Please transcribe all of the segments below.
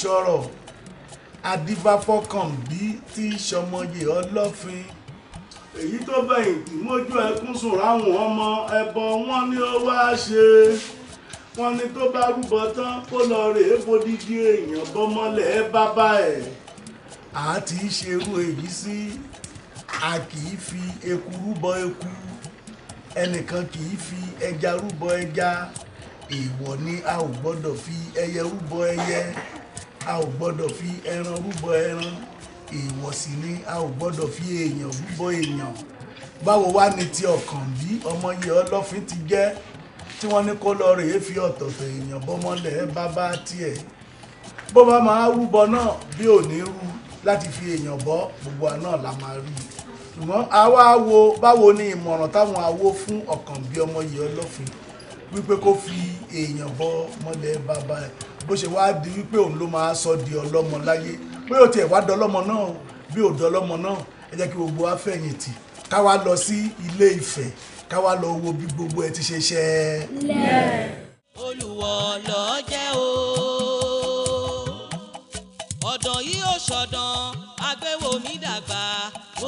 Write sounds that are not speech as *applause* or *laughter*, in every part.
sọ̀rọ̀ adífáfọ́kànbí tí sọmọye ọlọ́fin èyí tó fẹ̀yìntì mójú ẹkún sùn ráhùn ọmọ ẹbọ wọn ni ó wá ṣe wọn ni tó bá rúbọ tán kó lọ rèé bodidi èèyàn bọmọlẹ bàbá ẹ àá ti ṣerú èyí sí a kì í fi eku rúbọ eku ẹnìkan kì í fi ẹja rúbọ ẹja èèwọ̀ ni a ò gbọ́dọ̀ fi ẹyẹ rúbọ ẹyẹ a ò gbọ́dọ̀ fi ẹran rúbọ ẹran èèwọ̀ sì ni a ò gbọ́dọ̀ fi èèyàn rúbọ èèyàn báwo wá ni ti ọ̀kàn bí ọmọ yìí ọlọ́fin ti jẹ́ tí wọ́n ní kó lọ rèé fi ọ̀tọ̀ọ̀tọ̀ èèyàn bọ́mọlẹ̀ bábá tiẹ̀ bó bá máa rúbọ náà bí ò ní rú láti fi èèyàn bọ́ gbogbo náà la máa rí ṣùgbọ́n àwa wo báwo ni ìmọ̀ràn táwọn awo fún ọ̀kàn bí ọmọ yìí ọlọ́fin wípé kó fi èèyàn bọ́ mọ́lẹ̀ bábá ẹ̀ bó ṣe wá di wípé òun ló máa sọ di ọlọ́mọ láyé pé ó tiẹ̀ wá dọlọ́mọ náà bí ò dọlọ́mọ náà ẹ jẹ́ kí gbogbo wa fẹ̀yìntì ká wá lọ sí ilé Ifẹ̀ ká wá lọ wo bí gbogbo ẹ ti ṣe ṣẹ. Olùwọ̀ lọ jẹ́ o ọ̀dọ̀ yìí ò ṣọ̀dàn agbéwò mi dàgbà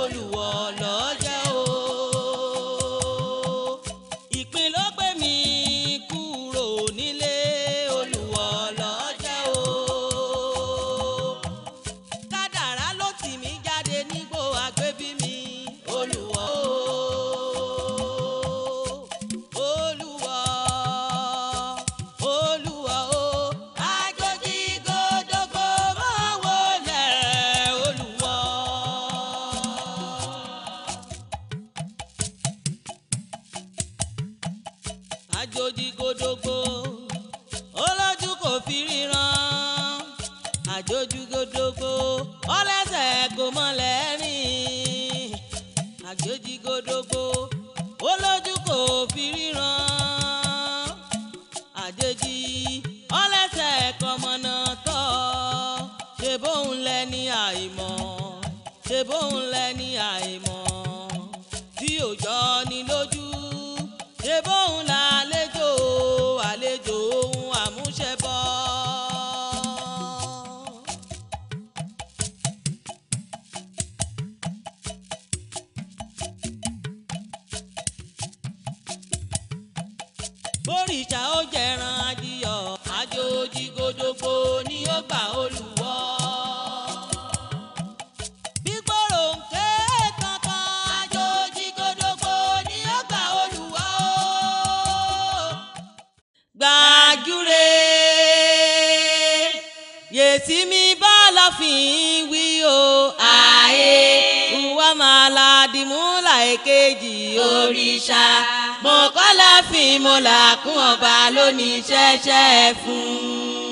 Olùwọ̀ lọ jẹ́ o. òdògbò ni ó gbà olùwọ́. gbàjúre yèsí mi bá láfin wí o àyè ìwà máa la dìmú làìkejì òrìṣà mọ̀kọ́ láfin ọba lónìí ṣẹ́ṣẹ́ fún un.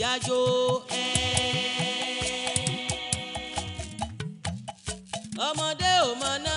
ìyájó ẹ. ọmọdé ò mọ náà.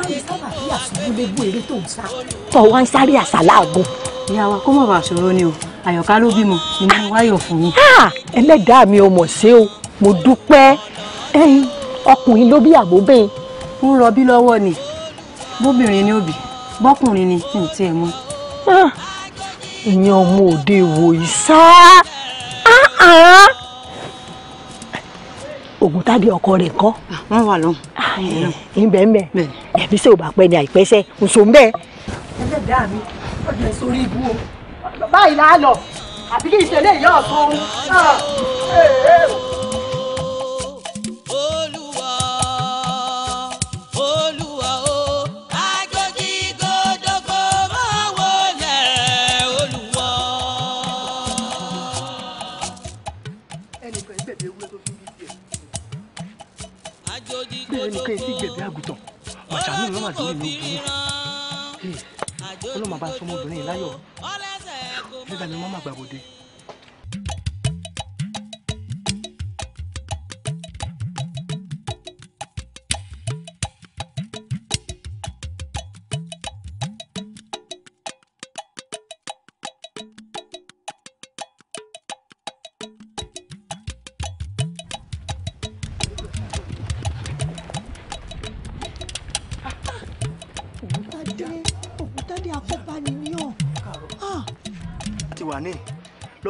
lè sábà bí àṣùgbọ́n gbogbo èrè tó ń sá. tọ̀ wá ń sáré àṣà láàgùn. ìyá wa kó má bàa ṣòro ni o àyọ̀ká ló bímọ inú wáyọ̀ fún mi. Ah, ẹlẹ́dàá mi ò mọ̀ ṣe o mo dúpẹ́ ọkùnrin ló bí àgbóbìn. ń rọbí lọ́wọ́ ni bóbìnrin ni òbí bọ́kùnrin ni tí ò tiẹ̀ mú. ìyẹn ah, ọmọ òde wò yìí sáá. Ah, ògùn tàbí ọkọ rẹ̀ ńkọ́. Ah, wọ́n wà lọ. ìbẹ̀ ah, eh, ń bẹ̀ ẹ̀bí sè bá pẹ́ ni àìpẹ́sẹ̀ oṣù ń bẹ̀. ẹlẹ́dàá mi ọjọ́ ìsorí ibú o báyìí là lọ àbí kí ìṣẹ̀lẹ̀ yọ̀ ọ̀tún. àgùntàn màṣàánú ló máa dúró ìlú òkú ọlọ́mọba sọmọbìnrin láyọ̀ nígbà ni wọ́n máa gbàgbọ́dé.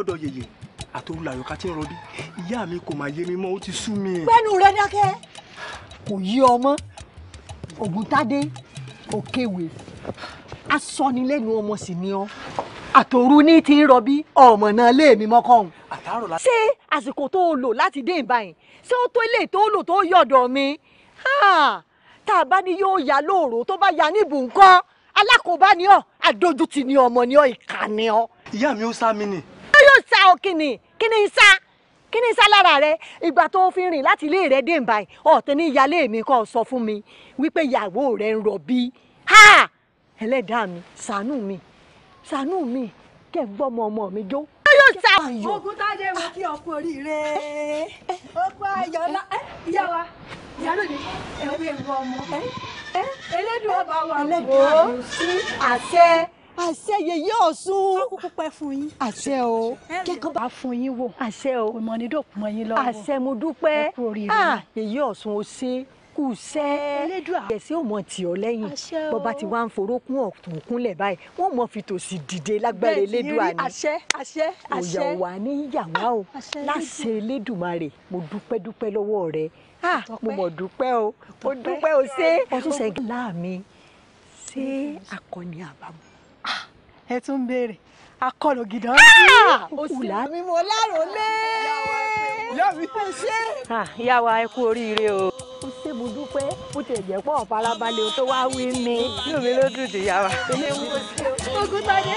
lọ́dọ̀ yèyè àtòrú làyọ̀ká tí ń rọbí ìyá mi kò máa yé mi mọ́ ó ti sú mi. gbẹ́nu rẹ dákẹ́ kò yí ọmọ ògùntàdé òkèwé asọ́nilẹ́nu ọmọ sì ni ọ́ àtòrú ní ti ń rọbí ọmọ náà lé mi mọ́kàn. ṣé àsìkò tó o lò láti dé ìbáyìí ṣé ó tó ilé tó o lò tó o yọ̀dọ̀ mi tá a bá ní yóò yá lóòrò tó bá yá níbù ńkọ́ alákòóbá ni ọ́ àdójútì ni ọmọ ni ọ́ ìkà ọ́. ìyá mi ó sá mi nì ń sa òkìní kí ni ń sa lára rẹ ìgbà tó fi rìn láti ilé rẹ dé báyìí ọ̀tẹ ní ìyálé mi kọ́ sọ fún mi wípé ìyàwó rẹ ń rọbí ha ẹlẹ́dàá mi ṣàánú mi ṣàánú mi kẹ́ ń ọmọ ọmọ mi jó yóò ta ayọ̀. ogun tájẹ́ wo kí ọkú oríire ọkú ayọ̀ ńlá ìyá wa ìyá lóde ẹ̀wé ìwọ ọmọ elédùn ọba wa wò ó sí àṣẹ àṣẹ yèyé ọ̀sùn. kúkú pẹ́ fún yín. àṣẹ o. kẹ́kọ̀ọ́ bá fún yín wò. àṣẹ o. kò mọ ní dòkun mọ yín lọ́wọ́. àṣẹ mo dúpẹ́. ẹ kú oríire. o ṣe kù sẹ́. elédùà. ẹ̀sìn ò mọ tì lẹ́yìn. o. bọ́ba ti wá ń forókún ọ̀tún kúnlẹ̀ báyìí wọ́n mọ fi tòsì dìde lágbára elédùà ni. àṣẹ àṣẹ àṣẹ. òyà wà ní yàwá o. láṣẹ elédùmarè mo dúpẹ́ dúpẹ́ lọ́wọ́ rẹ. mo mọ̀ dúpẹ́ o. mo dúpẹ́ o ṣé. ọtún sẹ́yìn láàmì ṣé akọni àbábọ̀ ẹ tún ń béèrè akọlù gidi ọ̀hún. mi ah! mo láròlé. ìyá mi ẹ ṣe. ìyá wa ẹ kú oríire o. ó ṣe mo dúpẹ́ ó ti jẹ́ pọ̀ farabalẹ̀ tó wá wí mi. inú mi ló dùn dé ìyá wa. ogun tọ́jú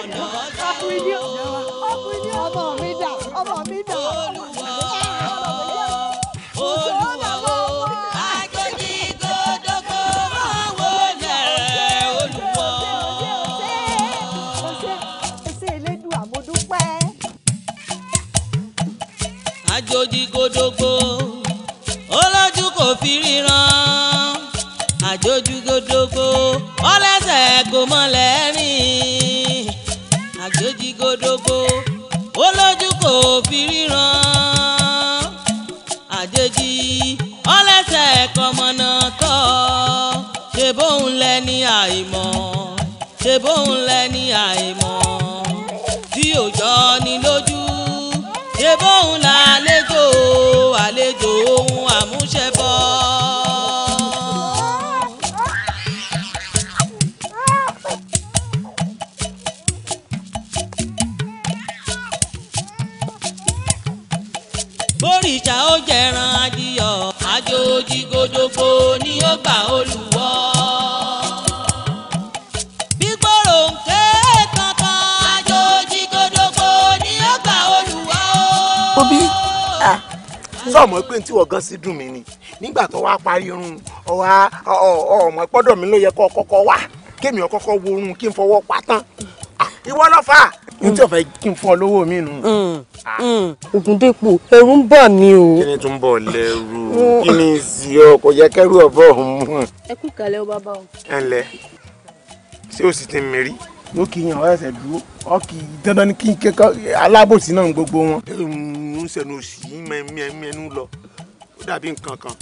ọkùnrin ni ọmọ mi dà ọmọ mi dà. Go. pé tí wọ́n gan sí dùn mí ni nígbà tó wá parí irun ọ̀wá ọ̀mọ̀ pọ́dọ̀ mi ló yẹ kó kọ́kọ́ wà kémi ọ̀kọ́kọ́ wo irun kí n fọwọ́ pa tán ìwọ lọ́fà ní tí o fẹ́ kí n fún ọ lówó mi nù. Ògúndépò mm, mm, mm. ẹ̀rù ń bà mí o. kí ni tún bọ̀ lẹ́rù kí ni sì ọ yẹ kẹ́rù ọ̀bọ̀ ọ̀hún. ẹ kú kalẹ̀ ó bàbá o. ẹ ǹlẹ́ ṣé o sì ti mẹ́rí ló kì í yan ọ̀rẹ́ ẹ̀sẹ̀ dúró ọkì dandan ni kí n kẹ́kọ̀ọ́ alábòsí náà gbogbo wọn. ń sẹ́nu òsì yín mẹ́mí lọ ó dàbí nǹkan kan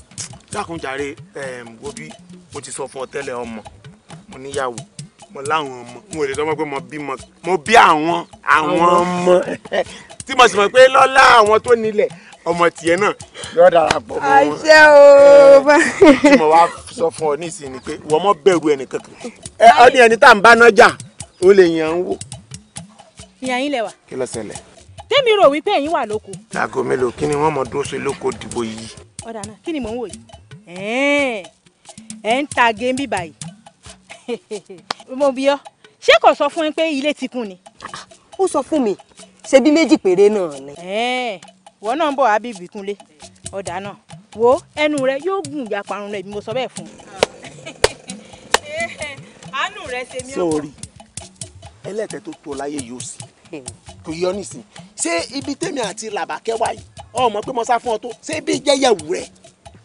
dákunjàre ehm, wo bí mo ti sọ fún ọ tẹ́lẹ̀ ọmọ mo níyàwó mo láwọn ọmọ mo lè sọ pé mo bímọ mo bí àwọn àwọn ọmọ *laughs* tí mo sì mọ̀ pé lọ́lá àwọn tó nílẹ̀ ọmọ tiẹ̀ náà yóò darapọ̀ mọ́ wọn. àṣẹ o. Ehm, tí mo wá sọ fún ọ nísìnyí pé wọ́n mọ̀ bẹ̀rù ẹnìkan kan ẹ ọ ní ẹni tá à ń bá nájà ó lè yàn án wò. ìyá yín lẹ́wà. kí ló ṣẹlẹ̀. tèmi rò wípé ẹ̀yin wà lóko. aago mélòó kí ni wọ́n mọ̀ dúró lóko dìbò yìí ọ̀dà náà kí ni mò ń wò yìí ẹ̀ ń ta géńbì báyìí *laughs* mo bí ọ ṣé kò sọ fún yín pé ilé ti kún ni. ó sọ fún mi ṣe bí méjì péré náà ni. wọ́n náà ń bọ̀ ábí ìbíkúnlé ọ̀dà náà wo ẹnu rẹ yóò gùn ìyá parun rẹ bí mo sọ bẹ́ẹ̀ fún un. *laughs* àánú rẹ ṣe mí ọkọ. sórí ẹlẹ́tẹ̀ẹ́ tó tó láyé yóò sí kò yọ nísìn ṣé ibi tèmi àti làbàkẹ́ wáyìí ọmọ pé mo sá fún ọ tó ṣé bí jẹ́yẹ̀wò rẹ̀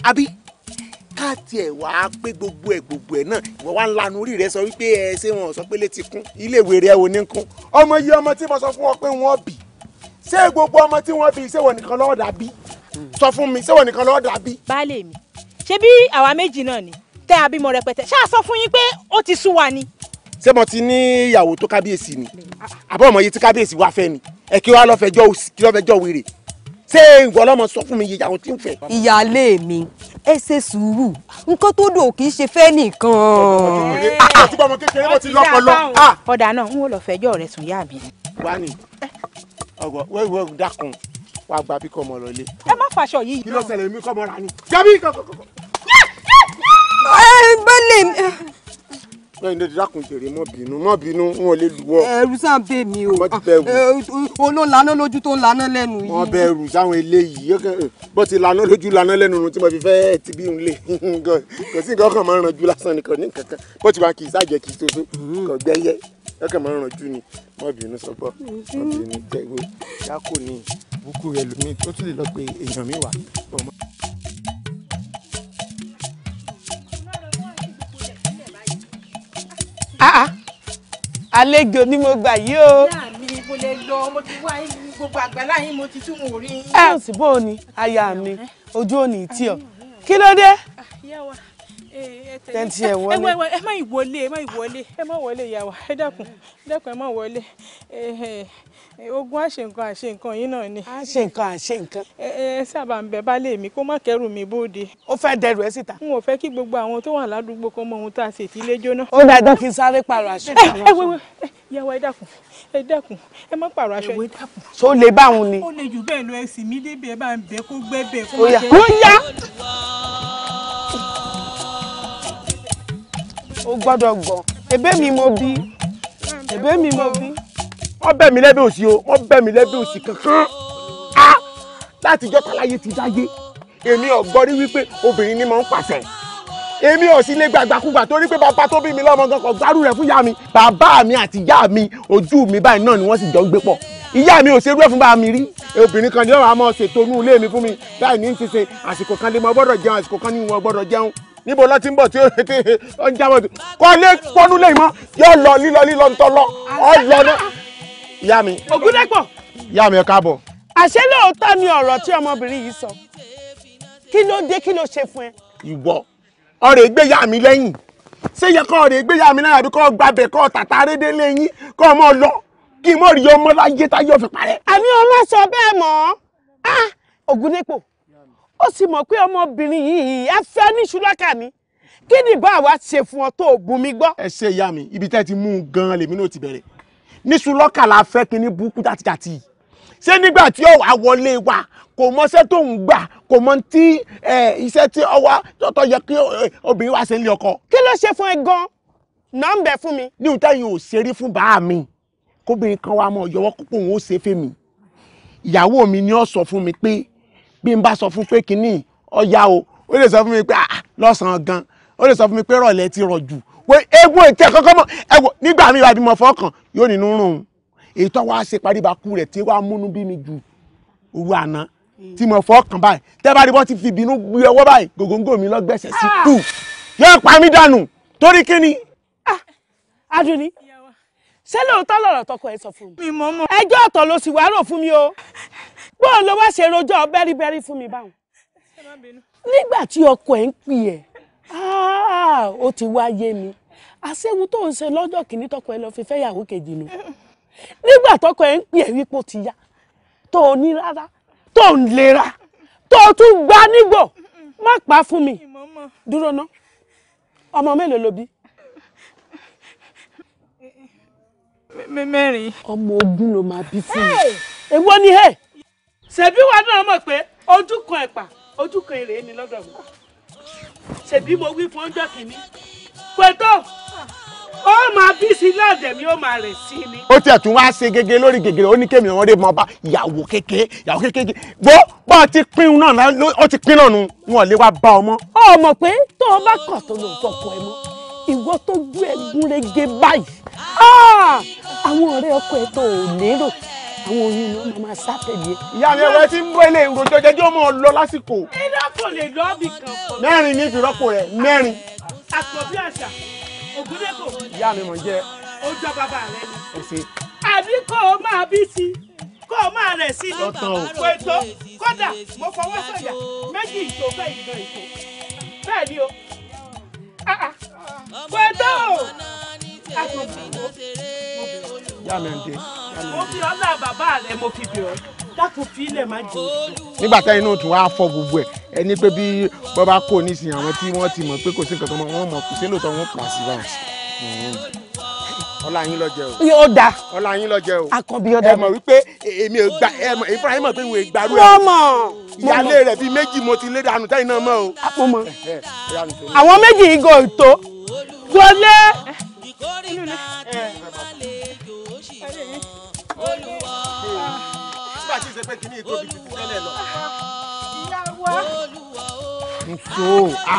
àbí káàtì ẹ̀ wá pé gbogbo ẹ̀ gbogbo ẹ̀ náà ìwọ wá ń lanu orí rẹ sọ wípé ẹ ṣé wọn sọ pé létí kún iléèwé rẹ ò ní kún ọmọ yìí ọmọ tí mo sọ fún ọ pé wọ́n bì ṣé gbogbo ọmọ tí wọ́n bì ṣé wọ́n nìkan lọ́wọ́ dàbí sọ fún mi ṣé wọ́n nìkan lọ́wọ́ dàbí. baálé mi ṣé bí àwa méjì náà ni tẹ́ a bímọ rẹpẹtẹ ṣáà sọ fún yín pé ó ti sú wa ni. ṣé mo ti ní ìyàwó tó kábíyèsí ni àbọ̀ ọmọ yìí tí kábíyèsí wá fẹ́ ni ẹ kí wàá lọ́ọ́ fẹjọ́ wèrè ṣé ìwọ lọ́mọ sọ fún mi ìyàwó tí ń fẹ́. ìyáálé mi ẹ ṣe sùúrù nǹkan tó dò kì í ṣe fẹ́ nìkan. Ah, ah, àtúbọ̀ ọmọ kékeré bó ti lọ́pọlọ. Ah. ọ̀dà náà n ò lọ fẹjọ́ rẹ̀ sùn yá mi. wá ní ọgọ wẹ́wẹ́ dákun wàá gba bí kò mọ̀ lọ́lé. ẹ má fàṣọ yìí. kí ló ṣẹlẹ̀ mi kọ́ mọ́ra ni. jábí kọ́kọ́kọ́. bẹ́ẹ̀ ni lẹ́yìn lè dákun jèrè mọ́ bínú mọ́ bínú wọn lè lù ọ́. ẹrù sàn bẹ mi o ah, eh, olóńlaná lójú tó ń laná lẹ́nu yìí. wọn bẹ̀rù sáwọn eléyìí eh, bó ti laná lójú laná lẹ́nu tí mo fi fẹ́ ti bí n lè *laughs* kò sí nǹkan kan máa ń ranjú lásán nìkan ní kankan bó ti wá kì í sáàjẹ kì í soso mm-hmm. kò gbẹ́yẹ kankan máa ń ranjú ni mọ́ bínú sọ́gbọ́ mọ́ mm-hmm. bínú jẹ́wọ́ yá kò ní rẹ lómi tó tún lè lọ pé èèyàn mi wà. Ah, ah. àlejò ni mo gbà yìí o. mi mo lè lọ mo ti wá gbogbo àgbàlá yín mo ti tún wò rí. Eh, ò sì bó o ní aya mi ojú ò ní tí ọ kí ló dé. Ah, tẹ́ntì ẹ̀ wọlé. ẹ má ìwọlé ẹ má ìwọlé ẹ má wọlé ìyá wa ẹ dákun ẹ dákun ẹ má wọlé ogun àṣe nǹkan àṣe nǹkan yìí náà ni. àṣe nǹkan àṣe ẹ ẹ sábà ń bẹ baálé mi kó má kẹrù mi bóde. ó fẹ́ dẹrù ẹ síta. n ò fẹ́ kí gbogbo àwọn tó wà ládùúgbò kan mọ ohun tá a ṣe ti ilé jóná. ó dá idán kí n sáré pààrọ̀ aṣọ. ẹ ẹ wẹ́wẹ́ ìyàwó ẹ dákun ẹ dákun ẹ má pààrọ̀ aṣọ ẹ dákun. tó lè bá òun ni. ó lè jù bẹ́ẹ̀ lọ ẹ̀sìn mi débi ẹ bá ń bẹ kó gbẹ́ bẹ́ẹ̀ kó má mi mo wọ́n bẹ̀ mí lẹ́bi òsì o wọ́n bẹ̀ mí lẹ́bi òsì kankan á láti jọ́ táláyé ti dáyé èmi ọ̀gbọ́rí wípé obìnrin ni mò ń pàṣẹ èmi ò sí lè gbàgbàkúgbà torí pé bàbá tó bí mi lọ́mọ gan kan gbárù rẹ̀ fún ìyá mi bàbá mi àti ìyá mi ojú mi báyìí náà ni wọ́n sì jọ ń gbé pọ̀ ìyá mi ò ṣerú ẹ̀ fún bá mi rí obìnrin kan ní ọ̀rọ̀ àmọ́ ṣètò inú ilé mi fún mi báyìí ní ṣiṣe àsìkò kan lè mọ gbọ́dọ̀ jẹun àsìkò kan ní wọn gbọ́dọ̀ jẹun níbo lọ ti ń bọ̀ tí ó ń jábọ̀ kọ́ lé pọ́nú lè mọ́ yóò lọ lílọ lílọ ń tọ́ lọ ọ lọ náà ìyá mi. ògúndẹ́pọ̀. ìyá mi ẹ káàbọ̀. àṣé lóòótọ́ ni ọ̀rọ̀ tí ọmọbìnrin yìí sọ kí ló dé kí ló ṣe fún ẹ. ìwọ ọ̀rẹ́ ìgbéyà mi lẹ́yìn ṣé yẹ kọ́ ọ̀rẹ́ ìgbéyà mi náà àbí kọ́ gbàbẹ̀ kọ́ tàtà rédé lẹ́yìn kọ́ ọmọ lọ kí mọ̀ rí ọmọ láyé tá yóò fi parẹ́. àní ọmọ sọ bẹ́ẹ̀ mọ́ ah, ògúndẹ́pọ̀ ó sì mọ̀ pé ọmọbìnrin yìí afẹ́ ní ṣúlákà ni kí ni bá wa ṣe fún ọ tó bùnmi gbọ́. ẹ ṣe ìyá mi ibi tẹ́ ti mú un gan-an lèmi náà ti bẹ̀rẹ̀ níṣu lọ́kà la fẹ́ kí ní burúkú jàtijàti ṣé nígbà tí ó wá wọlé wa kò mọṣẹ́ tó ń gbà kò mọ tí iṣẹ́ tí ọwá tọ́tọ́ yẹ kí obìnrin wá ṣe ń lé ọkọ. kí ló ṣe fún ẹ gan nọ́ńbẹ fún mi. ní ìta yìí ò ṣeré fún bàá mi kóbìnrin kan wá mọ yọwọ́ púpọ̀ òun ó ṣe fẹ́ mi ìyàwó mi ni ó sọ fún mi pé bí n bá sọ fún pé kinní ọ̀yá o ó lè sọ fún mi pé ah, lọ́sàn-án gan ó lè sọ fún mi pé rọ̀lẹ́ ti rọ̀ jù eégún ètè kọ́kọ́ mọ̀ ẹ wò nígbà mi ìwà ìbímọ fọ́kàn yóò nínú rùn èyí tó wá ṣe paríbakú rẹ̀ tí wàá múnú bí mi ju òru àná tí mo fọ́kàn báyìí tẹ́ bá rí wọ́n ti fi ìbínú gbé ọwọ́ báyìí gògóńgò mi lọ́gbẹ̀sẹ̀ sí tù yóò pa mí dànù torí kí ni. Ah, Adùnní ṣé lóòótọ́ lọ̀rọ̀ tọkọ ẹ sọ fún mi ẹjọ́ ọ̀tọ̀ ló sì wá rò fún mi o bóun ló wá ṣe rojọ́ bẹ́rìbẹ́rì fún mi báwọn nígbà tí ọkọ ẹ ń pè ẹ́ ó ti wá yé mi àṣewu tó ń ṣe lọ́jọ́ kìíní tọkọ ẹ lọ fi fẹ́ yàwó kejì nù nígbà tọkọ ẹ ń pè é wípé ó ti yá tó o ní rárá tó ń lera tó o tún gbá nígbò má pa fún mi dúró ná ọmọ mélòó lo bí. mẹ́rin. ọmọ ogún ló máa bí fún mi èwo ni ẹ. ṣebí wa náà mọ̀ pé ojú kan ẹ̀pà ojú kan èrè ni lọ́dọ̀ mi ṣèbí mo wí fún ọjọ́ kìíní pẹ̀tọ́ ó máa bí sí láàdẹ̀ mi ó máa rẹ̀ sí ni. ó tiẹ̀ tún wá ṣe gègé lórí gègé ó ní kémi ọ̀rọ̀ rẹ̀ mọ́ bá ìyàwó kékeré ìyàwó kékeré gbọ́ bá ti pín náà ó ti pín náà nu wọn lè wá bá ọ mọ́. ọ mọ̀ pé tó o bá kàn tó lóun tọkọ ẹ mọ́ ìwọ tó gbé ẹgún báyìí ah! àwọn ọ̀rẹ́ ọkọ ẹ tó ò lérò àwọn oyin ni wọ́n máa sá tẹ̀lé. ìyá mi ẹwẹ́ tí ń bọ́ ilé ìròjọ́ jẹjọ́ mọ́ ọ lọ lásìkò. iná kò lè lọ́ọ̀bì kan. mẹ́rin ní ìfirọ́pò rẹ̀ mẹ́rin. àkọ́bí àṣà ògúndẹ́kọ̀. ìyá mi mọ̀ jẹ́. ó jọ bàbá rẹ ni. ẹ ṣe. àbí kó o máa bí sí kó o máa rẹ̀ sí ni. ọ̀tàn o. kò ètò kódà mo fọwọ́ sọ̀yà méjì ìtò bẹ́ẹ̀ ìgbọ̀n ìtò bẹ́ẹ̀ ni o. Ah, ah. kò ètò o yàmẹ̀ǹde. mo fi ọlá bàbá rẹ mo fi bẹ̀ dákun fi ilẹ̀ má jẹ. nígbà tá inú tún wá fọ gbogbo ẹ ẹni pé bí wọn bá kó nísìnyí àwọn tí wọn ti mọ pé kò sí nǹkan kan wọn mọ kò sí lóòótọ́ wọn pa sí báyìí. Hmm. ọlá yín ló jẹ o. yóò da ọlá yín ló jẹ o. àkànbí ọ̀dà mi. ẹ mọ̀ wípé e, èmi ò gba ẹ mọ̀ Ibrahim pé ìwé ìgbàlú ẹ. mo mọ̀. ìyáálé rẹ̀ bíi méjì mo ti lé dànù tẹ́yìn náà mọ́ o. àpò ah, mọ àwọn méjì yìí gò tó gọlé. Eh, olùwọ́ nígbà tí ìṣe pé kí ní ìtòbi ti tẹ́lẹ̀ lọ. ìyàwó olùwọ́ nso a.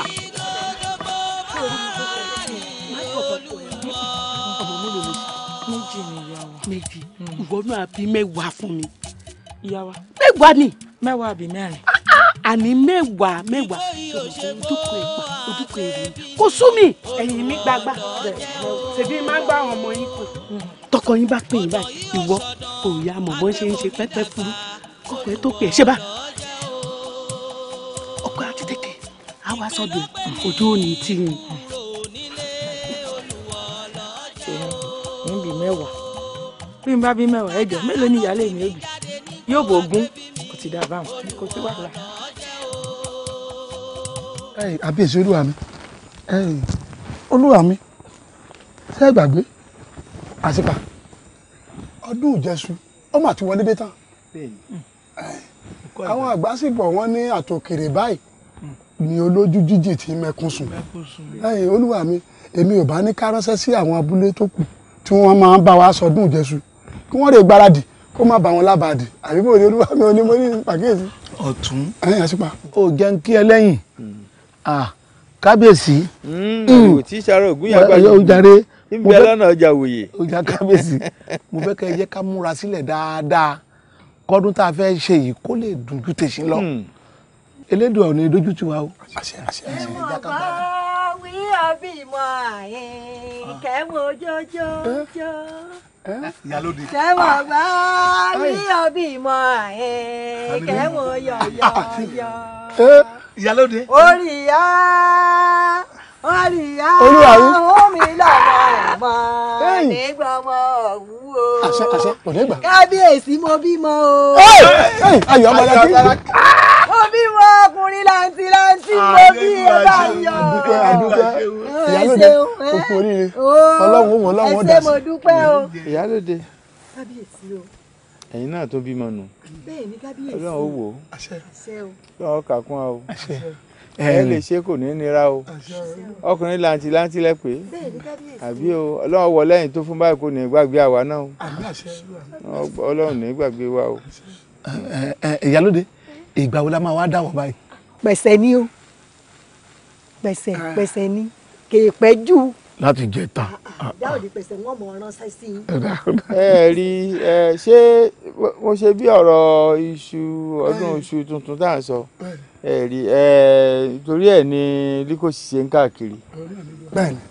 méjì ni ìyá wa. méjì ìwọ náà bí mẹ́wàá fún mi. ìyá wa. mẹ́wàá ni. mẹ́wàá àbí mẹ́rin. àní mẹ́wàá mẹ́wàá ojúkọ ẹ̀pà ojúkọ èrè kò sú mi. ẹ̀yìn mi gbagba ṣèbí má gbà àwọn ọmọ yín kù tọkọ yín bá pè yín báyìí ìwọ òòyà àmọ̀ bọ́n ṣe ń ṣe pẹ́pẹ́ fún ọkọ ẹ tó pè é ṣe bá ọkọ àti tẹ̀kẹ̀ á wá sọ́dọ̀ ojú òní tì yín. níbi mẹ́wàá bí n bá bí mẹ́wàá ẹ̀jọ̀ mélòó ni ìyáálé mi òbí yóò bò gún kò ti dà báwọn kò sí wàhálà. àbí èsì olúwa mi olúwa mi ṣé ẹ gbàgbé àsìkà ọdún ìjẹsù ó mà ti wọlé dé tán àwọn àgbàsìpọ̀ wọn ní àtòkèrè báyìí ni olójú jíjì ti mẹkún sùn ẹyìn olúwa mi èmi ò bá ní ká ránṣẹ́ sí àwọn abúlé tó kù tí wọ́n máa ń bá wa sọdún ìjẹsù kí wọ́n lè gbáradì kó má bà wọn lábàdì àbí bò ní olúwa mi ò ní mo ní pàkíyèsí. ọ̀tún ẹyìn àsìpà. o jẹun kí ẹ lẹ́yìn hmm. ah, kábíyèsí. o ti ṣàrò ògùn yàgbá yìí nbẹ lọ́nà ọjà wòye. ọjà kábíyèsí mo fẹ́ kẹ́ ẹ jẹ́ ká múra sílẹ̀ dáadáa kọ́dún tá a fẹ́ ṣe yìí kó lè dùn ju tèṣí lọ hmm. elédùn ọ̀nà ìdójú wa o. àṣẹ àṣẹ àṣẹ ìjà kan bá wí ọbìmọ àyìn ah. kẹwọ ojoojoojo. Eh? Eh? ìyálóde. kẹwọ ah. bá wí ọbìmọ àyìn kẹwọ yọyọyọ. ìyálóde. orí ya olùyà omi lọ́mọ ọ̀mọ́ nígbà ọmọ òwú o. àṣẹ àṣẹ ọ̀lẹ́gbà. kábíyèsí mo bímọ o. ayọ̀ ọmọdé kí. mo bímọ ọkùnrin làǹtí làǹtí mo bí ọba yọ. àdúpẹ́ àdúpẹ́ ìyálòde òkú oríire ọlọ́run òun ọlọ́run ọ̀dà sí. ẹsẹ̀ mo dúpẹ́ o. ìyálòde. kábíyèsí o. ẹ̀yin náà tó bímọ nù. bẹ́ẹ̀ ni kábíyèsí. ọlọ́run ó wò ó. àṣẹ o. lọ́ọ́ kàkún wa o. àṣẹ ẹ lè ṣe kò ní nira o ọkùnrin làǹtí làǹtí lẹ pé àbí o ọlọ́run wọ lẹ́yìn tó fún báyìí kò ní gbàgbé àwa náà o ọlọ́run ní gbàgbé wa o. ìyálóde ìgbà wo la máa wá dáwọ̀ báyìí. pẹ̀sẹ̀ ni o pẹ̀sẹ̀ ah. pẹ̀sẹ̀ ni kèèpẹ́ jù láti jẹta. ìyá òde pèsè wọn mọ ọ̀ràn sẹsì. ẹ rí ẹ ṣé mo ṣe bí ọ̀rọ̀ iṣu ọdún iṣu tuntun tá à ń sọ ẹ rí ẹ torí ẹ ní líkò ṣiṣẹ́ ń káàkiri. bẹ́ẹ̀ni.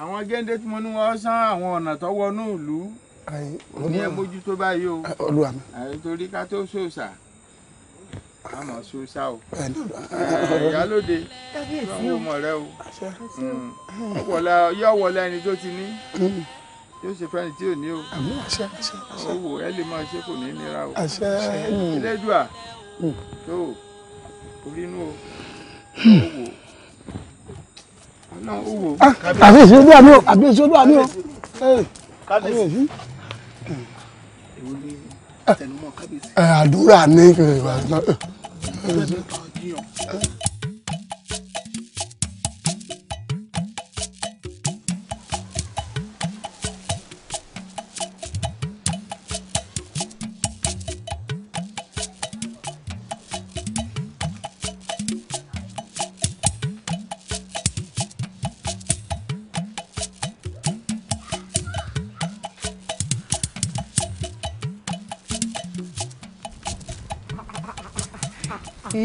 àwọn géńdé tí mo ní wọn sán àwọn ọ̀nà tó wọnú ìlú ní ẹ mójútó báyìí o. torí ká tó ṣòṣà àmọ́ sóṣà o ìyálòde ìwọ ọmọ rẹ o ọpọlọ mm. yóò wọlé ẹni tó ti ní mm. yóò ṣe fẹ́ni tí ò ní o owó ẹ lè máa ṣe kò ní nira o ilédùà mm. tó orínú o owó ọ̀nà owó. àbíyèsí ah, olúwa ni o àbíyèsí olúwa ni o. kábíyèsí. èwo ni àdúrà ní ìgbà náà.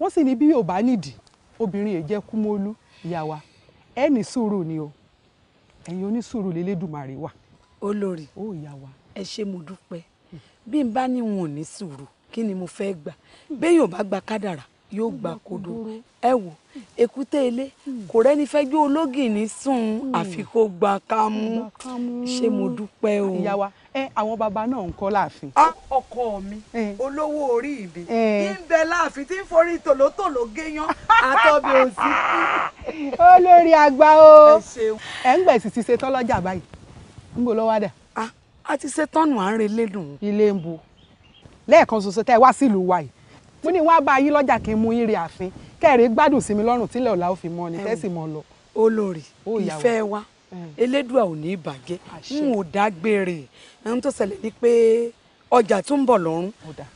wọ́n sì ní bí yóò bá nídìí obìnrin yìí jẹ́ kúmólú ìyá wa ẹ ní sùúrù ni o ẹ̀yin onísùúrù lélẹ́dùmarè wà. olórí ó ìyá wa. ẹ ṣe mo dúpẹ́ bí n bá ní n ò ní sùúrù kí ni mo fẹ́ gbà bẹ́ẹ̀ yóò bá gba kádàrà yóò gbà kodo ẹ wò èkúté ilé hmm. kò rẹ́ni fẹ́ gbé ológì ní sùn hmm. àfi kó gba kámú ṣé mo dúpẹ́ o. ìyá wa ẹ àwọn baba náà ń kọ́ láàfin. ọkọ mi olówó orí ibi ń bẹ láàfin tí ń forí tòlótòló géyán àtọ́bi òsì. *laughs* olórí àgbà o ẹ ń gbèsè ti ṣe tọ́lọ́jà báyìí ń bò lọ́wọ́ dà. a ti ṣe tọ́nù à ń relé dùn. ilé ń bo lẹ́ẹ̀kan ṣoṣo tẹ́ ẹ wá sílùú wa yìí mo ní wá bá yí lọ́jà kí n mú yín àfin kẹ́ẹ̀rẹ́ gbádùn sí mi lọ́rùn tílẹ̀ ọ̀la ó fi mọ́ ni tẹ́sí mọ́ lọ. olórí ìfẹ́ wa elédùà ò ní ìbàjẹ́ n ò dágbére ohun tó ṣẹlẹ̀ ni pé ọjà tó bọ̀ lọ́rùn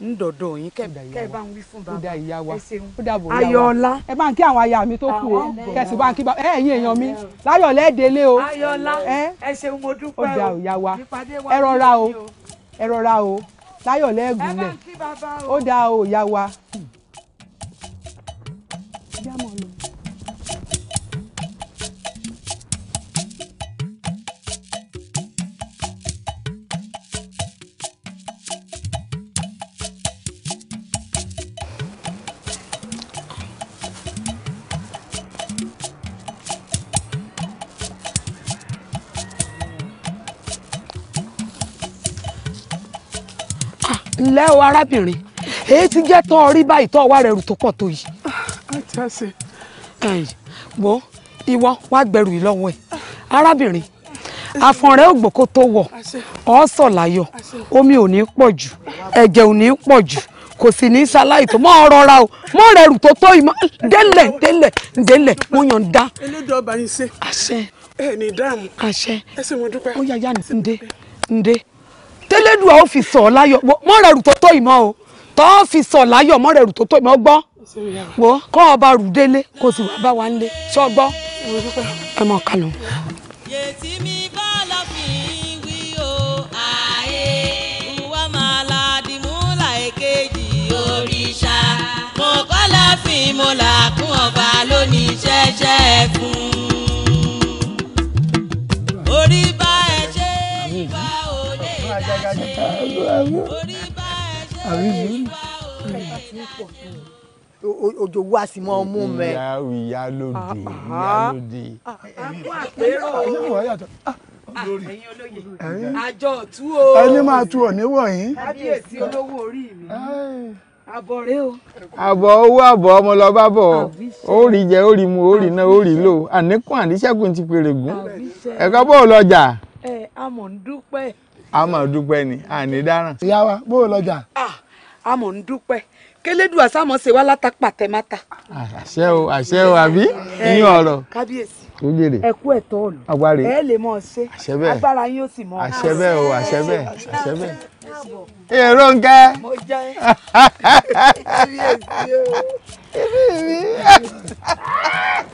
ń dọ̀dọ̀ yín kẹ́ẹ̀ bá ń wí fún bàbá ẹ ṣeun táyọ̀ lẹ́gùn lẹ̀ ó dáa o ìyá wa. ǹlẹ́ o arábìnrin èyí ti jẹ́ tán orí báyìí tán ọwá rẹ̀ rù tó pọ̀ tó yìí. àtàṣe. wo ìwọ wàá gbẹrù yìí lọ́wọ́ ẹ̀ arábìnrin àfọ̀nrẹ́ ògbókó tó wọ̀ ọ́ sọ̀ láyọ̀ omi ò ní pọ̀ jù ẹ̀jẹ̀ ò ní pọ̀ jù kò sì ní ṣaláì tó mọ́ rọra o mọ́ rẹ̀ rù tó tó ìmọ̀ délẹ̀ délẹ̀ délẹ̀ mo yàn dá. elédò ọba yìí ṣe. àṣẹ. ẹ ní dáàmú. àṣẹ. ẹ sì mo dúpẹ́. ó yà yà ní ndé ndé tẹ́lẹ̀dùn àwọn fi sọ̀ láyọ̀ mọ́rẹ̀rù tó tó ìmọ̀ o tọ́ fi sọ̀ láyọ̀ mọ́rẹ̀rù tó tó ìmọ̀ gbọ́ wò kọ́ ọba rù délé kó sì wá bá wa ń lé ṣọ́ ẹ mọ̀ ká mo kọ́ la fi mo là kún ọba lónìí ṣẹ́ṣẹ́ fún un. àmì àmì mi ojo wa si mọ mú mẹ. ìyá ìyá di, ìyá lòdì. àpò ah, ah. àpérò ah, ẹ̀yin olóye àjọ òtú o. ẹni máa tu òní wọ̀nyí. kábíyèsí olówó orí mi àbọ̀ rẹ o. àbọ̀ owó àbọ̀ ọmọ lọ bá bọ̀ ó rí jẹ ó rí mu ó rí ná ó rí lò àníkún àníṣẹ́gun ti pèrè gún ẹ̀ka bọ́ọ̀lù ọjà. ẹ amọ̀ ń dúpẹ́ a máa dúpẹ́ ni àní dáràn. ìyá wa bó o lọjà. a mọ̀ ń dúpẹ́ kélédùn àsámọ̀ ṣe wá látàpàtẹ́mátà. àṣẹ o àṣẹ o àbí ní ọ̀rọ̀. kábíyèsí tó jèrè ẹ kú ẹ̀tọ́ ọ̀lù agbárí ẹ lè mọ̀ ṣe agbára yín ó sì mọ̀ àṣẹ bẹ́ẹ̀ o àṣẹ bẹ́ẹ̀ àṣẹ bẹ́ẹ̀. èrò ń kẹ́. mo jẹ́ kábíyèsí o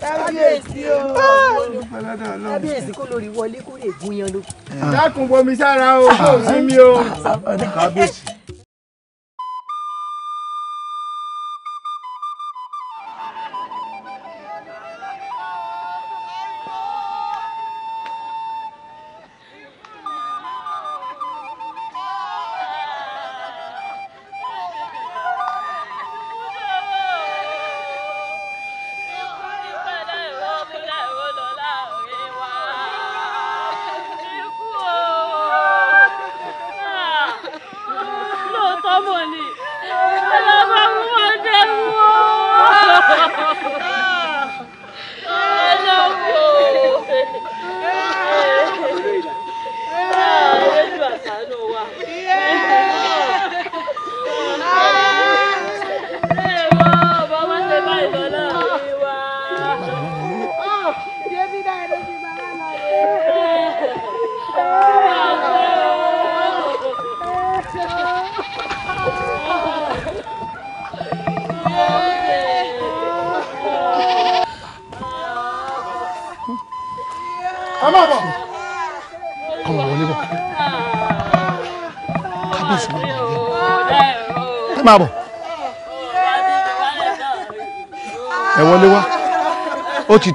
kábíyèsí o kábíyèsí kó lórí wọlé kó lè gún yan ló. dákun bomi sára o kó o sí o.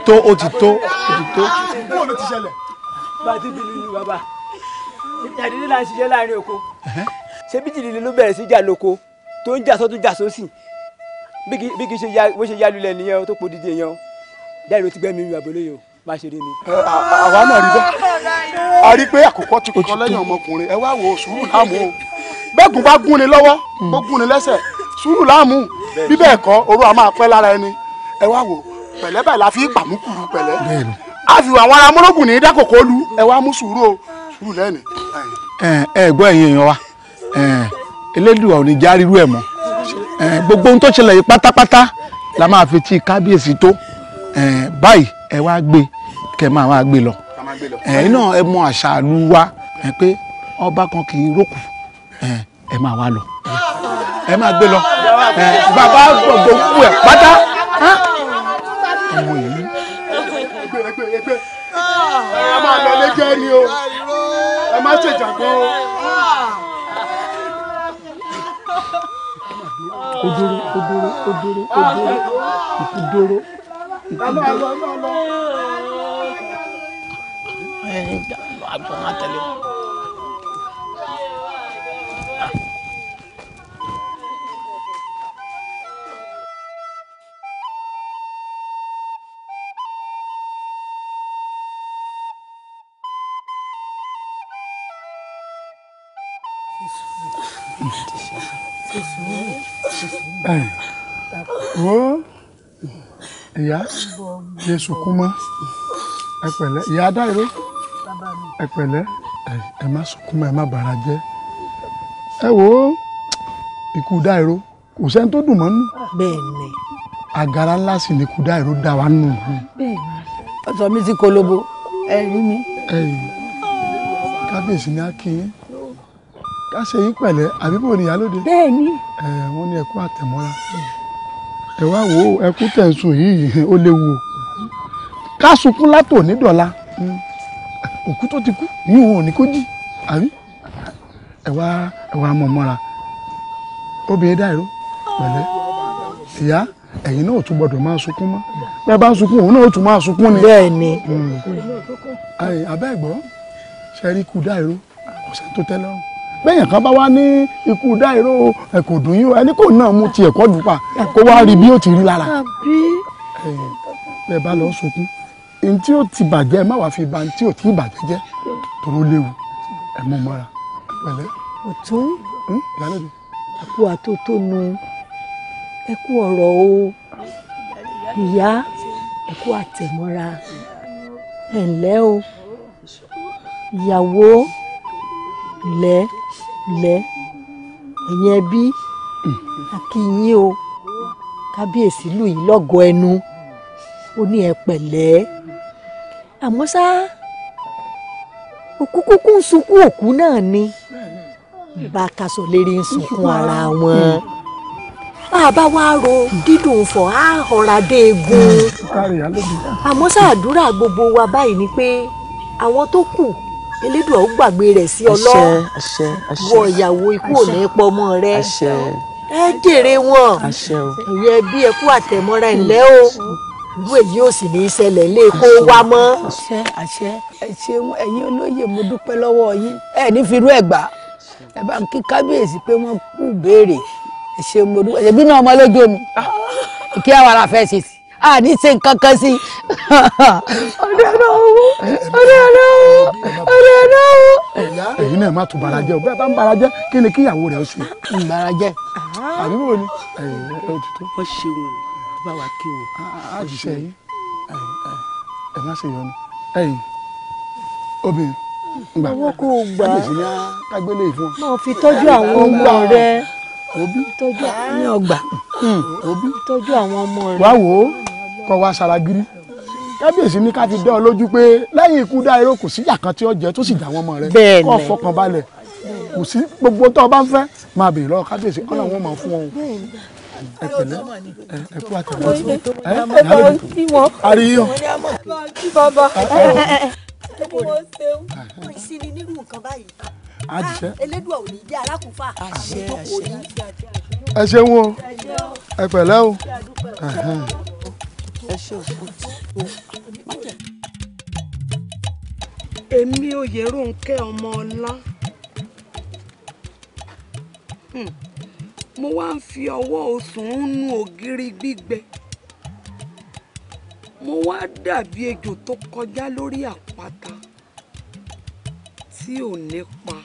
tó ó ti tó ó ti tó. bó ló ti ṣẹlẹ̀. bàtí bí lulu bàbá àdéhùn là ń ṣiṣẹ́ láàrin oko ṣé bíjìlì ló bẹ̀rẹ̀ sí jà lóko tó ń jà sọ́tún jà sósì bí kì í ṣe ya bó ṣe ya lulẹ̀ nìyẹn tó pọ̀ dídì yẹn dáìrò ti gbẹ́mí mi àbólóyè o má ṣe rí mi. àwa náà rí bẹ́ẹ̀ a rí pé àkókò ti kọ́ lẹ́yìn ọmọkùnrin ẹ wá wo sùúrù láàmú o bẹ́ẹ̀gùn bá gún ni lọ́wọ́ hmm. ó gún ni lẹ́sẹ̀ sùúrù láàmú bí bẹ́ẹ̀ kọ́ oró a máa pẹ́ lára ẹni ẹ wá wo pẹ̀lẹ́ báyìí la fi pàmùkùrù pẹ̀lẹ́ a fi àwọn ará mọ́lọ́gùn ní dákòkò lu ẹ wá mú sùúrù o sùúrù lẹ́nu. ẹ ẹ gbọ́ ẹ̀yin èèyàn wa elédùn ò ní já rírú ẹ̀ mọ́ gbogbo ohun tó ṣẹlẹ̀ yìí pátápátá la máa fi ti kábíyèsí tó báyìí ẹ wá gbé kẹ máa wá gbé lọ ẹ̀yin náà ẹ mọ àṣà lu wa pé ọba kan kì í rókù ẹ máa wá lọ ẹ máa gbé lọ bàbá gbogbo ẹ pátá ọmọ yìí ẹgbẹ́ ẹgbẹ́ ẹgbẹ́ ah. ẹ máa lọ lẹ́jẹ́ ni o ẹ má ṣèjàgbọ́n o. odoro odoro odoro odoro ìkúdoro ìkúdoro. ẹ ẹ àbùsọ̀ máa tẹ̀lé wọn. wo ìyá yéṣu kú mọ́ ẹ pẹ̀lẹ́ ìyá adáìró ẹ pẹ̀lẹ́ ẹ má sunkún mọ́ ẹ má bara jẹ́ ẹ wo ikú dáìró kò sẹ́ni tó dùn mọ́ nù. bẹ́ẹ̀ni. àgàrà ńlá sì ni ikú dáìró dá wa nù. bẹ́ẹ̀ni ọ̀sán mi ti kolobo ẹ̀rí mi. ẹ̀yìn kábíyèsí ni a kì í. ká ṣe yín pẹ̀lẹ́ àbíbò ní ìyálóde. bẹ́ẹ̀ni. ẹ wọn ní ẹkú àtẹmọ́ra ẹ wá wo ẹkú tẹ̀sùn yìí ó léwu ká sunkún látò nídọ̀la òkú tó ti ní kó jí àbí ẹ wá ẹ wá obìnrin dáìró pẹ̀lẹ́ ìyá ẹ̀yin náà tún máa sunkún mọ́ bẹ́ẹ̀ bá ń sunkún òun náà tún máa sunkún ni. bẹ́yàn kan bá wá ní ikú dáìró ẹ dùn yín o ẹni kò náà mu tiẹ̀ kọ́ dùn pa kó wá rí bí ó ti rí lára. bẹ́ẹ̀ bá lọ sunkún ní tí ó ti bàjẹ́ má wàá fi ba ní tí ó ti bàjẹ́ jẹ́ tóró léwu ẹ mú mọ́ra pẹ̀lẹ́. ọ̀tún àpò hm? àtótónu ẹ kú ọ̀rọ̀ o ìyá ẹ àtẹ̀mọ́ra ẹ ǹlẹ́ o ìyàwó ǹlẹ́ lẹ́ ẹ̀yin ẹbí hmm. akínyìn o kábíyèsí lù yìí lọ́gọ̀ọ́ ẹnu ó ní ẹ pẹ̀lẹ́ àmọ́ ṣá òkú kúkú ń sunkún òkú náà ni bá a kaṣọ lérí ń sunkún ara wọn hmm. bá a ro dídùn fọ á ọ̀rá dé egun hmm. àmọ́ ṣá gbogbo wa báyìí ni pé àwọn tó kù elédùn ó gbàgbé rẹ̀ sí ọlọ́run wọ ìyàwó ikú ò ní pọ ọmọ rẹ ẹ jèrè wọn ẹyẹ bí ẹ kú àtẹ̀mọ́ra ẹ̀ lẹ́ o ìlú èyí ò sì ní í ṣẹlẹ̀ lé kó wá mọ́. àṣẹ àṣẹ ẹ ṣeun ẹ̀yin olóyè mo dúpẹ́ lọ́wọ́ yín ẹ ní fi irú ẹ̀ gbà ẹ bá ń kí kábíyèsí pé wọ́n kú béèrè ẹ ṣeun mo dúpẹ́ ṣe bí náà ọmọ lójú omi kí àwọn ará fẹ́ ṣe sí i àní ṣe nǹkan kan sí i. *laughs* ọ̀dọ́ náà ọ̀rẹ́ ọ̀rẹ́ o ọ̀rẹ́ ọ̀rẹ́ o. èyí náà má tún bara jẹ́ o bẹ́ẹ̀ bá ń bara jẹ́ kí ni kíyàwó rẹ̀ ṣe. ń bara jẹ́. Ah. àbí wo ni. wọ́n ṣe wọn bá wa kí wọn. a ti ṣe yín ẹ má ṣe yọnu ẹ̀yin obìnrin gbà owó kò gbà á kágbélé ìfún. náà fi tọ́jú àwọn ọmọ rẹ Obi. tọ́jú àwọn ọgbà òbí hmm, tọ́jú àwọn ọmọ rẹ. wá wò ó kọ́ wa ṣara gírí kábíyèsí ní ká ti dá ọ lójú pé lẹ́yìn ikú dá irọ́ kò sí ìyà kan tí ó jẹ tó sì dá wọn rẹ kó fọkàn balẹ̀ kò sí gbogbo tó o bá ń fẹ́ máa bèèrè lọ́wọ́ kábíyèsí ọ̀nà wọn máa fún ọ ẹ pẹ̀lẹ́ ẹ kú àtẹlẹ ẹ ẹ bá bí wọn. àríyàn. bàbá kí ni mo ṣeun kò ah, sí ẹ ṣeun o ẹ pẹ̀lẹ́ o ẹ ṣe òkú èmi Oyèrónkẹ́ ọmọ ọlá hmm. mo wá ń fi ọwọ́ osùn ń nu ògiri gbígbẹ mo wá dàbí ejò tó kọjá lórí àpáta tí ò nípa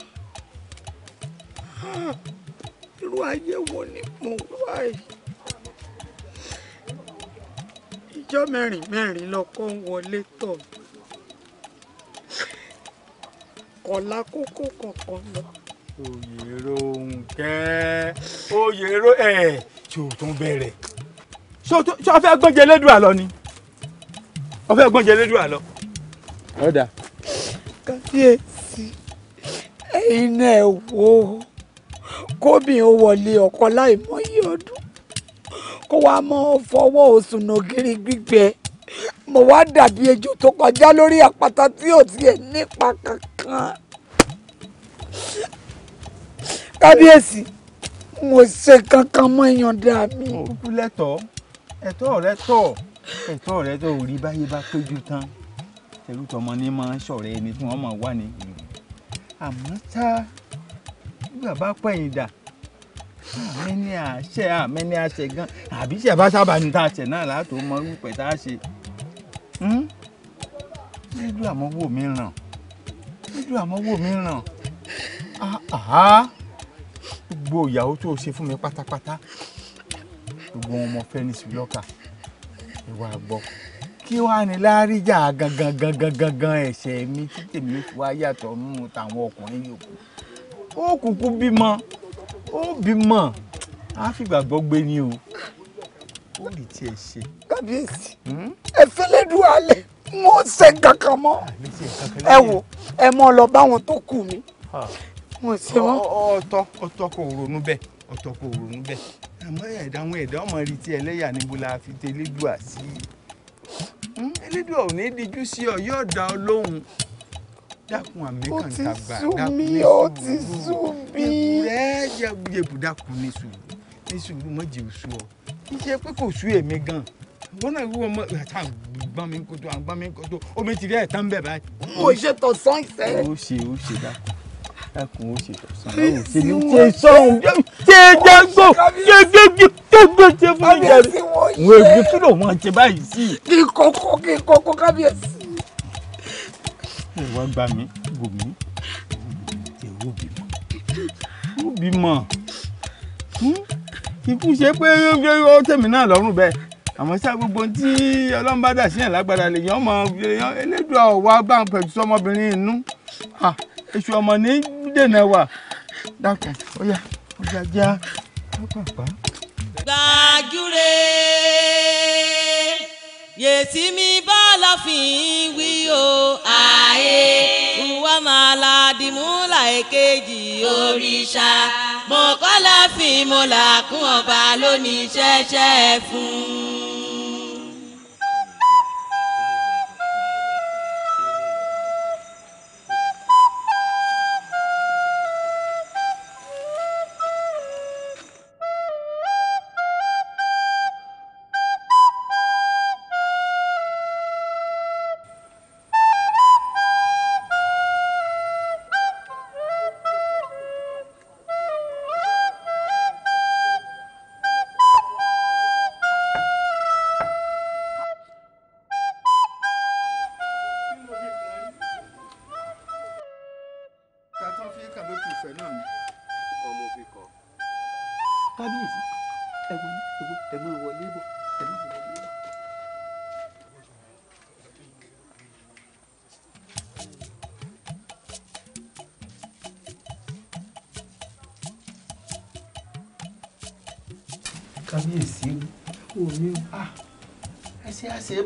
irú ayé wo ni mo wá yìí níjọ́ mẹ́rin mẹ́rin lọ́kọ́ wọlé tọ̀ kọ̀lá kókó kọ̀ọ̀kan lọ. òyèrò nkẹ́ òyèrò ẹ̀ tí o tún bẹ̀rẹ̀. ṣé o fẹ́ gbọ́njẹ lẹ́dùn àlọ́ ni o fẹ́ gbọ́njẹ lẹ́dùn àlọ́. ọ̀dà. kábíyèsí ẹ̀yin náà wò ó kóbìn ó wọlé ọkọ láì mọyì ọdún kó wá mọ́ fọwọ́ òsùnà gírí gbígbẹ mo wá dàbí ejò tó kọjá lórí àpáta tí ò tiẹ̀ nípa kankan kábíyèsí mo ṣe kankan mọ́ ìyọ̀ǹda mi. òkú lẹ́tọ̀ọ́ ẹ̀tọ́ rẹ tọ̀ ẹ̀tọ́ rẹ tó rí báyé bá péjú tán tẹ̀lú tọmọ ní máa ń ṣọ̀rẹ́ ẹni tí wọ́n máa wà ní àmọ́ tá bàbá pẹ̀yìn dà àmẹ́ni àṣẹ àmẹ́ni àṣẹ gan àbí ṣe bá sábà ní tá a ṣẹ̀ náà látò mọ irúpẹ̀ tá a ṣe lójú hmm? àmọ́wò mi ràn lójú àmọ́wò mi ràn gbogbo ìyàwó tó o ṣe fún mi pátápátá gbogbo wọn mọ fẹ́ ní sílọ́kà ìwà àgbọ̀ kí wàá ní láríjà gangan gangan gangan ẹ̀ṣẹ̀ mi tí tèmi wá yàtọ̀ nínú tàwọn ọkùnrin yòókù ó kúkú bímọ ó bímọ a fi gbàgbọ́ gbé ni o ó lè tiẹ̀ ṣe. kábíyèsí hmm? ẹ̀fẹ́lẹ́dùn alẹ̀ mo ṣe kankan mọ́ ah, ẹ wò ẹ mọ́ lọ báwọn tó kù mí mo ṣe wọ́n. ọ̀tọ̀ ọ̀tọ̀ kò ronú bẹ́ẹ̀ ọ̀tọ̀ kò ronú bẹ́ẹ̀ àmọ́ ẹ̀dá àwọn ẹ̀dá ọmọ rí ti ẹlẹ́yà níbo la fi tẹ elédùà sí i hmm? elédùà ò ní díjú sí ọ yóò dá ọ lóhùn dákun àmì kan tàgbà dákun ní sùúrù ó ti sú mi ẹ yẹbu dákun ní sùúrù ní sùúrù má jẹ́ oṣù ọ kì í ṣe pé kò sú èmi gan wọn náà wíwọ ọmọ àti àgbọn mi kótó àgbọn mi kótó omi ti rí ẹ̀ tán báyìí. mo ṣe tọ̀sán ìfẹ́. ó ṣe ó ṣe dákun dákun ó ṣe tọ̀sán náà ṣe ní ṣe sọ́hún ṣe jágbó ṣe gbégbé gbégbé ṣe fún ìjà rẹ̀ wọ́n kí ló wọ́n ṣe báyìí sí. kí kókó kí kókó kábíyèsí ìwọ gbà mí gò mí ìwọ bímọ ìwọ bímọ hmm? ikú ṣe pé ó tẹ̀mí náà lọ́rùn bẹ́ẹ̀ àmọ́ sá gbogbo tí ọlọ́run bá dà síyàn lágbára lè yan ọmọ elédùn ọ̀wá bá ń pẹ̀tù sọmọbìnrin inú èṣù ọmọ ní dènà wà dákun ó yá ó yá já pápá. gbàjúre yètí mi bá láfin wí o. àyè. ìwà máa la dìmúlà èkejì òrìṣà. mọ̀kọ́ láfin mo là kún ọba lónìí ṣẹ́ṣẹ́ fún un.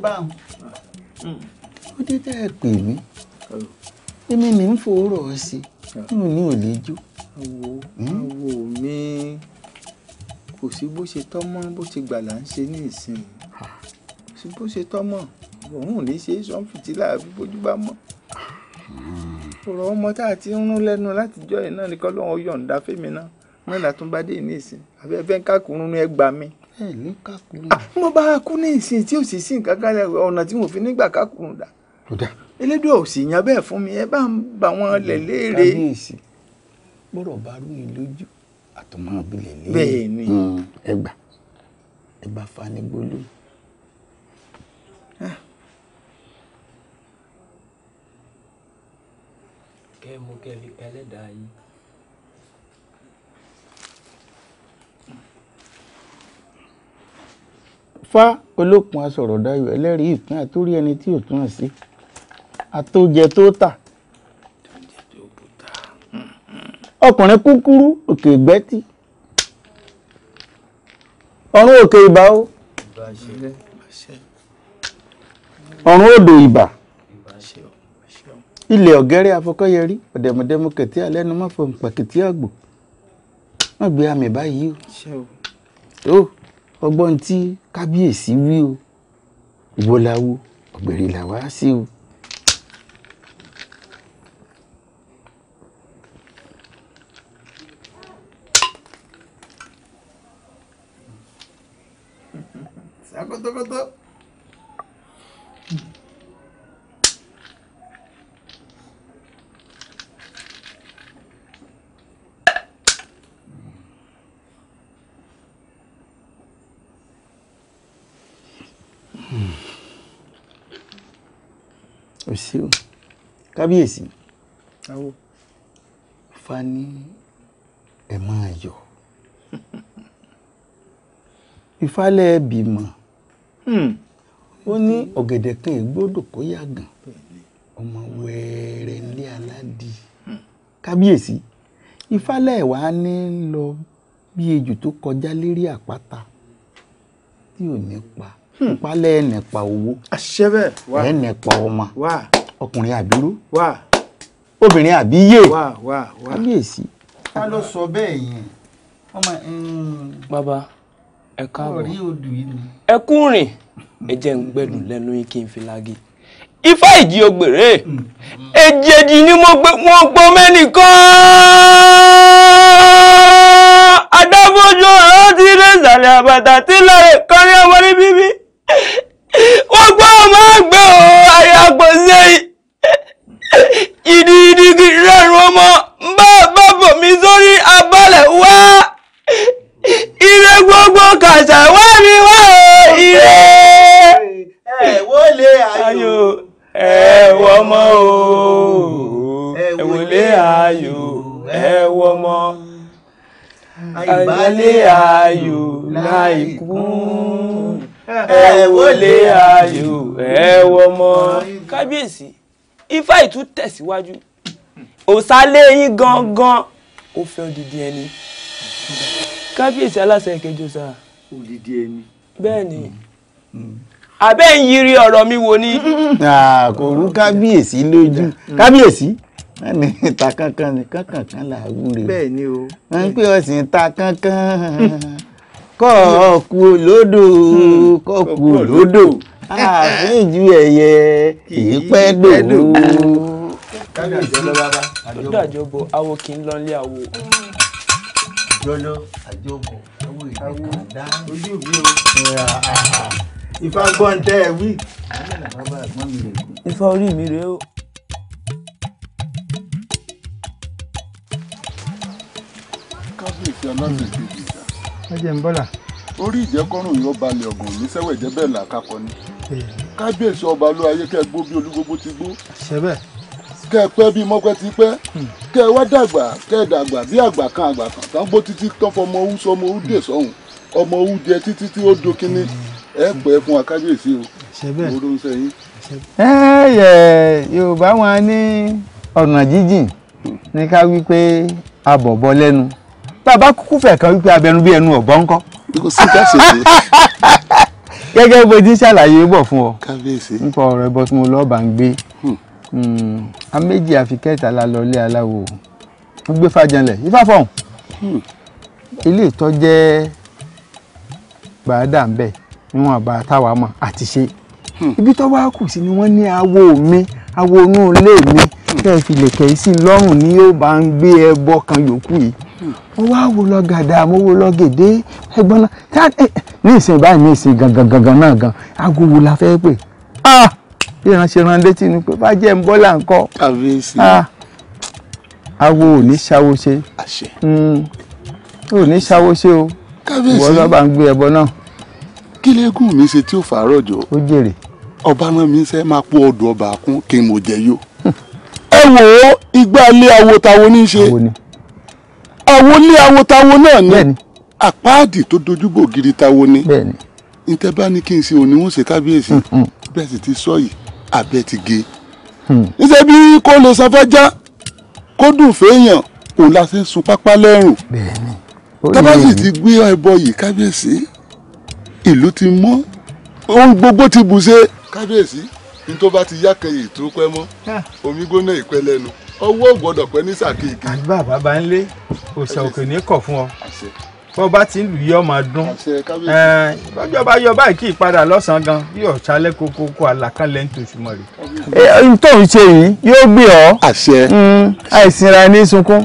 báwọn ó dé tẹ́ ẹ pè mí èmi ní ń fòórọ̀ ọ sí inú ní ò lè jó. àwo hmm? àwo mi kò sí bó ṣe tọ́mọ́ bó ti gbà là ń ṣe ní ìsìn kò sí bó ṣe tọ́mọ́ òun ò ní ṣe é sọ́n fìtílà àbí bójú bá mọ́ ọ̀rọ̀ ọmọ tá a ti ń rún lẹ́nu látijọ́ yìí náà ni kọ́ lóun yọ̀ǹda fẹ́mi náà náà látúndádé ní ìsìn àbí ń kákùnrin ẹ gbà mí ẹ ní kákùnrin. Ah, mo bá kú ní ìsìn tí ò sì sí nǹkan kan ọ̀nà tí mo fi nígbà kákùnrin dà. tó dà. elédùn ò sì yan bẹ́ẹ̀ fún mi ẹ bá ń bà wọ́n lẹ̀ léèrè. kábíyèsí gbọ́dọ̀ bá rú yín lójú àtọmọ abilẹ̀ léèrè. bẹ́ẹ̀ ni. Hmm, ẹ gbà ẹ bá fani gbólú. Ah. kẹ́ mo kẹ́ lè kẹ́lẹ́ yín. fá olókun asọ̀rọ̀ dayọ̀ ẹlẹ́rìí ìpín àtórí ẹni tí ò túnràn sí àtòjẹ tó tà ọkùnrin kúkúrú òkè ìgbẹ́tì ọ̀run òkè ìbà ó ọ̀run odò ìbà ilẹ̀ ọ̀gẹ́rẹ́ afọkọ́yẹrí ọ̀dẹ̀mọ̀dẹ́mọ kẹ̀tí alẹ́nu mọ́fọ̀n pàkìtì àgbò wọ́n gbé àmì báyìí o ọgbọ́n tí kábíyèsí wí o ìwọ la ọ̀gbẹ̀rẹ̀ làwa sí o. kábíyèsí fa ní ẹ máa yọ̀ *laughs* ìfálẹ̀ bímọ hmm. ó ní ọ̀gẹ̀dẹ̀ kan ìgbódò kó yàgàn ọmọ wẹ́ẹ́rẹ́ nílé aládì hmm. kábíyèsí ìfálẹ̀ wa ní lọ bí ejò tó kọjá lérí àpáta tí ò ní pa hmm. ìpalẹ̀ ẹ̀ nẹ̀pa owó ẹ̀ nẹ̀pa ọmọ ọkùnrin àbírú obìnrin àbíyè kábíyèsí. ká ló sọ bẹ́ẹ̀ yẹn ọmọ. bàbá ẹ káàbọ̀ ẹ kún rìn ẹ jẹ́ ń gbẹ́dùn lẹ́nu yín kí n fi lági ifá ìjì ògbèrè èjèèjì mm. ni mo gbé wọn gbọ́ mẹ́nìkan adábọ́jọ́ ọ̀rọ̀ ti lé ìsàlẹ̀ àbàtà tí láre kan ní ọmọ ní bíbí wọ́n gbọ́ ọmọ àgbẹ̀ o àyàgbọ̀ ìdíìdígì rẹ̀rùn ọmọ bá bàbọ̀ mi sórí abálẹ̀ wá ire gbogbo kàṣà mi ire. ẹ wo lé ẹ ọmọ o ẹ wo lé ọmọ àìbálé ayo láìkú ẹ wọlé lé ẹ ọmọ kábíyèsí. ifá ìtú tẹ̀síwájú òsálé yín gangan ó fẹ́ odidi ẹni kábíyèsí aláṣẹ ìkẹjọ sá. odidi ẹni. bẹ́ẹ̀ ni mm. mm. abẹ́ ń yiri ọ̀rọ̀ mi wò ni. *laughs* kò rú kábíyèsí lójú kábíyèsí ẹni ta kankan ni kankan là á wúre. bẹ́ẹ̀ ni o. wọ́n ń pè ọ̀sìn ta kankan kọ́ọ̀kù hmm. lódò kọ́ọ̀kù lódò àfíjú ẹyẹ kìí pẹ́ dòwú. lọ́dọ̀ àjọbọ awo kì í lọ́nlé awo. jọlọ àjọbọ awo ìdíkà dá ojú mi o. ifá gbọ́n tẹ́ ẹ wí. ifá orí mi rèé o. kábíyèsí ọlọ́run ìgbèjì ìjà. ẹ jẹ́ ń bọ́là. orí ìjẹ́kọ́rùn-ún yóò balẹ̀ ọ̀gùn ní sẹ́wẹ̀jẹ́ bẹ́ẹ̀ làákàkọ́ ni kábíyèsí ọba ló ayé kẹ́ gbó bí olúgbogbo ti gbó kẹ́ pẹ́ bí mọ́pẹ́ ti pẹ́ hmm. kẹ́ wá dàgbà kẹ́ dàgbà bí àgbà kan àgbà kan tán bó títí tán fọmọ owú sọmọ owú dè sọ́hùn ọmọ owú jẹ títí tí ó do kínní hmm. ẹ pẹ́ fún wa kábíyèsí o oró ń sẹ́yìn. ẹ yẹ yorùbá wọn ní ọ̀nà jíjìn ní ká wí pé abọ̀bọ̀ lẹ́nu bàbá kúkú fẹ̀ kan wí pé abẹnú bí ẹnu ọ̀bọ ńkọ́. kò sí ká ṣèṣe. *laughs* gẹ́gẹ́ bó ti ń ṣàlàyé bọ̀ fún ọ nípa ọ̀rọ̀ ẹbọ tí mo lọ́ọ́ bá ń gbé hmm. Hmm. a méjì àfi kẹta la lọ ilé aláwo ń gbé fàjànlẹ̀ ifá fọ̀hún hmm. ilé ìtọ́ jẹ́ gbàdá ń bẹ̀ níwọ̀n àbá táwa mọ̀ àti ṣe ibi tó wá kù sí ni wọ́n ní awo mi awo inú ilé mi kẹ́ ẹ fi lè kẹ́ sí lọ́rùn ni yóò bá ń gbé ẹbọ kan yòókù yìí mo wá wo lọ gàdá mo wo lọ gèdè ẹ̀gbọ́n náà tá ní ìsìn báyìí ní ìsìn gangan gangan náà gan aago wo la fẹ́ pè bí ìran ṣe ran létí ni pé bá jẹ́ ń bọ́ là ń kọ́ awo ò ní ṣàwo ṣe hmm, ò ní ṣàwo ṣe o ìwọ lọ́ba ń gbé ẹbọ náà. kí lẹ́kùn mi ṣe tí ò fàárọ̀ jọ. ó jèrè. ọba náà mi ṣe máa pọ ọdọ ọba kún kí n mò jẹ yó. ẹ wò ó igbá ilé awo táwo ní í ṣe àwo ní àwo táwo náà ni àpáàdì tó dojúbò gidi táwo ni níta bá ní kí n ṣe òní wọn ṣe kábíyèsí hmm, hmm. bẹ́ẹ̀ sì ti sọ yìí abẹ́ ti ge hmm. níṣẹ́ bí kò lè sanfẹ́já kó dùn fèèyàn òun la ṣe ń sun pápá lẹ́rùn tábàsì ti gbé ẹbọ yìí kábíyèsí ìlú ti mọ́ ohun gbogbo ti bù ṣe kábíyèsí ní tó bá ti yá kan tó pẹ́ mọ́ ah. omi gbóná ìpẹ́ lẹ́nu owó ò gbọ́dọ̀ pẹ́ ní sàkéèké. àti bàbá bá ń lé òòṣà òkè ní kọ̀ fún ọ bó bá ti ń lù yí ọmọ dún lọ́jọ́ bá yọ báyìí kí ìpadà lọ́sàn-án gan bí ọ̀sálẹ̀ kókókó alákànlẹ̀ ń tòṣùmọ̀ rè. tó ń ṣe yìí yóò gbé ọ hmm, àìsínra ní sunkún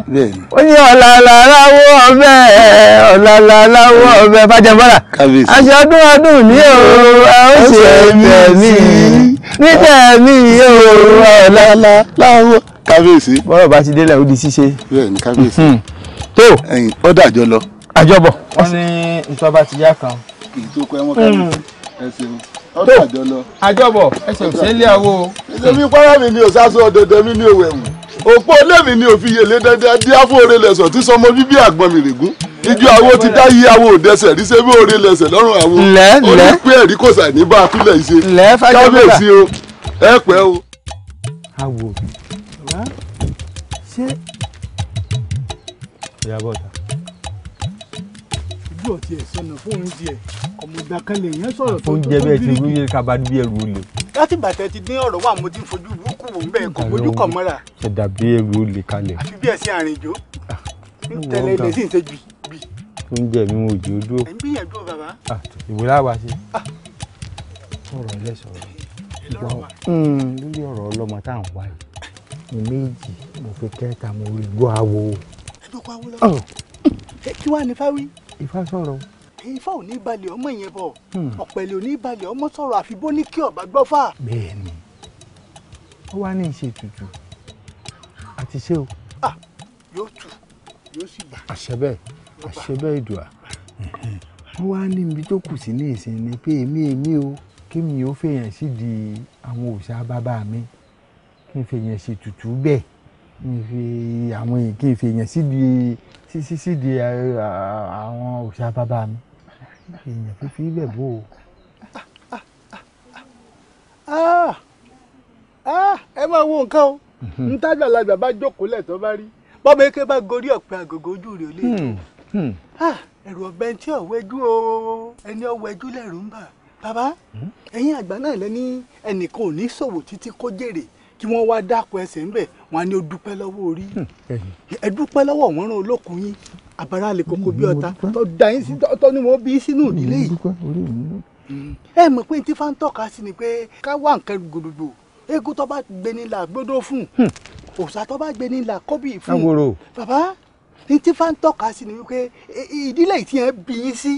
ó ní ọ̀làlàláwọ̀ ọ̀bẹ ọ̀làlàláwọ̀ ọ̀bẹ fàjẹmbọ́là àṣẹ ọdún ọdún ní òru ó ṣe tẹ̀mí ní tẹ̀mí òru ọ̀làlàláwọ̀ kábíyèsí. bọ́rọ̀ bá ti délẹ̀ ó di ṣíṣe. bẹ́ẹ̀ ni kábíyèsí. Hmm. tó ẹyin ó dàjọ lọ. àjọbọ. wọn ní ìtọ́ba ti yá kan. kì í tó kọ ẹwọn kábíyèsí ẹ ṣeun ó dàjọ lọ. àjọbọ ẹsẹ̀ òṣèlú àwo. èmi pàrọ̀ mi ni òṣàṣọ ọ̀dọ̀dọ̀ mi ni òwe ẹ̀wọ̀n òpó lèmi ni òfin yèlé dandan dí àfọ̀ọ́rẹ́ lẹ̀sọ̀ tí sọmọ bíbí àgbọn mi règún ijó awo ti dá yí awo òdẹsẹ̀ rí sẹ́bí òre lẹ̀sẹ̀ lọ́rùn awo orí pé ẹ̀rí kò sà ní bá a kúlẹ̀ ṣe kábíyèsí o ẹ pẹ́ o. awo ṣé ìyàbọ̀ ọ̀tá. ojú ọ̀tí ẹ̀ sọnà fún oúnjẹ ẹ̀ ọmọ ìgbà kan lè yẹn sọ̀rọ̀ tó tó tó bíríkì. oúnjẹ bẹ́ẹ̀ ti wíyẹ kaba bí ẹrù olè. láti bàtẹ́ ti dín ọ̀rọ̀ wà mo ti fojú burúkú wò ń bẹ́ẹ̀ kọ́ fojú kọ̀ mọ́ra. ẹ dàbí ẹrù olè kalẹ̀. àfi bí ẹ sí àrìnjó tẹ̀lé ilẹ̀ sì ń ṣe bì bì. oúnjẹ mi ò jò dúró. ẹ̀ ń gbìyànjú bàbá. ìwé láwa ṣe. ọ̀rọ̀ ilé sọ̀rọ̀ lórí ọ̀rọ̀ ọlọ́mọ táà ń wáyé mo méjì mo fi kẹta mo rí gbọ́ àwo. ẹ jọ kó awo lọ. Oh. kí wàá ní fáwí. ìfá sọ̀rọ̀. ìfá ò ní balẹ̀ ọmọ yẹn bọ̀ hmm. ọ̀pẹ̀lẹ̀ ò ní balẹ̀ ọmọ sọ̀rọ̀ àfi bó ní kí ọ̀bá gbọ́ fà. bẹ́ẹ̀ni ó wá ní ìṣe tutù àti ṣé o. yóò tù yóò sì bà. àṣẹ bẹ́ẹ̀ àṣẹ bẹ́ẹ̀ ìdùà wọ́n wá ní ibi tó kù sí ní ìsìn ni pé èmi èmi o kí mi ò fèèyàn sí di àwọn òòṣà bàbá mi kí n fi èèyàn ṣe tutù bẹ́ẹ̀ kí n fi àwọn èèyàn kí n fi èèyàn sídìí sísí sídìí àwọn òòṣà bàbá mi èèyàn fífi bẹ̀ bò ó. ẹ máa wo nǹkan o mhm. n tájà làjà bá jókòó lẹ́tọ́ bá rí bọ́mọ eke bá gorí ọ̀pẹ àgògò ojú rẹ̀ ó lè tó hmm, hmm. ẹ̀rù ọ̀bẹ tí ò wẹ́jú o ẹni ò wẹ́jú lẹ́rù ń bà bàbá hmm? ẹ̀yin àgbà náà lẹ́ni ẹnìkan ò ní ṣòwò títí kó jèrè kí wọ́n wá dákun ẹsẹ̀ ńbẹ̀ wọn á ní ó dúpẹ́ lọ́wọ́ orí hmm, ẹ dúpẹ́ lọ́wọ́ wọn rán olókun yín àbára lè kókó bí ọ̀tá tó yín sí tó ni wọ́n bí sínú ìdílé yìí hmm. ẹ mọ̀ pé tí fáńtọ́ ká sí ni pé ká wá nǹkan gbòdòdò eégún tó bá gbé ní là gbódò fún hmm. òòṣà tó bá gbé ní kóbì fún bàbá ní tí fáńtọ́ ká sí ni wípé e, e, ìdílé yìí ti yẹn bí yín sí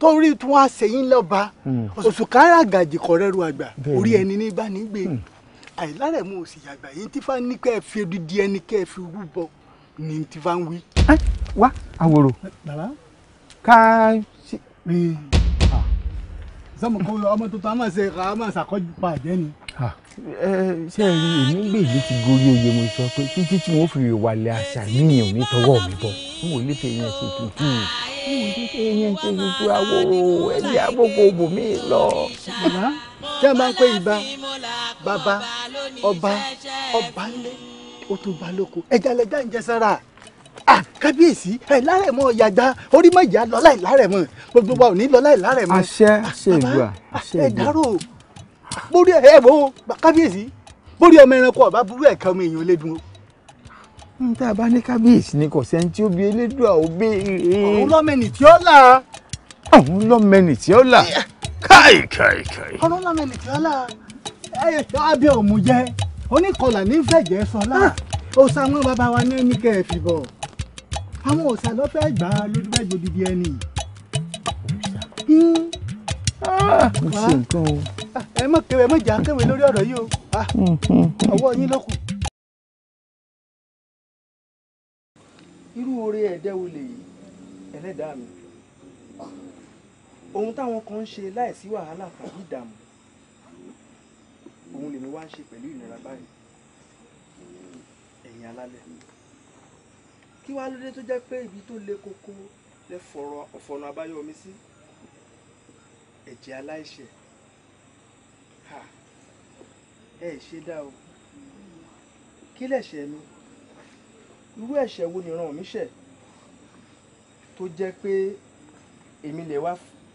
torí tí wọ́n á sẹ́yìn lọ́ba òṣùkárà gàjì kọ̀rẹ́rù àgbà orí ẹni ní bá nígbè àìlára ẹ̀ mú òsì yàgbà yìí tí fa ní kẹ́ ẹ fi edu di ẹni kẹ́ ẹ fi rúbọ ni tí fa ń wí. wá àwòrò ká ṣe. sọmọ ọmọ tuntun a máa ṣe ká a máa ṣàkójú pa àjẹ́ ni. ṣé ẹ rí èmi ń gbé ti gorí oyè mo sọ pé títí tí wọn fi wàlẹ̀ àṣà níyàn mi tọwọ́ mi bọ̀ n ò lè fi èèyàn ṣe tuntun n ò tuntun àwòrò ẹ̀jẹ̀ àbókò bòmí lọ tí a máa ń pè ìbá bàbá ọba ọba ńlẹ ó tún bá lóko ẹja lẹja ń jẹ sára kábíyèsí ẹ lárẹ̀ mọ́ yàgbá orí má ìyá lọ láì lárẹ̀ mọ́ gbogbo wa ò ní lọ láì lárẹ̀ mọ́. àṣẹ àṣẹ ìgbà àṣẹ ẹ dárò borí ẹ wo kábíyèsí borí ọmọ ẹranko ọba burú ẹ̀ka ọmọ èèyàn lé o n tá a bá ní kábíyèsí ni kò sẹ́ni tí ó bi elédùà òun lọ́mẹ́nì tí ó là. òun lọ́mẹ́nì tí ó là. Kai, Kai, káì káì káì. kọ́nọ́lá mẹ́lìkìlálà abẹ́ òmùjẹ oníkọlà nífẹ̀jẹ̀ sọlá òòṣà àwọn bàbá wa ní ẹni kẹ́ẹ̀fì bọ̀ àwọn òòṣà ló fẹ́ gbà á lójú bẹ́ẹ̀ gbòdìdì ẹni. Hmm. Ah, mo ṣe nǹkan o. ẹ mọ̀ kéwèé mọ̀ jà kéwèé lórí ọ̀rọ̀ yìí o ah, ọwọ́ yín ló kù. irú oore ẹ̀dẹ́ wo lèyí ẹlẹ́dàá mi ohun táwọn kan ń ṣe láìsí wàhálà tàbí ìdààmú òun lèmi wá ń ṣe pẹ̀lú ìnira báyìí ẹ̀yin alálẹ̀ kí wàá lóde tó jẹ́ pé ibi tó le koko lẹ fọ̀rọ̀ ọ̀fọ̀nà àbáyọmí sí ẹ̀jẹ̀ aláìṣẹ̀ ẹ ṣe dá o kí lẹ̀ṣẹ̀ mi irú ẹ̀ṣẹ̀ wo nìran mi ṣẹ̀ tó jẹ́ pé èmi lè wá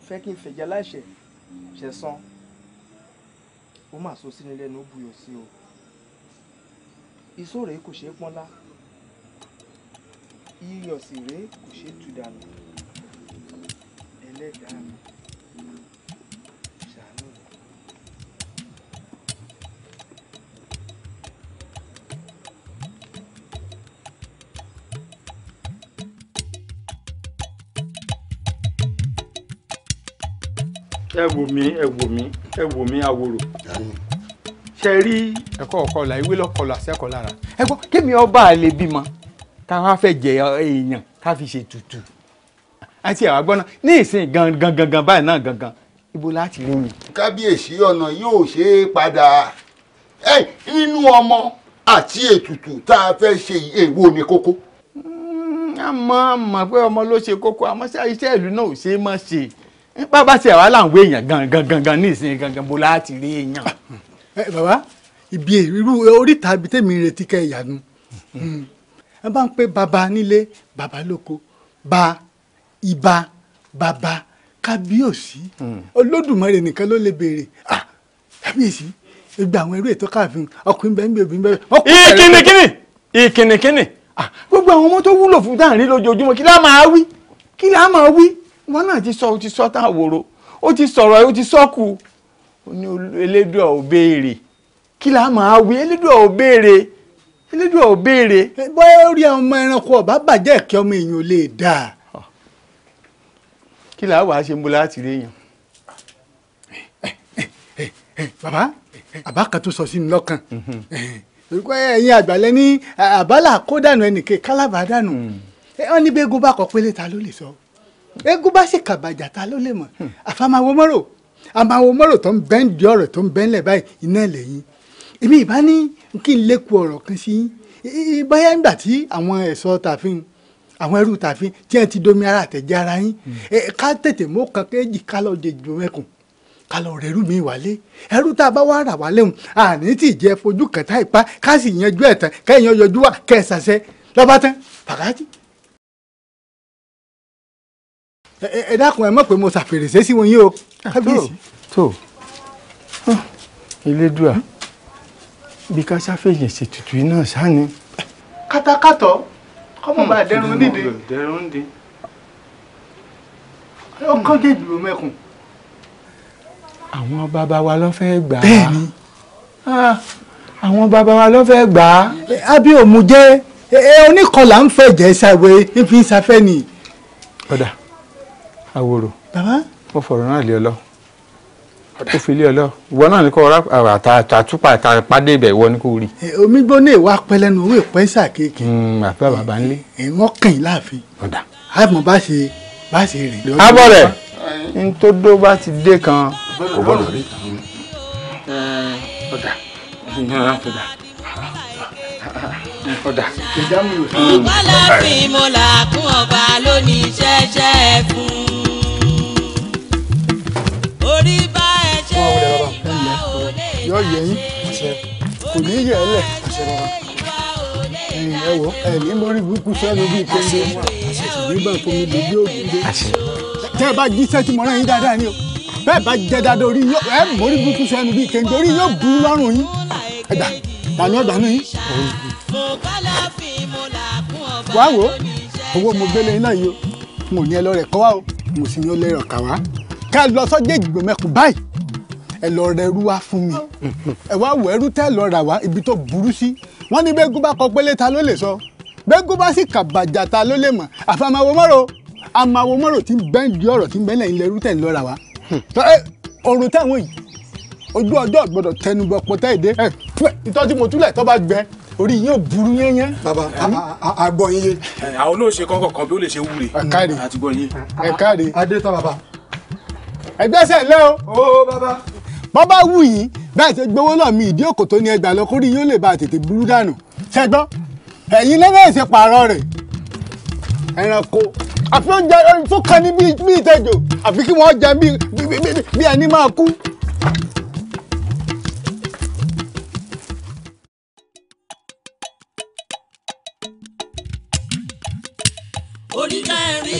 fẹ́ kí n fẹ̀jẹ̀ aláìṣẹ̀ ṣẹ̀san ó mà so sínú lẹ́nu ó buyọ̀ sí o ìṣó rèé kò ṣeé pọ́nlá iyọ̀ sì rèé kò ṣeé tú dànù ẹlẹ́dàá mi. ẹ wò mí ẹ wò mí ẹ wò mí àwòrò ṣe rí ẹ̀kọ́ ọ̀kọlà ìwé lọ́kọlà sẹ́kọ̀ọ́ lára ẹ gbọ́ kémi ọba àlè bímọ ká wá fẹ́ jẹ èèyàn ká fi ṣe tutù àti àwọn agbọ́nà ní ìsìn gangan gangan báyìí náà gangan ibo láti lóyún. kábíyèsí ọ̀nà yóò ṣe é padà nínú ọmọ àti ètùtù tá a fẹ́ ṣe èwo ni kókó. a mọ̀ a mọ̀ pé ọmọ ló ṣe kókó àmọ́ sí iṣẹ́ ìlú náà ò ṣe é má ṣe bàbá tiẹ̀ wá là ń wé èèyàn gangan gangan ní ìsìn gangan bó láti rí èèyàn. Ah, ẹ ibi irú oríta ibi tẹ́mi retí kẹ́ ìyanu hmm. ẹ bá ń pẹ́ baba nílé bàbá lóko ba ìbà bàbá kábíyèsí hmm. olódùmarè nìkan ló lè béèrè ah kábíyèsí gbogbo àwọn eré ètò káàfin ọkùnrin bẹ́ẹ̀ ń bẹ obìnrin bẹ́ẹ̀. ìkìnnìkìnnì ìkìnnìkìnnì ah, gbogbo àwọn ọmọ tó wúlò fún dáhùn rí lójoojúmọ́ kí lá máa wí kí lá máa wí wọn náà ti sọ ó ti sọ tán àwòrò ó ti sọ̀rọ̀ ó ti sọ́kù ó ní elédùà ò béèrè kí la máa wí elédùà ò béèrè elédùà ò béèrè. bóyá orí àwọn ọmọ ẹranko ọba bàjẹ́ kí ọmọ èèyàn lè dà. kí la wàá ṣe mo láti rí èèyàn. bàbá àbá kan tó sọ sí mi lọ́kàn ẹ̀yin àgbàlẹ́ ní àbálà kó dànù ẹnìkan kálábà dànù hmm. wọ́n ní bẹ́ẹ̀ gun bá kọ́ pélé ta ló lè sọ. So eégún bá sì kàbàjà ta ló lè mọ̀ àfàmàwò mọ́rò àmàwò mọ́rò tó ń bẹ́ ń di ọ̀rọ̀ tó ń bẹ́ ń lẹ̀ báyìí iná lẹ́yìn èmi ìbá ní kí n léku ọ̀rọ̀ kan sí báyà ńgbà tí àwọn ẹ̀ṣọ́ tààfin àwọn ẹrú tààfin tí ẹ ti domi ara àtẹ̀jẹ́ ara yín ká tètè mú kan kéjì ká lọ dèjò mẹ́kùn ká lọ rẹ̀ ẹrú mi wálé ẹrú tá a bá wá rà wálé òun àní tí ìjẹ́ fojú kẹta ìpá ká sì yanjú ẹ̀tàn kẹ́yìn yọjú wà kẹ́ ẹ̀ sàṣẹ ẹ dákun ẹ mọ̀ pé mo ṣàfèrèsé sí wọn yìí o ah, kábíyèsí. tó ah, elédùà bí ká ṣàfẹ̀yìn ṣètùtù iná sáni. kátàkátọ̀ kọ́mọ̀ hmm, bá dẹrùn nídìí. dẹrùn nídìí. ó kọ́jú ìdìbò mẹ́kùn. àwọn bàbá wa ló fẹ́ gbà á. bẹ́ẹ̀ni. Ah, àwọn bàbá wa ló fẹ́ gbà á. àbí òmùjẹ́ oníkọlà ń fẹ̀jẹ̀ ṣàwé ìfi ṣàfẹ́ ni. ọ̀dà àwòrò o fọ̀rọ̀ náà lé ọ lọ ó fi lé ọ lọ ìwọ náà ní kó ọ̀rá àtàtúpà àtàpàdé ibẹ̀ ìwọ ni kò rí. omi gbóná ìwà pẹlẹnu owó ìpẹ́ sàkéèké. Hmm, àfi bàbá ń lé. ìwọ́n kàn yín láàfin. ọ̀dà. àmọ́ bá ṣe bá ṣe rìn. abọ́ rẹ̀ n tó dó bá ti dé kan. kò gbọ́dọ̀ rí. ọ̀dà ọ̀dà ọ̀dà. ọ̀gbọ́n láti mọ̀ làkún ọba lónìí jẹ́jẹ́ fún un. yọ yẹ yín kò ní yẹ ẹ lẹ ẹ wọ ẹ ní burúkú sẹ́nu bíi kéńdé nígbà tó mi lè bí òkúté tẹ́ ẹ bá jíṣẹ́ tí mo rán yín dáadáa ni o bẹ́ẹ̀ bá jẹ́ dáadáa orí yóò ẹ mórí burúkú sẹ́nu bíi kéńdé orí yóò burú lọ́rùn yín ẹgbà dànù ọ̀dànù yín. wàá wò owó mo gbélé iná yìí o mo ní ẹ lọ rẹ̀ kọ́ wa o mo sì ní ó lè rọ̀ wá ká lọ sọ́jà ìgbìmọ̀ ẹ̀kú báyìí ẹ lọ rẹ ẹrú wá fún mi ẹ wá wọ ẹrú tẹ́ lọ rà wá ibi tó burú sí wọ́n ní bẹ́gún bá kọ pélé ta ló lè sọ bẹ́gún bá sì kàbàjà ta ló lè mọ̀ àfàmàwò mọ́rò àmàwò mọ́rò tí ń bẹ́ẹ̀ di ọ̀rọ̀ tí ń bẹ́ẹ̀ lẹ́yìn lẹ́rú tẹ́ lọ rà wá ọ̀rùn táwọn yìí ojú ọjọ́ gbọ́dọ̀ tẹnubọ pọtẹ́ èdè ẹ ìtọ́jú mo túlẹ̀ tó bá gbẹ orí yín ò burú yányán. baba àgbọ̀ yín ye. àwọn olóòṣè kọ́kọ́ kan bí ó lè ṣe wúre. ẹ káre àti gbọ̀ ẹ káre. adé tán baba. ẹgbẹ́sẹ̀ lẹ́ o. ó baba bọ́ bá wù yín bẹ́ẹ̀ ṣe gbowó náà mi ìdí òkòtó ni ẹgbàá lọ kórìí yóò lè ba tètè burú dànù ṣẹgbọ́n ẹ̀yin lẹ́nà ìṣe pààrọ̀ rẹ̀ ẹranko àfi oúnjẹ tó kan ní bí ìtẹ̀jọ́ àfi kí wọ́n jẹ bí ẹni máa kú.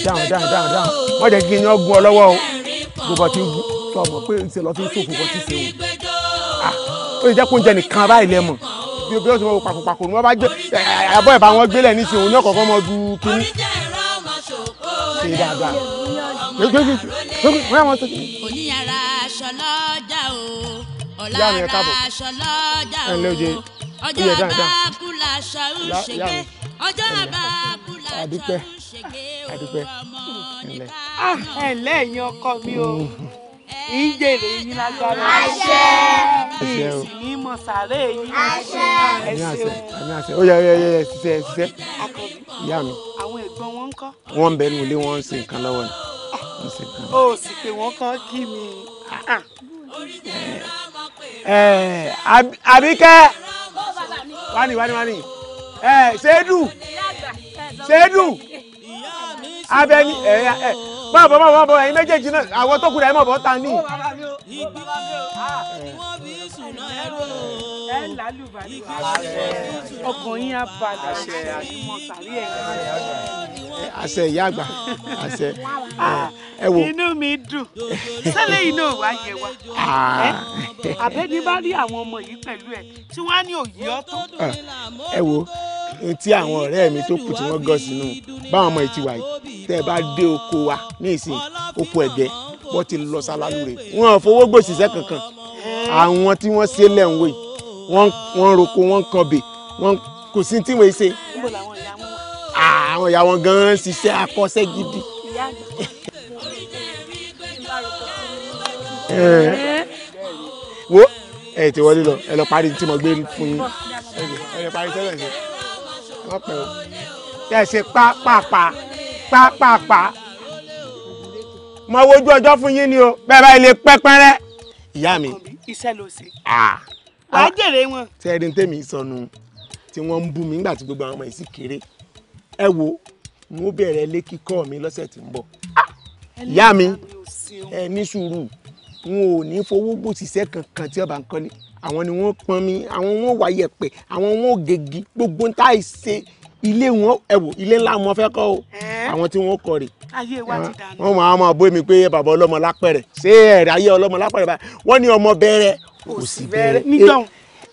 dáhùn dáhùn dáhùn dáhùn wọ́n jẹ́ kí ni wọ́n gún ọ lọ́wọ́ o gbogbo ti gún sọ mọ̀ pé ìṣe lọ fi ń sòfò bọ́ ti ṣe o ah, ó lè jẹ́ kó ń jẹ nìkan báyìí lẹ́mọ̀ bí o bí o ti mọ pàkópàkó ni wọ́n bá gbé àbọ̀ ẹ̀ bá wọn gbélé ní ìṣòwò náà kọ̀ọ̀kan mọ du kínní. ṣe dáadáa wọ́n yà wọ́n tó kí. oníyàrá aṣọ lọ́jà o ọ̀la ara aṣọ lọ́jà o ọjọ́ àbákùlà aṣọ ń ṣègbè ọjọ́ àbákùlà aṣọ ń ṣègbè o ọmọ nípa náà. ẹ ǹlẹ́ ẹ̀yin ọkọ mi o. Mm ń jèrè yín lágbára. àṣẹ. èsì ní mọ̀sálẹ̀ yín. àṣẹ. àmì àṣẹ àmì àṣẹ ó yẹ ẹ yẹ ẹ ṣiṣẹ́ ìyá mi. àwọn ẹ̀gbọ́n wọn ń kọ́. bẹ nínú ilé wọn ṣe nǹkan lọ́wọ́ ni. ó ah. sì pé wọ́n kọ́ kí mi. àbíkẹ́ wani wani wani ṣéédù ṣéédù abẹ́ni ẹ̀ ẹ̀ máa bọ̀ máa bọ̀ máa bọ̀ ẹ̀yin méjèèjì náà àwọn tó kù rẹ̀ máa bọ̀ ta ní. ọkùnrin á balẹ̀ àṣẹ ìyá àgbà àṣẹ ah, ẹ wò. inú mi dùn ṣẹlẹ̀ iná wa yẹ wa abẹ́ni ah. bá rí àwọn ọmọ yìí pẹ̀lú ẹ̀ tí wọ́n á ní òye ọ̀tọ̀. Ah, ẹ wò n tí àwọn ọ̀rẹ́ mi tó kù tí wọ́n gọ́ sínú báwọn ọmọ ìtiwà yìí tẹ́ ẹ bá dé oko wa ní ìsìn oko ẹ̀gẹ́ wọ́n ti lọ sálálù rẹ̀ wọ́n ò fowó gbòsìṣẹ́ kankan àwọn tí wọ́n ṣe lẹ́hìn wò wọ́n roko wọ́n kọbè wọ́n kò sí tí wọ́n ṣe. àwọn ìyá wọn gan-an ṣiṣẹ́ akọ́ṣẹ́ gidi. wo ẹ ti wọlé lọ ẹ lọ parí tí mo gbé fún yín ẹ lọ parí tẹ́lẹ̀ sí i wọ́n pẹ́ o tẹ̀ ṣe pápápá pápápá mo wojú ọjọ́ fún yín ni o bẹ́ẹ̀ báyìí lè pẹ́pẹ́rẹ́ ìyá mi. iṣẹ́ ló ṣe. wàá jèrè wọn. tẹ́rin tèmi sọnù tí wọ́n ń bú mi nígbà tí gbogbo àwọn ọmọ yìí sì kéré ẹ wo mo bẹ̀rẹ̀ ilé kíkọ́ mi lọ́sẹ̀ tí ń bọ̀ ìyá mi ẹ ní sùúrù n ò ní fowó gbòsìṣẹ́ kankan tí ọba ń kọ́lé àwọn ni wọ́n pọn mi àwọn wọ́n wà yẹ̀pẹ̀ àwọn wọ́n gègé gbogbo ń táì ṣe ilé wọn ẹwò ilé ńlá wọn fẹ́ kọ́ o àwọn tí wọ́n kọ rè wọ́n máa máa bó mi pé bàbá ọlọ́mọ lápẹ̀rẹ̀ ṣé ẹ̀rẹ̀ ayé ọlọ́mọ lápẹ̀rẹ̀ báyìí wọ́n ní ọmọ bẹ̀rẹ̀ kò sí bẹ̀rẹ̀ eh,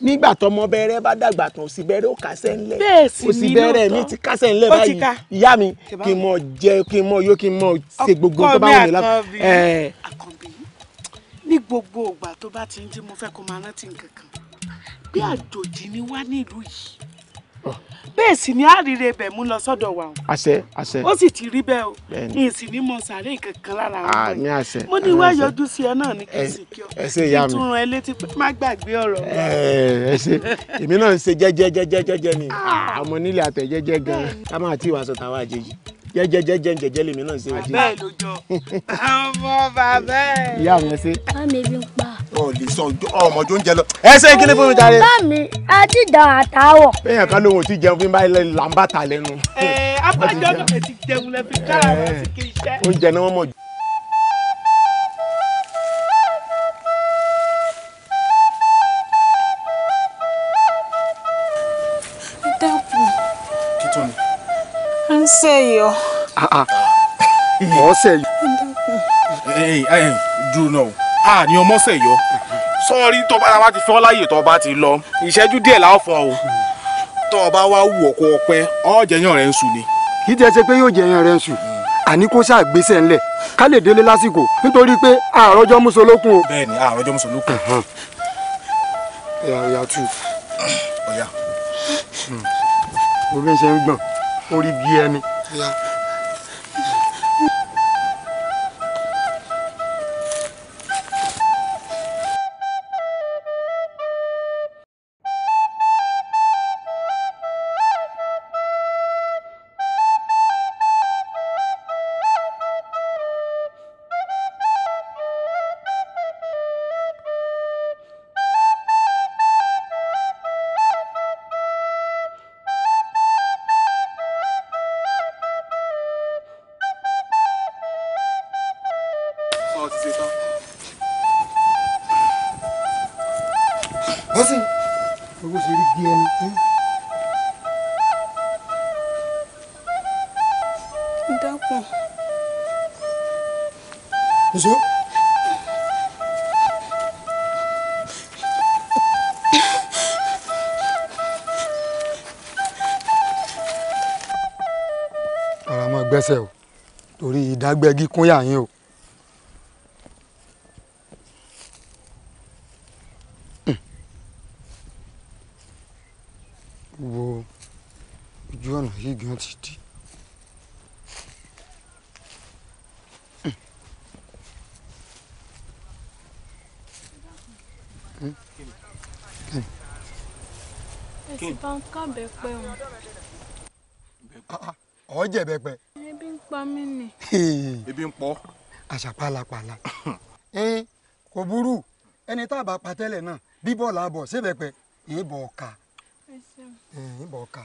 nígbà tọmọ bẹ̀rẹ̀ bá dàgbà tán òsì bẹ̀rẹ̀ ó kásẹ̀ ńlẹ̀ òsì bẹ̀rẹ̀ mi ti kásẹ̀ ńlẹ̀ báyìí ìyá mi kí n mọ jẹ kí n mọ yó kí n mọ ṣe gbogbo tó bá wù mí lápẹ ní gbogbo ìgbà tó bá ti ń jí mo fẹ́ kó máa rántí nǹkan kan bí àjòjì ni wá nílùú yìí ah. bẹ́ẹ̀ sì ni àríre bẹ̀ mú lọ sọ́dọ̀ wa o. àṣẹ àṣẹ. ó sì ti rí bẹ́ẹ̀ o n sì ní mo sàárè kankan lára àwọn ah, ọmọ mo ní wá yọjú sí ẹ náà ní kí kí ọ kí n tún ran ẹ létí pé má gbàgbé ọ̀rọ̀. ẹ èmi náà ń ṣe jẹ́jẹ́jẹ́jẹ́jẹ́ ni ah. àmọ́ nílé àtẹ̀jẹ́jẹ́ gan-an ká máa tí ìwàsọ̀ tàwa àjèjì jẹjẹjẹjẹ jẹjẹ lèmi náà ṣe òde. bẹ́ẹ̀ *laughs* ọmọ bàbá ẹ̀. ìyá mi ṣe. bá bí n pa. ọ sọ ọmọ tó ń jẹ lọ. ẹ ṣe kí fún mi dáre. bá a ti dàn àtàwọ̀. bẹ́ẹ̀ kan lóhun ti jẹun fún mi báyìí làǹbà ta lẹ́nu. ẹ abájọ́ ló fẹ́ ti jẹun lẹ́fi káàárọ̀ sí kí iṣẹ́. oúnjẹ ni wọ́n mọ̀ jù. sẹ́yọ. ọ̀sẹ̀ yọ. dúró náà a ní ọmọ sẹ́yọ sọ́ọ́rí tó bá wa ti fẹ́ láyè tó bá ti lọ ìṣẹ́jú díẹ̀ láò fọ o tó o bá wá wù ọkọ ọpẹ ọ̀jẹ̀yàn rẹ̀ ń sùn ni. kì í tẹ́ ṣe pé yóò jẹ̀yàn rẹ̀ ń sùn àní kó ṣáà gbéṣẹ́ ńlẹ̀ ká lè délé lásìkò nítorí pé àròjọ mùsùlùkùn o. bẹ́ẹ̀ni àròjọ mùsùlùkùn. ẹyà ẹyà tù. ọ̀yà. mo hmm. ṣe ń gbọ̀n orí bí ẹni. Yeah. ṣe tán. wọ́n sì owó ṣe rí gé ẹni. dákun. ǹṣọ́. ara mọ́ gbẹ́sẹ̀ o torí ìdágbẹ́gí kúnyà yín o. àṣà pálapàla ẹ kò burú ẹni tá a bá pa tẹ́lẹ̀ náà bí bọ́ọ̀lù àbọ̀ ṣébẹ̀pẹ̀ ìbọn ọ̀ka ìbọn ọ̀ka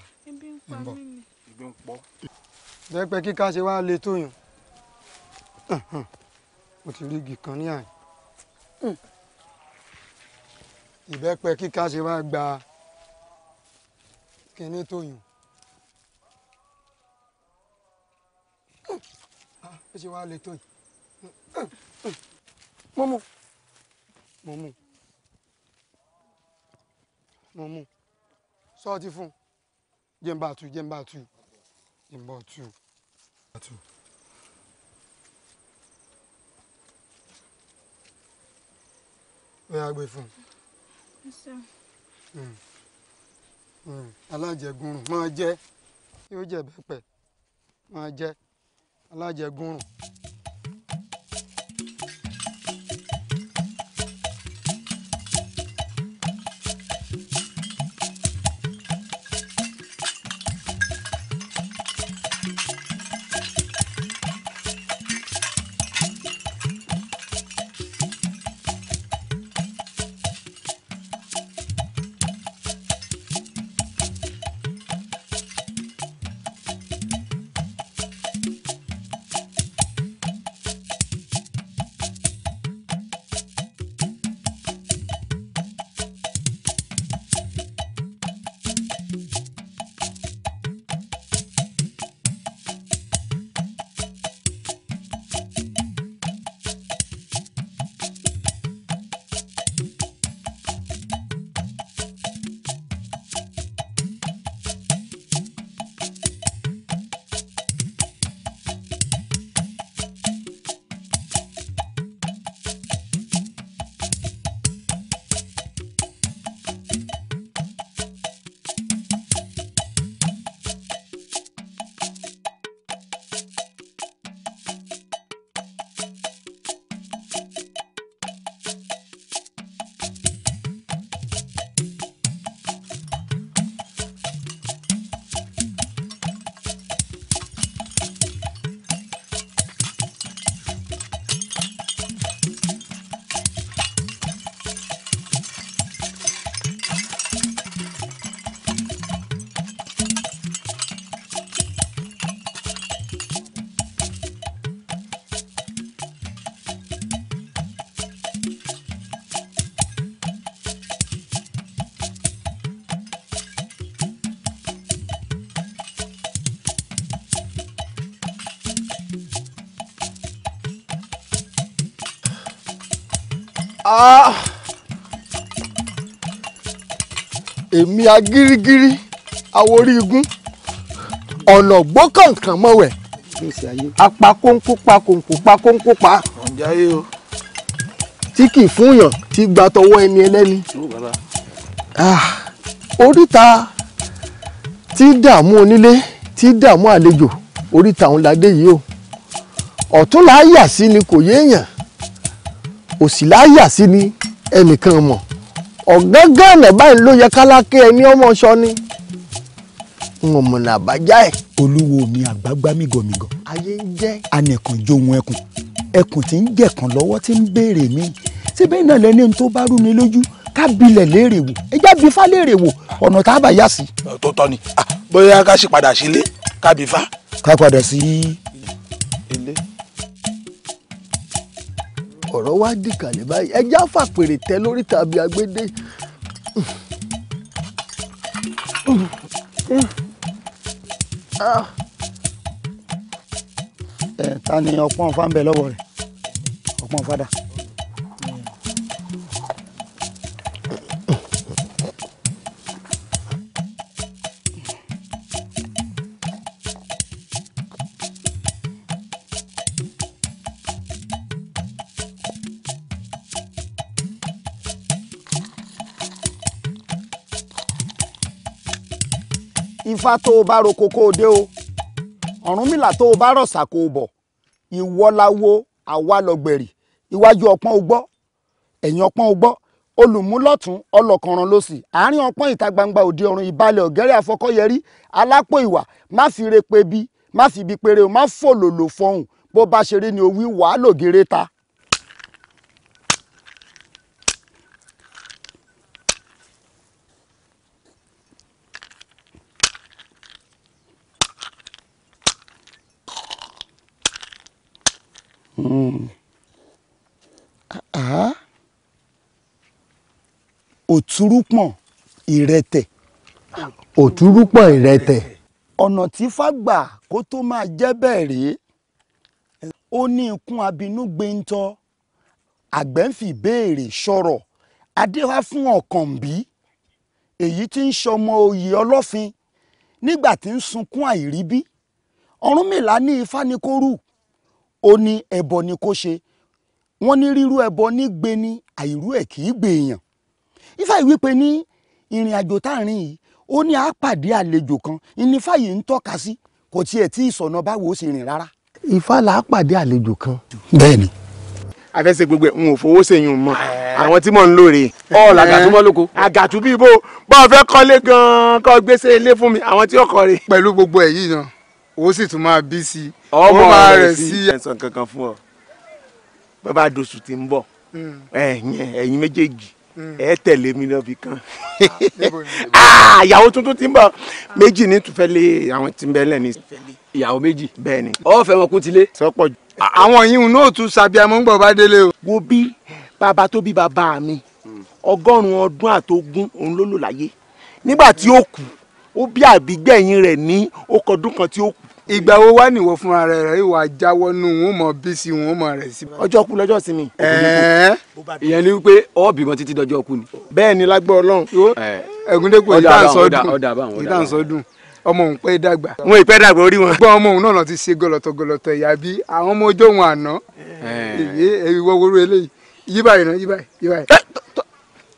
ìbọn ìbọn pọ̀. bẹ́ẹ̀pẹ́ kíká ṣe wá le tó yàn *coughs* mo ti rí igi kan ní àyè *coughs* ìbẹ́pẹ́ kíká ṣe wá gba kíní tó yàn. *coughs* Ah, ó ṣe wá le tó yìí mo mú mo mú fun. mú sọ ti fún jẹnba tu jẹnba tu jẹnba tu. bóyá gbé fún un hmm. hmm. alájẹgúnrún máa jẹ yóò jẹ máa jẹ alájẹgúnrún. èmi agirigiri àwòrí igun ọ̀nà gbókànkàn mọ́wẹ̀ apakóńkó pakóńkó pakóńkó pa tí kì í fúnyàn tí gba tọwọ́ ẹni ẹlẹ́ni ah, oríta tí dààmú onílé tí dààmú àlejò oríta òun la dé yìí o ọ̀tún láyà sí ni kò yéèyàn òsì láyà sí ni ẹnìkan mọ̀ ọ̀gángànà báyìí ló yẹ kálákè ẹni ọmọ ọṣọ ni n ò mọ̀nà àbájá ẹ̀. olúwo mi àgbágbá mígọ̀mígọ̀. ayé ń jẹ́. anẹ̀kànjó ohun ẹkùn ẹkùn tí ń jẹ̀kàn lọ́wọ́ tí ń béèrè mi síbẹ̀ náà lẹ́ni tó bá rú mi lójú ká bilẹ̀ léèrè wò ẹjá bí fá léèrè wò ọ̀nà tá a bá yá sí. tó tọ́ ni ah, bóyá ká sì sílé ká ká padà sí ọ̀rọ̀ wá dìkàlẹ̀ báyìí ẹjẹ́ àfàpèrè tẹ lórí tàbí agbédè. ẹ ta ni ọpọ́n fa ń bẹ lọ́wọ́ rẹ̀ ọpọ́n fada. ifá tó o bá roko kó o dé o ọ̀rúnmìlà tó o bá rọ̀ṣà kó o bọ̀ ìwọ la wo àwa lọ̀gbẹ̀rì iwájú ọpọ́n o gbọ́ ẹ̀yìn ọpọ́n o gbọ́ olùmúlọ̀tún ọlọ́kànràn ló sì àárín ọpọ́n ìta gbangba òde ọ̀run ìbalẹ̀ ọ̀gẹ́rẹ́ àfọkọ́yẹrí alápò ìwà má fi re pe bí má fi ibi péré o má fòlòlò fọhùn bó bá ṣeré ni o wí wàá lògèrè ta. háà òtúrúpọ̀n ìrẹtẹ̀. òtúrúpọ̀n ìrẹtẹ̀. ọ̀nà tí fágbà kó tó máa jẹ́ bẹ́ẹ̀ rèé ó ní ikún abinú gbẹ̀ntọ́ àgbẹ̀ ń fi ìbéèrè sọ̀rọ̀ adéwá fún ọ̀kànbí èyí tí ń sọmọ oyè ọlọ́fin nígbà tí ń sunkún àìríbí ọ̀rúnmìlà ní ifá ni kó rù ó ní ẹbọ ni kó ṣe wọ́n ní rírú ẹbọ ní gbe ni àìrú ẹ̀ kì í gbé èèyàn ifáyì wípé ní ìrìn àjò tá à ń rìn yìí ó ní àpàdé àlejò kan ìnífàyè ń tọ́ka sí kò tiẹ̀ tí ìsọ̀nà báwo ó sì rìn rárá. ifá là á pàdé àlejò kan. bẹ́ẹ̀ni. àfẹsẹ̀ gbogbo ẹ̀ ń ò fowó sèyún mọ́ àwọn tí mò ń lóore. ọ làgàtú mọ́ lóko. Eh, àgàtú bíi bó bá a fẹ́ kọ́lé gan-an kọ́ gbèsè ilé fún mi àwọn tí ó kọ́ rè. pẹ̀lú gbogbo ẹ̀ yìí náà ó sì tún máa bí sí i ó máa rẹ̀ sí. ẹ̀sán kankan fún ọ bàbá àdòsù ti ń bọ̀ hmm. ẹ̀yìn ẹ̀yìn méjèèjì hmm. ẹ tẹ̀lé mi lọ́bi kan ah, *laughs* ah, ìyàwó tuntun ti ń bọ̀ méjì ní tún fẹ́ lé àwọn tí ń bẹ lẹ́ni. ìyàwó méjì bẹ́ẹ̀ ni. ọ fẹ́ wọn kú ti lé. sọ́pọ̀ jù. àwọn yìí ń náà tún ṣàbí amóńgbọ̀n bá o. wo bí bàbá tó bí bàbá mi hmm. ọgọ́rùn-ún ọdún àtogún òun ló lò láyé nígbà tí ó kú ó bí àbígbẹ̀yìn rẹ̀ ní ọkọ̀ ọdún kan tí ó kù. ìgbà wo wá nìwọ fúnra rẹ rẹ ìwà jáwọ́ nù wọn mọ bí sí wọn mọ rẹ sí. ọjọ́ kú lọ́jọ́ sinmi. ìyẹn ni wípé ọ̀ọ́bì gan títí dọjọ́ kú ni. bẹ́ẹ̀ ni lágbọ́ ọlọ́run ẹ̀gúndégbò ìdáǹsọ́dún ọmọ òun pẹ́ dàgbà. wọn ì pẹ́ dàgbà orí wọn. gbọ́n ọmọ òun náà ti ṣe gọlọtọ gọlọtọ ìyá bí àwọn ọmọ ọjọ́ òun àná. ìwé ìwọ wóró eléyìí yí báyìí náà yí báyìí yí báyìí.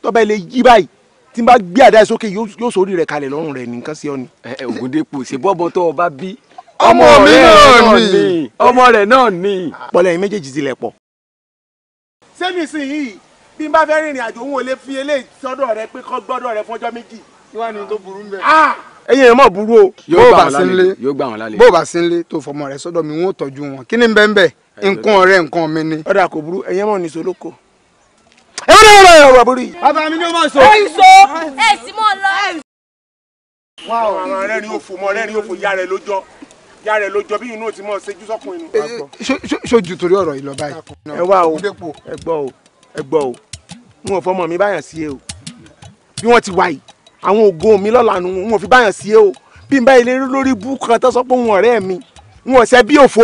tọ́ba ilé yí báyìí tí n bá gbé àdá sókè yóò sórí rẹ̀ kalẹ̀ lọ́rùn rẹ̀ nìkan sí ọ ni. ẹ Ògúndépò ṣe bọ́bọ tó o bá bí. ọmọ mi náà ni ọmọ rẹ̀ náà ni. pọlẹ yín méjèèjì tilẹ̀ pọ̀. sẹ́mi sì yìí bí n bá fẹ́ rìnrìn àjò òun ò lè fi eléyìí sọ́dọ̀ rẹ pé kọ́ gbọ́dọ̀ rẹ fọ́jọ́ méjì. níwájú tó burú mbẹ. Ah! ẹyin ẹ̀ mọ̀ burú o. bó o bá sínlé bó o bá sínlé tó fọmọ rẹ sọ́dọ̀ mi wọn ò tọ́jú wọn kí ni bẹ́ẹ̀ bẹ́ẹ̀ nǹkan ọ̀rẹ́ nǹkan mi ni. ọ̀dà kò burú ẹ̀yẹ́mọ̀ ní solóko ẹ wọ́n náà wọ́n wọ́n borí. bàbá mi ni ó máa sọ. ẹ sọ ẹ sì mọ lọ. wà á ọ̀rọ̀ rẹ ni òfò mọ rẹ ni òfò ya rẹ lójọ ya rẹ lójọ bí inú òtí mọ ṣẹ́jú sọkùnrin nù. Eh, eh, ṣojú torí ọ̀rọ̀ yìí lọ báyìí. ẹ wá o ẹ gbọ́ o ẹ gbọ́ o n ò fọmọ mi báyàn sí e o bí wọ́n ti wá yìí àwọn ògo mi lọ́la nu n ò fi báyàn sí e o bí n bá ilé lórí bú kan tó sọ pé òun ọ̀rẹ́ mi n ò ṣe bí òfo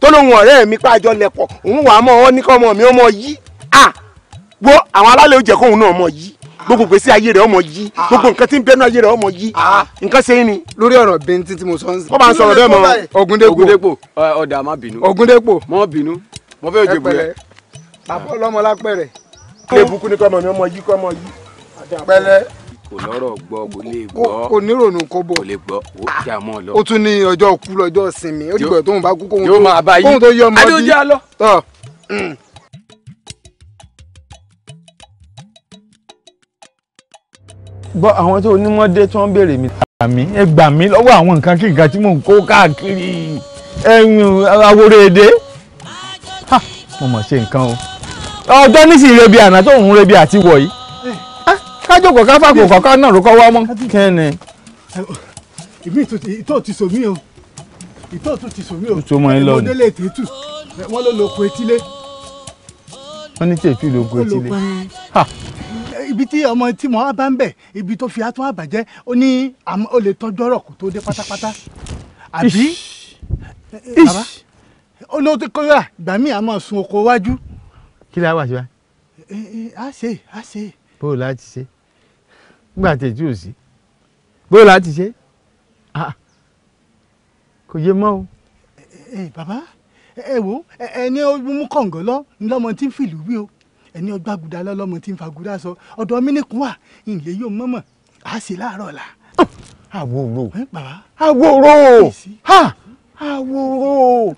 tó lóun ọ̀rẹ́ mi pàjọ lẹ̀pọ̀ òun wàá mọ̀ ọ́ ní kọ́ ọmọ mi ọmọ yìí wo àwọn alálẹ̀ òjẹ̀ kóhun náà mọ̀ yìí gbogbo gbèsè ayé rẹ̀ ọmọ yìí ah. gbogbo nǹkan tí ń bẹ́nu ayé rẹ̀ ọmọ yìí ah. nǹkan ṣe é ni. lórí ọ̀rọ̀ bẹ́ntì tí mo sọ ń sìn. wọ́n bá ń sọ̀rọ̀ bẹ́ẹ̀ mọ́ Ògúndépò Ògúndépò ọ̀dà má bínú. Ògúndépò mọ́ bínú mo fẹ́ òjò bùrẹ́. àpọ̀ lọ́mọ lápẹ̀rẹ̀. ilé ìbùkún ni kọ́mọ mi ọmọ yìí kọ́mọ yìí. pẹ̀lẹ́ kò lọ́rọ̀ gbọ́ kò lè gbọ́ kò nírònú kó bọ̀ kò lè gbọ́ ó jà mọ́ lọ. ó tún ní ọjọ́ kú lọ́jọ́ sinmi ó dìgbà tóun bá kú kóun tó yọ ọmọ bí. yóò máa bá yí adójú àlọ́. bọ́ àwọn tó onímọ̀dé tí wọ́n béèrè mi. ẹ gbà mí lọ́wọ́ àwọn nǹkan kí nǹkan tí mò ń kó káàkiri awore èdè mo mọ̀ ṣe nǹkan o ọjọ́ nísìnyí rebi àná tó ń rebi àti wọ̀ yìí kájọpọ̀ káfàkò kọ̀ọ̀kan náà ló kọ́ wá mọ́. kẹ́ni. ìmí ìtò ti sòmí o ìtò tó ti sòmí o ìmọ̀délé ètùtù wọ́n ló lo oko etílé. wọ́n ní tètú lo oko etílé ibi tí ọmọ tí mo bá ń bẹ̀ ibi tó fi atún àbàjẹ́ ó ní ó lè tọ́jú ọ̀rọ̀ kó tó dé pátápátá àbí eh, eh, bàbá ó ló ti kóra ìgbà míì a máa sun oko wájú. kí la wà síbá. Eh, a ṣe a ṣe. bó o láti ṣe nígbà tètè ò sí bó o láti ṣe ah, ah. kò yé mọ́ o. bàbá ẹ wo ẹni ó mú kọ̀ǹgọ́ lọ ńlọmọ tí ń fìlú wí o ẹni ọgbà gùdà lọ́lọ́mọ tí ń fa gùdà sọ ọ̀dọ̀ míníkùn wà ìyẹn yóò mọ̀mọ̀ á sì láàárọ̀ la. àwòrò àwòrò àwòrò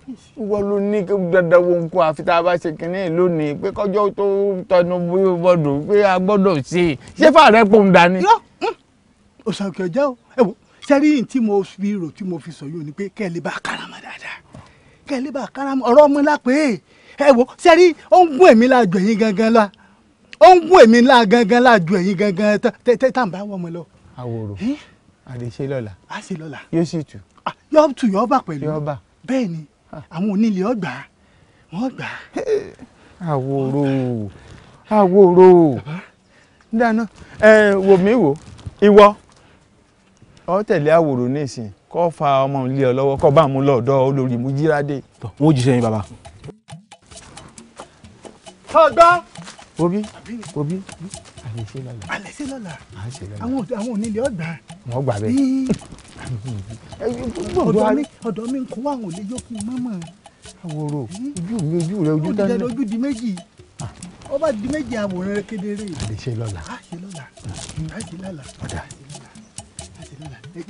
wọ́n ló ní dandan wo nǹkan àfi tá a bá ṣe kínní lónìí pé kọjọ́ tó tẹnu bọ́dọ̀ pé a gbọ́dọ̀ ṣe ṣé fàárẹ̀ pò ń dání. yọ òsàkè ọjà o ẹ wo sẹ́rí tí mo fi rò tí mo fi sọ yóò ní pé kẹ́lẹ́ bá karama dáadáa kẹ́lẹ́ bá karama ọ̀rọ̀ ọmọ pé ẹ wo ṣe rí ó ń gún èmi láàjò gangan la ó ń gún èmi la gangan láàjò ẹ̀yin gangan tẹ́ tá à ń bá wọ́n lọ. àwòrò àdèṣe lọ́la a lọ́la yóò sì tù. Ah, yóò tù yóò bà pẹ̀lú bẹ́ẹ̀ ni ah. àwọn onílé ọgbà wọ́n gbà. àwòrò àwòrò dáná ẹ wò mí wò ìwọ ọ tẹ̀lé àwòrò nísìnyí fa ọmọ ilé ọ lọ́wọ́ kó bá mú olórí mú wọ́n ọgbọ́n. obi obi àlè ṣe lọ́la. àlè ṣe lọ́la. àlè ṣe lọ́la. àwọn àwọn onílé ọgbà. wọn gbà bẹ́ẹ̀. *laughs* ọ̀dọ̀ mi ọ̀dọ̀ mi ń kó àwọn òlé yókù mọ́mọ́. àwòrò ojú mi ojú rẹ ojú dáná. ojú ojú di méjì. Ah. ó bá di méjì àwòrán rẹ kedere. àlè ṣe lọ́la. àlè ṣe lọ́la. àlè hmm. ṣe lọ́la. ọ̀dà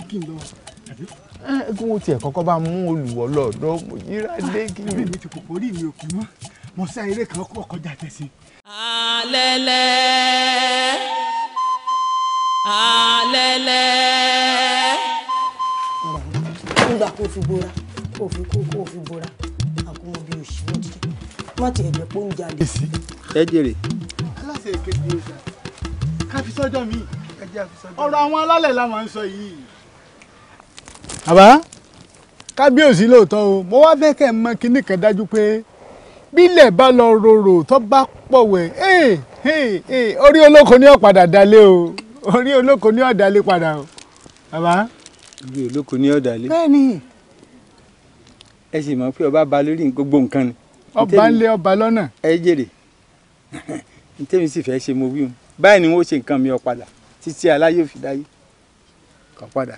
kí n lọ àbí. ẹ eh, kí wọn tiẹ̀ kọ́kọ́ bá mú olùwọ́ lọ́dọ̀ mo yíra dé kí n. mi ti kòkó rí mi ò kú mọ́ mo sá eré kan kú ọkọjá tẹ̀sí. alẹ́lẹ́ alẹ́lẹ́. nígbà kó fi bora kó fi kó kó fi bora àkómọ bíi òṣì ló ti má tiẹ̀ jẹ́ pé ó ń jalè. ẹ jèrè. aláṣẹ ìkejì ló sà ká fi sọ́jọ́ mi ọ̀rọ̀ àwọn alálẹ̀ la máa ń sọ yìí. àbá kábíyèsí lóòótọ́ o mo wá fẹ́ kẹ́ ẹ mọ kinní kan dájú pé bílẹ̀ bá lọ rorò tó bá pọ̀wẹ̀ eh, eh, eh, orí olóko ní ọ̀padà dalé o orí olóko ní ọ̀dàlé padà o bàbá. orí olóko ní ọ̀dàlé. bẹ́ẹ̀ni. ẹ sì mọ̀ pé ọba ba lórí gbogbo nǹkan ni. ọba ń lé ọba lọ́nà. ẹ jèrè n tẹ́mi sì fẹ́ ṣe mo wí o báyìí ni wọ́n ṣe nǹkan mi ọ̀padà títí aláyé òfin dáyé kọ̀ padà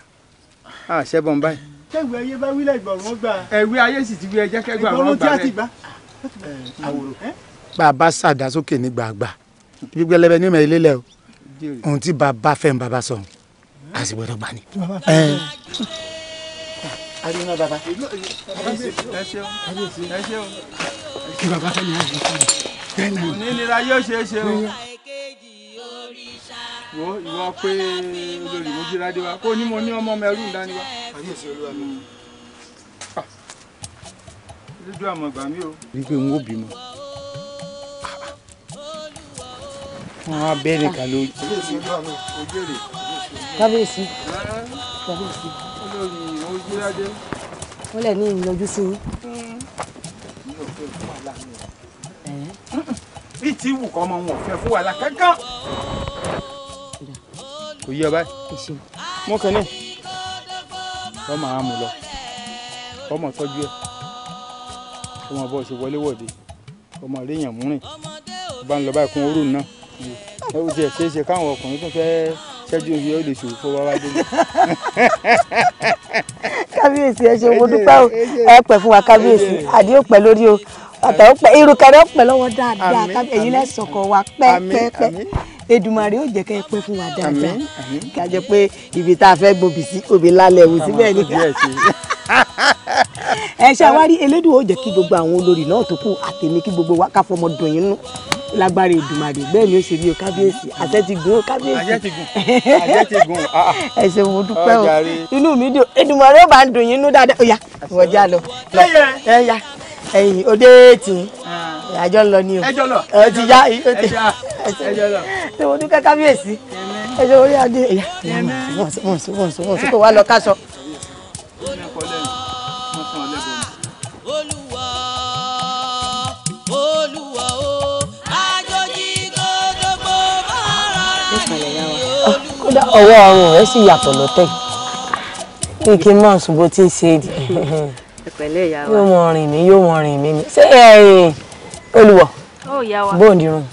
àṣẹ bọ̀ ń báyìí. kẹgbẹ́ ayé bá wílẹ̀ ìgbọ̀rún gbà. ẹ̀wí ayé sì ti wí ẹjẹ́ kẹ́gbẹ́ àwọn ọgbà rẹ̀. ìgbọ̀rún tí a ti bá bàbá sàdá sókè ní gbàgbà gbígbẹ́lẹ́bẹ́ ní ìmọ̀ ilé lẹ̀ o ohun tí bàbá fẹ́ ń bàbá sọ̀hún a sì gbọ́dọ̀ gbà ní. Arina baba. Ẹ ṣeun. Ẹ ṣeun. Kí baba fẹ́ ni a ṣe fún mi. Nínira yóò ṣe é ṣe o. Wo ìwọ pé olórí mojú ládé wa kó ní mo ní ọmọ mẹ́rù ń dání wa dúdú àmọ́ ìgbà mi o. rí i pé n ó bímọ wọn á bẹ́ẹ̀rẹ̀ kà ló. kábíyèsí kábíyèsí. olórí ojúládé. wọ́n lẹ̀ ní ìyànjú sí i. bí tí wù kọ́ ọmọ wọn fẹ́ fún wàhálà kankan. kò yí ọ báyìí. mọ́kànnì wọ́n máa mú lọ wọ́n tọ́jú ẹ̀ ó máa bọ́ ṣe wọlé wọ̀de ó máa réèyàn mú rìn bá ń lọ báyìí kún orú náà ẹ ó tiẹ̀ ṣeé ṣe káwọn ọkùnrin tó fẹ́ ṣẹ́jú òye ó lè ṣòwò fún wa wá délé. kábíyèsí ẹ ṣe owó dúpẹ́ o ẹ pẹ́ fún wa kábíyèsí àdí ó pẹ́ lórí o ọ̀tọ̀ ó pẹ́ irun kẹrẹ́ ó pẹ́ lọ́wọ́ dáadáa èyí lẹ́sọ̀kọ̀ wa pẹ́ẹ́pẹ́ẹ́pẹ́ Èdùmàrè ó jẹ́ kẹ́ ẹ pẹ́ fún wa dáadáa kí a jẹ́ pé ibi tá a fẹ́ gbòbì sí òbí lálẹ́ òun síbẹ̀ ni. *laughs* ẹ ṣàwárí elédùn ó jẹ́ kí gbogbo àwọn olórí náà tó kù àtẹ̀mí kí gbogbo wa ká fọmọ dùn yín nú lágbára ìdùmàdè bẹ́ẹ̀ ni ó ṣe rí o kábíyèsí àṣẹ ti gùn ó kábíyèsí. àṣẹ ti gùn àṣẹ ti gùn. Ah, ah. ẹ ṣé mo dúpẹ́ o inú mi dùn Èdùmàrè ó bá ń dùn yín nú dáadáa ó yá ìwọ já lọ ẹ yá ẹ̀yin òde tì í ah. àjọ lọ ni o ẹjọ lọ ẹ ti yá ẹjọ lọ ṣé mo dúpẹ́ kábíyèsí ẹ ṣé orí adé ẹ̀yà mọ̀ sí mọ̀ sí mọ̀ sí mọ̀ sí kó wá lọ káṣọ. ọwọ́ ọrùn rẹ̀ sì yàtọ̀ lọ́tẹ̀ kí kí n máa sùn bó ti ń ṣe èdè yóò mọ rìn mí yóò mọ rìn mí ni ṣé olùwọ̀ bóòdì rùn.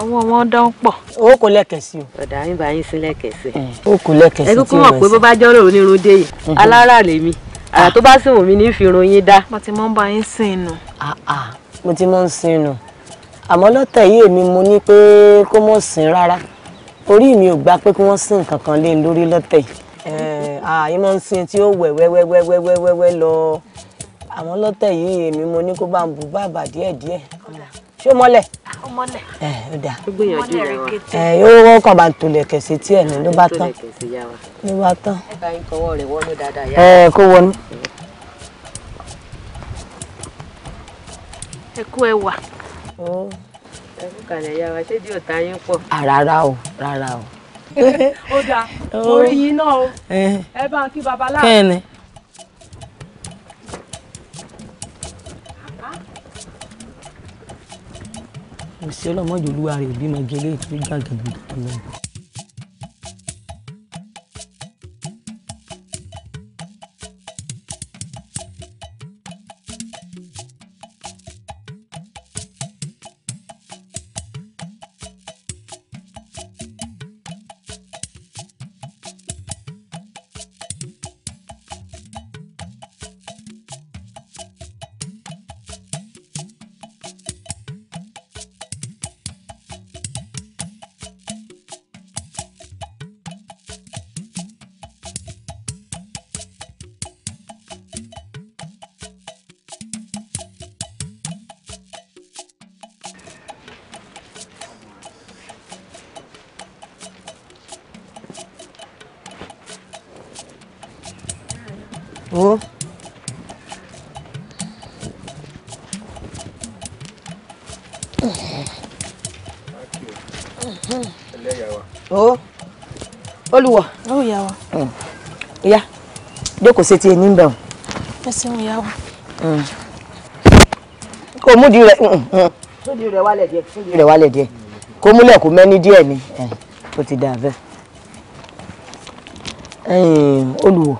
ọwọ́ wọn dán pọ̀. owó kò lẹ́kẹ̀sí o. ọ̀dà mi bá yín sí lẹ́kẹ̀sí. owó kò lẹ́kẹ̀sí tí mo sí. ẹ kúkú mọ̀ pé bó bá jọ́rọ̀ onírun dé yìí mm-hmm. alára lèmi àrà tó bá sì wù mí ní ìfirun yín dá. mo ti mọ ń bá yín sin inú. Ah, ah, mo ti mọ ń sin inú àmọ́ lọ́tẹ̀ yìí èmi mo ní pé kó mọ̀ sin rárá orí mi ò gbà pé kí wọ́n sin nǹkan kan lé lórí lọ́tẹ̀ ààyè máa ń sin tí ó wẹ̀ wẹ́wẹ́wẹ́wẹ́wẹ́ lọ àwọn lọ́tẹ̀ yìí èmi mo ní kó bá ń bu bàbà díẹ̀díẹ̀ ṣé mọ́lẹ̀ mọ́lẹ̀ ẹ ó dà ẹ yóò wọ́n kàn bá ń tolẹ̀ kẹ̀sì tí ẹ̀ ní ló bá tán ló bá tán ẹ kó wọnú. ẹ kú ẹwà ẹkú kalẹ̀ ya wa ṣé di ọ̀tá yín pọ̀. rárá o rárá o. *laughs* ó dáa orí yín náà o eh. ẹ bá ń kí babaláwo. kẹ́ni. òsì olúwa rẹ̀ bímọ gẹ́lẹ́ tó jágàgbọ́dọ̀ ọlọ́run. jókòó sí ti ẹni ń bẹ̀ wọ́n. ẹ ṣeun ìyá wa. Mm. kò múdi rẹ̀ mm, mm. múdi rẹ̀ wálẹ̀ díẹ̀ múdi rẹ̀ wálẹ̀ díẹ̀ kò múlẹ̀ kò mẹ́ni díẹ̀ ni ó ti dà bẹ́ẹ̀. olùwò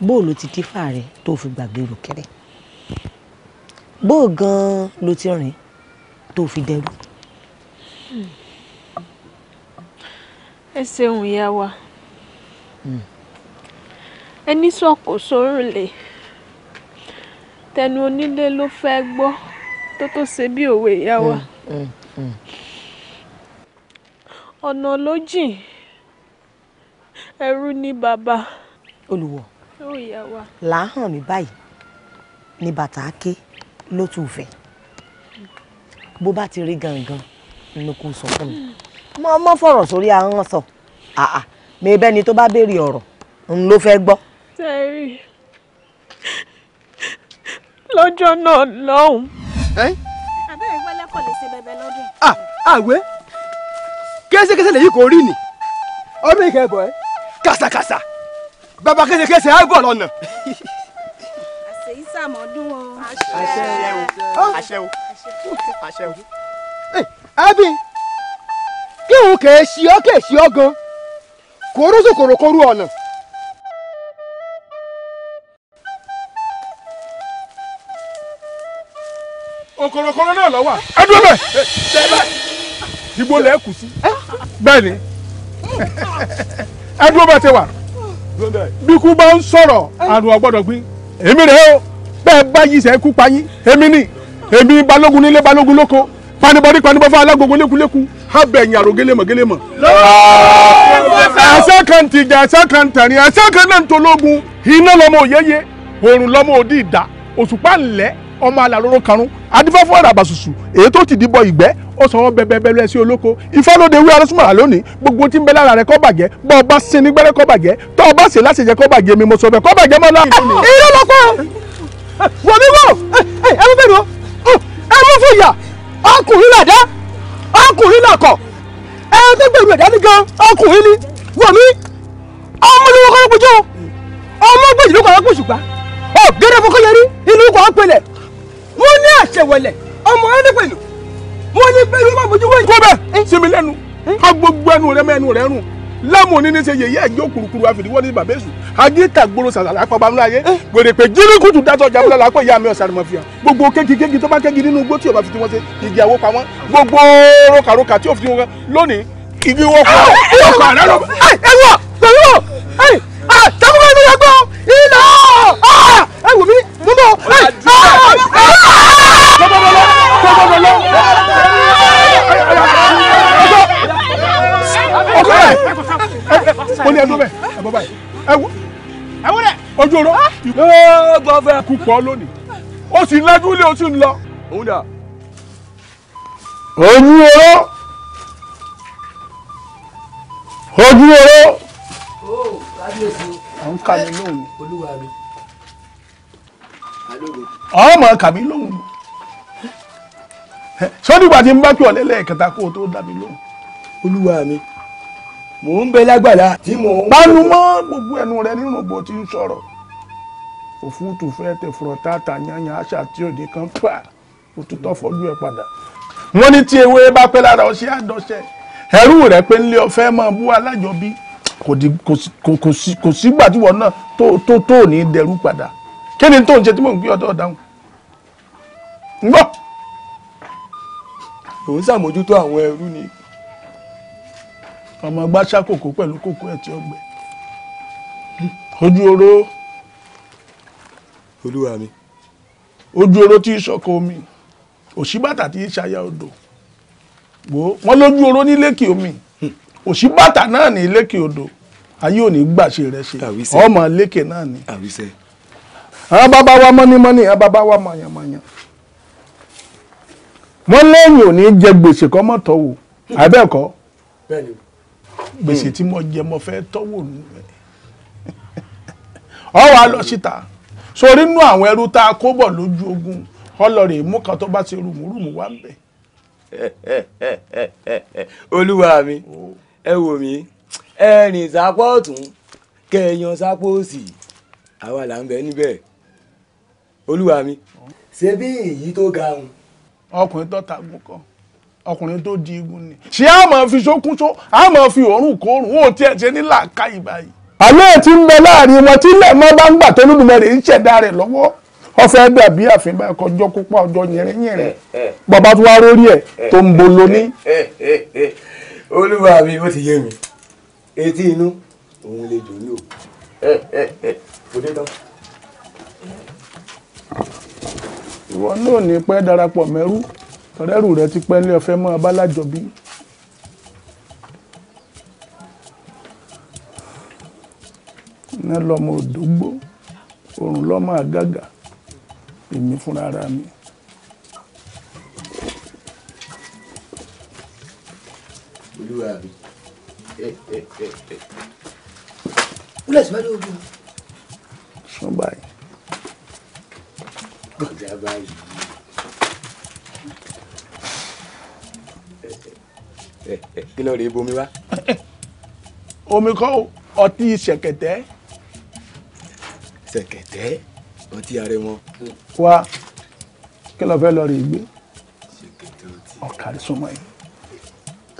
bóòlù ti dífà rẹ tó fi gbàgbé ròkẹrẹ bóò gan ló ti rìn tó fi dẹrù. ẹ ṣeun ìyá wa ẹni sọ̀kò sórùn lè tẹnu onílé ló fẹ́ gbọ́ tó tó ṣe bí òwe ìyá wa ọ̀nà ló jìn ẹrú ní bàbá. olùwọ̀ làáhàn mi báyìí ni bàtà ké ló tù fẹ́ bó bá ti rí gangan ni kò sọ fún mi mo mọ fọ̀rọ̀ sórí ahọ́n sọ àà mi bẹ́ni tó bá béèrè ọ̀rọ̀ n ló fẹ́ gbọ́. sẹ́rí lọ́jọ́ náà lọ́hùn. àbẹ̀rẹ̀ ìwọlé kò lè ṣe bẹ̀bẹ̀ lọ́dún. àwẹ̀ kẹ́sẹ̀kẹ́sẹ̀ lèyí kò rí ni ọmọ ìkẹ́bọ̀ ẹ́ kàṣàkàṣà bàbá kẹ́sẹ̀kẹ́sẹ̀ á bọ̀ lọ́nà sàmọ́dún o. àṣẹ o àṣẹ o àṣẹ o. àbí kí òun kè é ṣí ọ kè é ṣí ọ gan kòró sòkòrò kóró ọ̀nà. òkòròkòrò náà lọ wà. ẹ dúró bẹ́ẹ̀ ibo lẹ kù sí. bẹ́ẹ̀ ni ẹ dúró bẹ́ẹ̀ tẹ wà. bí ikú bá ń sọ̀rọ̀ àrùn ọ̀gbọ́dọ̀ gbin èmi rèé o bẹ́ẹ̀ bá yìí sẹ́ kú payín èmi ni èmi balógun nílé balógun lóko panibọ́dí panibọ́ fún alágbogbo lékuléku habẹ̀yìn àrò gélémọ̀ gélémọ̀. ẹsẹ̀ kan ti jà ẹsẹ̀ kan tẹ̀rín ẹsẹ̀ kan náà ń tológun iná lọmọ òyeye oòrùn lọmọ òdì ìdá òṣùpá ńlẹ̀ ọmọ alàlóró karùn adífá fún àràbà ṣùṣù èyí tó ti dìbò ìgbẹ́ ó sọ wọn bẹbẹbẹlẹ sí olóko ìfọlóde wí arásùmọ̀ràn lónìí gbogbo tí ń bẹ lára rẹ kọ́ bàjẹ́ bọ́ ọ bá sin ní gbẹ́rẹ́ kọ́ bàjẹ́ tọ́ ọ bá sè láti jẹ kọ́ bàjẹ́ mi mo sọ bẹ́ẹ̀ kọ́ bàjẹ́ mọ́ náà. irú ló pọ̀ wò mí wò ẹ ẹ mú bẹ̀rù ẹ mú fún ìyà ọkùnrin làdá ọkùnrin làkọ̀ ẹ tó gbèrú ẹ̀dá nìkan ọkùnrin ni wọ̀mí ọmọ ní wọn kọ́ lọ́pọ̀jọ́ ọmọ gbèjì ló kọ́ lọ́pọ̀ ṣùgbà ọ̀gẹ́rẹ́ fọkọ́ yẹrí inú kọ́ pẹlẹ̀ wọ́n ní àṣẹwọlẹ̀ ọmọ ẹni pẹ̀lú wọ́n ní pẹ̀lú ọmọ àbójú wọ́n. kó bẹ́ẹ̀ eh? sinmi lẹ́nu eh? ká gbogbo ẹnu rẹ mẹ́nu rẹ rùn lámù oníní ṣe yèyí àjò kùrùkùrù àfìdíwọ́ ní bàbá èṣù ajé kàgbóró sàlàlà àpapọ̀ àmúlá ayé eh? gbèrèpè jírí kùtù dájọ́ ọjà àmúlá làápọ̀ ìyá mi ọ̀sán àmọ́ fìyà gbogbo kéki kéki tó bá kéki nínú igbó tí o bá fi ti wọ́n ṣe igi àwọ̀ pamọ́ gbogbo rokaroka tí o fi ti wọ́n lónìí igi wọ́n eh, pa ọkọ̀ àná lọ. ẹ wọ pẹ̀lú ọ tẹkùn bá mi lọ gbọ́ ilẹ̀ ah, ẹ wò mí mú bọ̀ mo ní ẹdún bẹ ẹ ah. bọ báyìí ẹ wú ẹ wú dẹ ojú oró ah. eh, gbọ́ fẹ́ kú pọ̀ lónìí ó sì lẹ́jú lé o sì ń lọ. òun dà. ojú oró ojú oró. ó oh, kábíyèsí o. àwọn kà mí lóhùn. olúwa mi. ọmọ kà mí lóhùn eh, sọ́dí ìgbà tí ń bá pè ọ́ lẹ́lẹ́ẹ̀kẹta kó o tó dá mi lóhùn. olúwa mi mò ń bẹ lágbàlá tí mò ń panu mọ́ gbogbo ẹnu rẹ nínú bó ti ń sọ̀rọ̀ òfúùtù fẹ́ tẹ fúrọ̀ táàtà yanyan àṣà tí òde kan fà òtútọ́ fọ́jú ẹ padà. wọ́n ní tí ewé bá pẹ́ lára ọṣẹ àdọ́ṣẹ ẹrú rẹ pé ńlẹ́ ọ̀fẹ́ máa bú alájọbí kò sí gbàdúgbò náà tó tó ní dẹrú padà kí ni tó ń ṣe tí mò ń gbé ọ̀dọ̀ ọ̀dáhùn. ń gbọ́ òun ṣàmójútó àwọn ẹrú ni ọmọ gbáṣá kòkó pẹ̀lú kòkó ẹ̀ tí ó gbẹ ojú oró olúwa mi ojú oró tí í sọkọ omi òṣìbàtà tí í ṣayá odò wo wọn lójú oró ní lẹ́kì omi òṣìbàtà náà ní lẹ́kì odò ayé òní gbàṣe rẹ ṣe ọmọ lẹ́kì náà ni àwọn bàbá wa mọ́nímọ́ní àwọn bàbá wa mọ̀yànmọ̀yàn wọ́n lẹ́yìn òní jẹ gbèsè kọ́ mọ́tọ́ wò *laughs* àbẹ́ẹ̀kọ́ gbèsè hmm. tí mo jẹ mo fẹ́ tọ́wò nù ọ wàá lọ síta sórí nú àwọn ẹrú tá a kó bọ̀ lójú ogun ọlọ́rẹ̀ mú kan tó bá ti rùmùrùmù wá ń bẹ̀. *laughs* olúwa mi ẹ wò mí ẹ rìn sápọ̀ ọ̀tún kẹyàn sápọ̀ òsì àwa là ń bẹ níbẹ̀ olúwa mi ṣebí èyí tó ga ọkùnrin tó ta gún kan ọkùnrin tó di igun ni ṣé a máa fi ṣókúnṣó a máa fi òórùn kóòrùn ó tiẹ̀ ṣe ní làákà ìbáyìí. àlọ́ ti ń bẹ láàrin wọn tí ilẹ̀ mọ́ bá ń gbà tó lùdùmọ̀ rẹ̀ ń ṣẹ̀dá rẹ̀ lọ́wọ́ ọfẹ dàbí àfihàn ẹkọ ọjọ́ kópa ọjọ́ yẹrẹyẹrẹ eh, eh, eh. bàbá tó wá rórí ẹ tó ń bolo ní. olúwa mi ó ti yé mi etí inú òun lè dùn lò kò dé tán. ìwọ náà ní pẹ́ darapọ̀ mẹ́rú ọ̀rẹ́rù rẹ ti pẹ́ ní ọ̀fẹ́ mọ́ abálájọbí. iná lọmọ òdógbó òrùn lọmọ àgàgà èmi fúnra ara mi. olúwa mi wúlẹ̀ tí wọ́n lé ogun. sún báyìí. ọjà báyìí. kí ló rè é bomi wá. omi kọ́ ọtí ṣẹ̀kẹ̀tẹ́. ṣẹ̀kẹ̀tẹ́ ọtí arẹmọ. wá kí ló fẹ́ lọ rè é gbé ọ̀kàrí súnmọ́ yìí.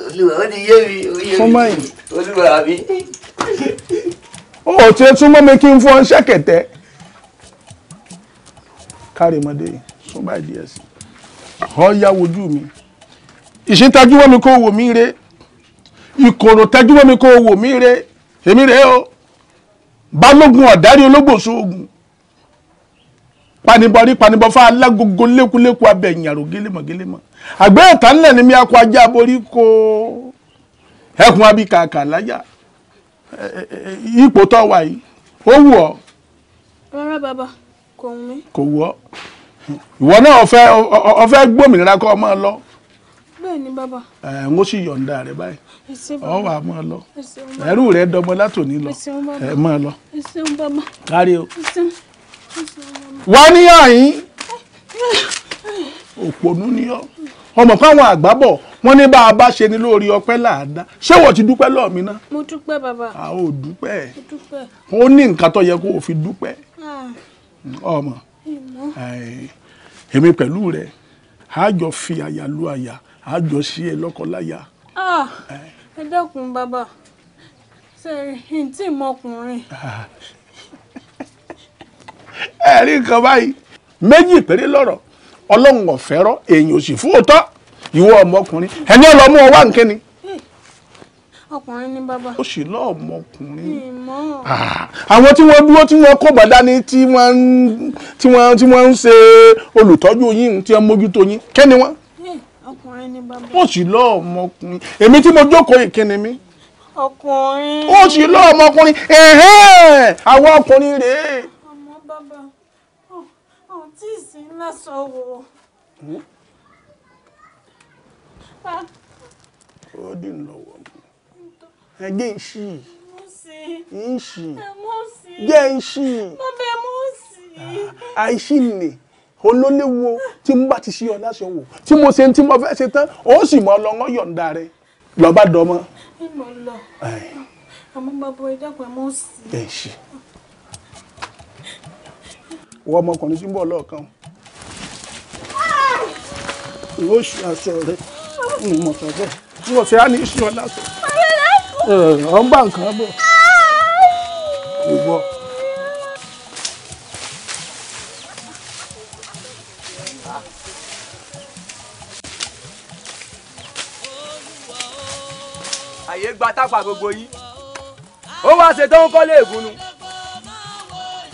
olùwà ó ti yé mi ó yé mi súnmọ́ yìí olùwà mi. ó ò tí ó túmọ̀ mi kí n fún ọ ṣẹ̀kẹ̀tẹ́ kárìmọ́dé súnmọ́ ìdí ẹ̀sìn ọ̀ yá wojú mi ìṣíntajú wọ́n mi kó wò mí re ìkòrò tẹ́jú wọ́n mi kó wò mí re èmi rèé o balógun ọ̀dárí ológbòso ogun panibọrí panibọ fún alágogo lékuléku abẹ̀yìn àrò gélémọ̀ gélémọ̀ àgbẹ̀ ìta ńlẹ̀ mi akọ ajá aborí kó ẹkùn abikàkà láyà ipò tó wà yìí ó wù ọ́. rárá bàbá kò wù mí. kò wù ọ́ ìwọ náà ọ̀fẹ́ gbòmìnira kọ́ ọ máa lọ bẹ́ẹ̀ni bàbá. ẹ ń ó sì yọ̀ǹda rẹ báyìí ọ wà á máa lọ ẹrú rẹ dọmọ látòní lọ ẹ máa lọ kárí o wá níyàn yín eh, eh. òpònú ni ọ ọmọ káwọn àgbà bọ̀ wọ́n ní bá a bá ṣe ni lórí ọpẹ́ láàdá ṣé wọ́n ti dúpẹ́ lọ́ọ̀mí ná. mo dúpẹ́ bàbá. a ò dúpẹ́ ó ní nǹkan tó yẹ kó o fi dúpẹ́ ah. ọmọ àjọṣe ẹ lọ́kọláya. Ah, ẹ dẹ́kun bàbá sẹ́yìn tí mo ọkùnrin. ẹ rí nǹkan báyìí méjì péré lọ́rọ̀ ọlọ́run ọ̀fẹ́rọ́ èèyàn ò sì fún òótọ́ ìwọ ọmọkùnrin ẹni ọlọmọ wa nkẹ ni. ọkùnrin ni bàbá. ó sì lọ ọmọkùnrin. Ah, àwọn tí wọ́n dúró tí wọ́n kó bàdá ni tí wọ́n ń ṣe olùtọ́jú yín tí wọ́n mójútó yín kẹ́ni wọ́n ọkùnrin ni bàbá. ó sì lọ ọmọkùnrin èmi tí mo jókòó ìkíni mi. ọkùnrin. ó sì lọ ọmọkùnrin ẹ̀hẹ́n àwọn ọkùnrin rèé. ọmọ bàbá ò tí ì sí lásán wò. Hm? ó dín lọ́wọ́ mi ẹgbẹ́ ìṣì ìṣì jẹ́ ìṣì àìṣì nì olóléwu tí mo bá ti ṣe ọ̀nà ṣe wò tí mo ṣe tí mo fẹ́ ṣe tán ó sì mọ ọlọ́wọ́ yọ̀ǹda rẹ lọ́ba dọ́mọ. ẹ mọ lọ àmọ́ bàbá ẹ dàgbà mọ sí. ẹ ṣe wọ ọmọkùnrin tí ń bọ̀ lọ́ọ̀kan ìwọ oṣù aṣọ rẹ ní mọ̀tọ́ bẹ́ẹ̀ tí wọ́n ṣe á ní ìṣúná lásán ọ̀n bá nǹkan bọ̀ ìwọ. gba tápà gbogbo yìí ó wá ṣe tó ń kọ́lé ìgúnnu.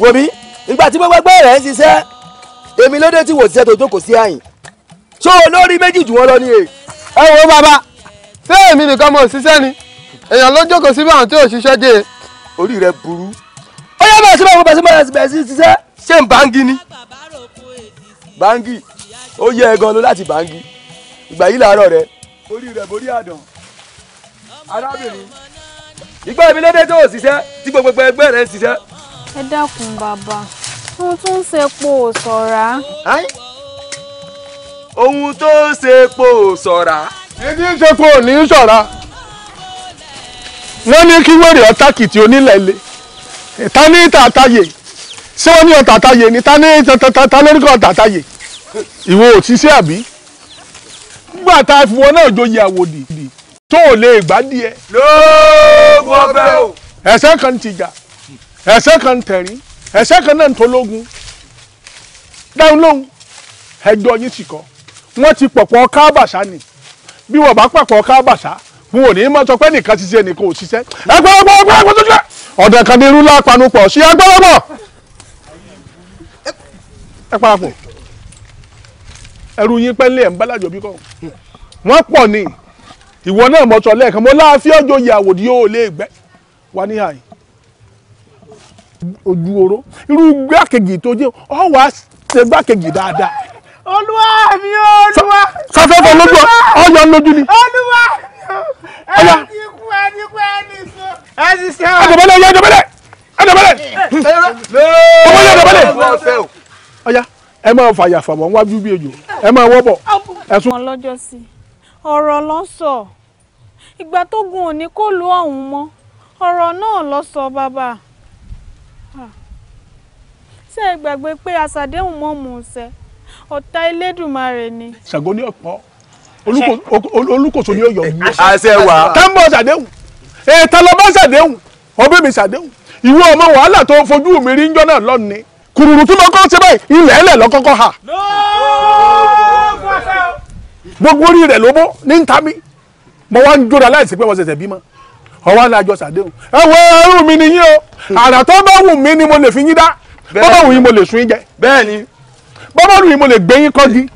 wò mí ìgbà tí gbogbo ẹgbẹ́ rẹ̀ ń ṣiṣẹ́ èmi lóde tí wò ṣiṣẹ́ tó jókòó sí àyìn ṣó olórí méjì jù wọ́n lọ ní èyí. ẹ wo bàbá ṣé èmi nìkan mọ̀ ṣiṣẹ́ ni èèyàn ló jókòó síbi àwọn tí ò ṣiṣẹ́ dé. E. orí rẹ burú. ó yẹ bá a ṣe bá gbogbo ẹsẹ̀ bẹ̀rẹ̀ sí ṣiṣẹ́ ṣé ń báńgì ni. báńgì ó yẹ ẹ gan ló láti báńgì ìgbà yìí làárọ̀ rẹ orí rẹ borí àdán arábìnrin ìgbà mi lédè tó ṣiṣẹ́ tí gbogbo ẹgbẹ́ rẹ̀ ń ṣiṣẹ́. ẹ dákun bàbá ohun tó ń ṣe po sọ̀rá. ohun tó ń ṣe po sọ̀rá. èdè ń ṣe po ní sọ̀rá wọ́n ní kí wèrè ọ̀tàkìtì onílẹ̀ le ta ní tàtàyè ṣé wọ́n ní ọ̀tàtàyè ni ta ní ta lórúkọ ọ̀tàtàyè ìwọ ò ṣiṣẹ́ àbí nígbà tá a fi wọn náà joyè àwòdì tó o lè gbádìí ẹ. lóògùn ọbẹ̀ o. ẹsẹ̀ kan ti jà ẹsẹ̀ kan tẹ̀rí ẹsẹ̀ kan náà tó lógun dáhùn lóhùn ẹjọ́ yín sì kọ́ wọ́n ti pọ̀pọ̀ káàbàṣá ni bí wọ́n bá pọ̀pọ̀ káàbàṣá wọn ò ní mọ sọ pé nìkan ti ṣe nìkan ò ṣiṣẹ́ ẹgbẹ́rẹ́gbọ́ ẹgbẹ́rẹ́gbọ́ tó jẹ́ ọ̀dọ̀ kan ní irú lápanupọ̀ sí ẹgbẹ́rẹ́gbọ́ ẹ parapọ̀ ẹrù yín pẹ́ńlẹ̀ ẹ̀ ń bá lájọ bí kọ́ wọ́n pọ̀ ni ìwọ náà mọ̀tọ́ lẹ́ẹ̀kan mo láàfin ọjọ́ ìyàwó ni yóò lè gbẹ́ wá ní àyè ojú oró irú gbákejì tó jẹ́ ọ wá ṣe gbákejì dáadáa. olúwa mi olúwa. sọfẹ́fẹ́ lójú ọyọ lójú ni. olúwa ẹni kú ẹni kú ẹni sọ. ẹ ti ṣe ọ. ẹdọ̀bẹ́lẹ̀ ọyọ ẹdọ̀bẹ́lẹ̀ ẹdọ̀bẹ́lẹ̀ ọmọ yẹn ẹdọ̀bẹ́lẹ̀ ọyá ẹ máa fàyà fàbọ̀ wájú bí ejò ẹ máa wọ́ bọ̀ ẹ̀sùn. ọlọ́jọ́ sí i. ọ̀rọ̀ lọ sọ ìgbà tó gun òní kó lu ọ̀hún mọ́ ọ̀rọ̀ náà sọ bàbá ṣé ẹ pé àṣàdéhùn mọ́ mò ń ṣe ọ̀tá Elédùmarè ni. ṣàgó ní ọ̀pọ̀ ni ó yọ mí. àṣẹ wà. ṣàdéhùn ètò ṣàdéhùn ọbẹ̀ mi ṣàdéhùn ìwé ọmọ wàhálà tó fojú gbogbo orí rẹ̀ ló bó ní ta mi mo wá ń jóra láìsí pé wọ́n ṣẹ̀ṣẹ̀ bímọ ọwọ́ alájọ sàdéhùn ẹ wo ẹrú mi nìyí o àrà tó bá wù mí ni mo lè fi yín dá bó bá wù yín mo lè sun yín jẹ bẹ́ẹ̀ni bó bá wù yín mo lè gbé yín kọ́gi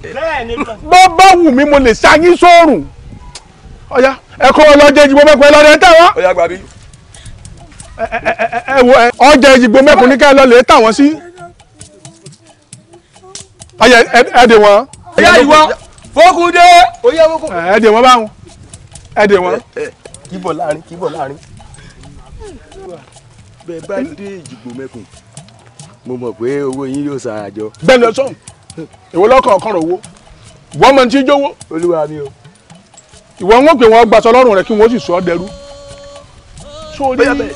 bó bá wù mí mo lè ṣá yín sóòrùn ọ̀ya ẹ kó wọn lọ́jọ́ ìjìbò mẹ́kun ẹ lọ́dẹ tẹ̀ wọ́n. ọ̀ya gbàbí. ẹ wo ọjà ìjìbò mẹ́kun ní ká ẹ lọ́lẹ̀ tà wọ́n sí. ọ̀ya ẹ dè wọ́n. ọ̀ya ìwọ fókúndé. oyè fókúndé. ẹ dè wọn báwọn ẹ dè wọn. kíbọ̀ láàrin kíbọ̀ láàrin. bẹ́ẹ̀ bá dé ìjìgbò mẹ́kùn mo mọ̀ pé owó yín yóò ṣàràjọ. bẹ́ẹ̀ lọ sọ́hùn ìwọ lọ́kàn ọ̀kan rò wó wọ́n mọ̀ ní tí ń jówó. olúwa mi o. ìwọ ń wọ́n pé wọ́n gbaṣọ lọ́rùn rẹ̀ kí wọ́n sì sọ ọ́ dẹrú. sórí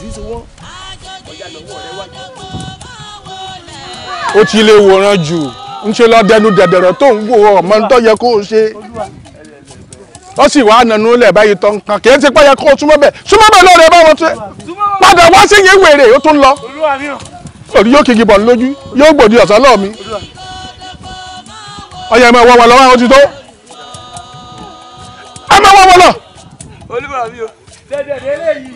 o ti lè wòran jù ń ṣe lọ dẹnu dẹ̀dẹ̀rọ̀ tó ń wò ọmọ tó yẹ kó o ṣe ó sì wá nanú lẹ̀ báyìí tán kan kì í ti pẹ́yẹ kó o súnmọ́ bẹ̀ súnmọ́ bẹ̀ lóore báwọn tó padà wá sí yẹn wèrè ó tún lọ òrí yóò kìkì bọ̀ lójú yóò gbòdì ọ̀sán lọ́ọ̀ mi ọyẹ ẹ̀mọ ìwọ̀wọ̀ lọ́wọ́ àwọn ti tó ẹ̀mọ ìwọ̀wọ̀ lọ. olúmọ̀ mi o dẹ́dẹ̀dẹ́ eléyìí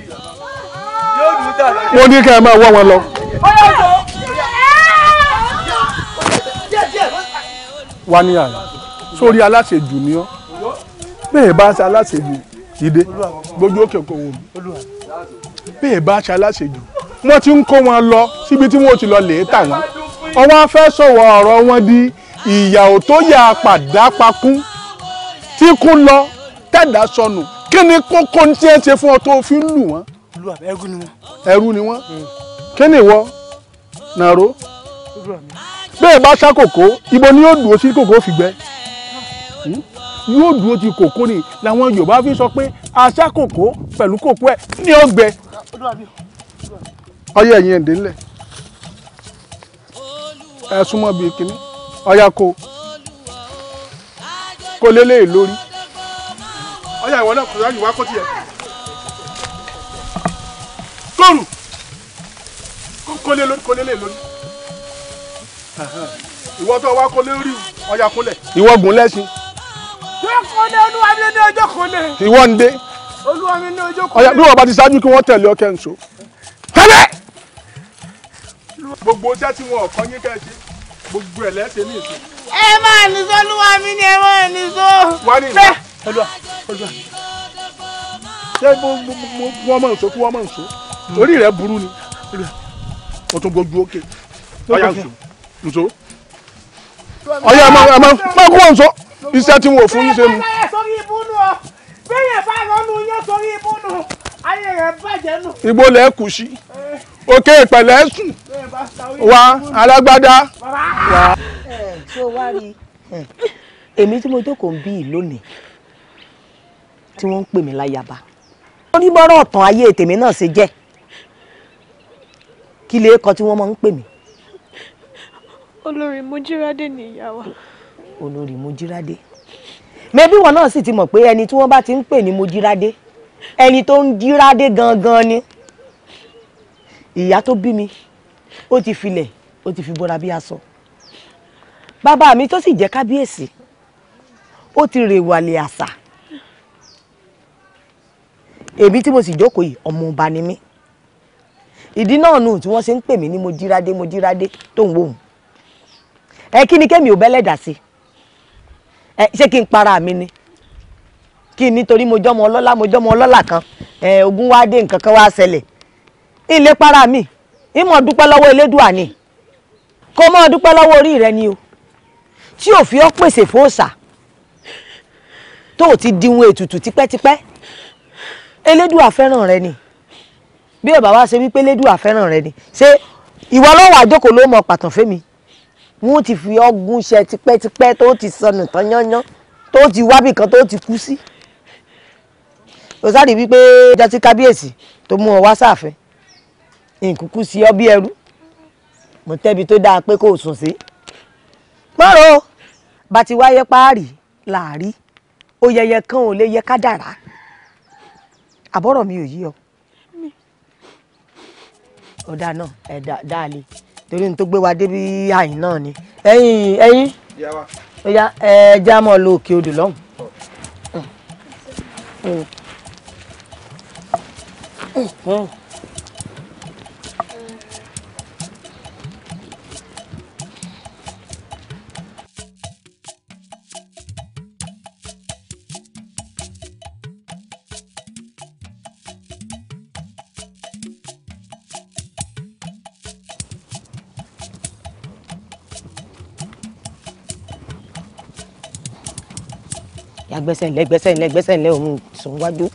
yóò dùn tà lọ́jọ́. wọ́n ní kẹ́ ẹ̀ máa wọ́ wọn lọ. ó yà sọ. wá ní àyè sórí aláṣejù ni ọ́ bẹ́ẹ̀ bá ṣe aláṣejù ìdè gbójú òkè kò wò mí bẹ́ẹ̀ bá ṣe aláṣejù wọ́n ti ń kó wọn lọ síbi tí wọ́n ti lọ lè tà wọ́n ọwọ́ afẹ́ sọ̀wọ́ ọ̀rọ̀ wọn di ìyàwó tó yà pàdápakún tí kú lọ tẹ̀dá sọnù kí ni kókó tí ẹ ṣe fún ọ tó fi ń lù wọ́n. ẹrú ni wọ́n. ẹrú ni wọ́n. kí ni ìwọ nàró bẹ́ẹ̀ bá sá kòkó ibo ni yóò dúró sí kòkó fi gbẹ hmm? yóò dúró ti kòkó ni làwọn Yorùbá fi sọ pé asá kòkó pẹ̀lú kòkó ẹ̀ ní ọgbẹ ọyẹ ẹ̀yìn ẹ̀dẹ́ ńlẹ̀ ẹ súnmọ́ bíi kínní ọyá ko kó lélẹ̀ lórí. ọyá ìwọ náà kò ráyè wá kó tiẹ̀. kóòrù kó lélẹ̀ lórí. *laughs* ìwọ tó wá kólé rí ọyà kólẹ̀. ìwọ gùn lẹ́sìn. yóò kólé olúwa mi ní ọjọ́ kólé. ìwọ ń dé. olúwa mi ní ọjọ́ kólé. ọyà bí wọn bá ti ṣáájú kí wọn tẹ̀lé ọkẹ́ nso. tẹ́lẹ̀. gbogbo iṣẹ́ tí wọn ọ̀kan yín kẹ́ẹ̀ṣe gbogbo ẹ̀ lẹ́sẹ̀ ní ìsìn. ẹ máa ní sọ olúwa mi ni ẹ máa ní sọ. wá ní ìlú olúwa olúwa ṣé wọ́n mọ̀ nsọ kí wọ́n mọ̀ nsọ orí rẹ̀ burú ni o tún gbogbo òkè ọyà nsọ nso ọyọ ẹ máa ẹ máa máa kó wọn nso iṣẹ́ tí wọn ò fún yín ṣe mu. igbó lẹ kù sí òkè ìpẹ̀lẹ́ sùn wá alágbádá. èmi tí mo jókòó ń bí i lónìí tí wọ́n ń pè mí láyàbá oníbọ̀rọ̀ ọ̀tàn ayé tèmi náà ṣe jẹ́ kí lè kọ tí wọ́n máa ń pè mí olórí Mojírádé ni ìyá wa. olórí Mojírádé mẹbí wọn náà sì ti mọ̀ pé ẹni tí wọ́n bá ti ń pè ní Mojírádé ẹni tó ń jíradé gangan ni ìyá tó bí mi ó ti filẹ̀ ó ti fi bora bí aṣọ bàbá mi tó sì jẹ́ kábíyèsí ó ti rèwàlẹ̀ àṣà èmi tí mo sì jókòó yìí ọmọ ọba ni mí ìdí náà nù tí wọ́n ṣe ń pè mí ní Mojírádé Mojírádé tó ń wò wọ́n ẹ kí ni kémi ò bẹ́lẹ̀dà sí ẹ ṣé kí n para mi ni kí ni torí mo jọmọ ọlọ́lá mo jọmọ ọlọ́lá kan ẹ ogun wá dé nǹkan kan wá ṣẹlẹ̀ ilé para mi ìmọ̀ dúpẹ́ lọ́wọ́ elédùà ni kó mọ́ dúpẹ́ lọ́wọ́ orí rẹ ni o tí ò fi ọ́ pèsè fóòsà tó o ti diwọn ètùtù tipẹ́tipẹ́ elédùà fẹ́ràn rẹ ni bí ò bá wá ṣe wípé elédùà fẹ́ràn rẹ ni ṣé ìwọ lọ́wọ́ àjókòó ló mọ pàtàn fẹ́mi wọn ti fi ọgùn ṣe tipẹ́tipẹ́ tó ti sọnù tán yányán tó ti wábì kan tó ti kú sí. òsàdì wípé ọjọ́ tí kábíyèsí tó mú ọ wá sáàfin nkùkù sí ọ bí ẹrú mo tẹ́bi tó dáa pé kò sùn sí. mọ́rọ̀ bá ti wáyé páàrí làárí ó yẹyẹ kan ò lè yẹ ká dàrá àbọ̀rọ̀ mi ò yí ọ. ọ̀dà náà ẹ̀ dáa lé torí n tó gbé wa débi àyìn náà ni ẹ̀yin ẹ̀yin ẹyà ẹja mọ lo òkè odò lọ́hùn. Mm. Mm. gbẹ́sẹ̀ ńlẹ̀ gbẹ́sẹ̀ ńlẹ̀ òun sùn wájú.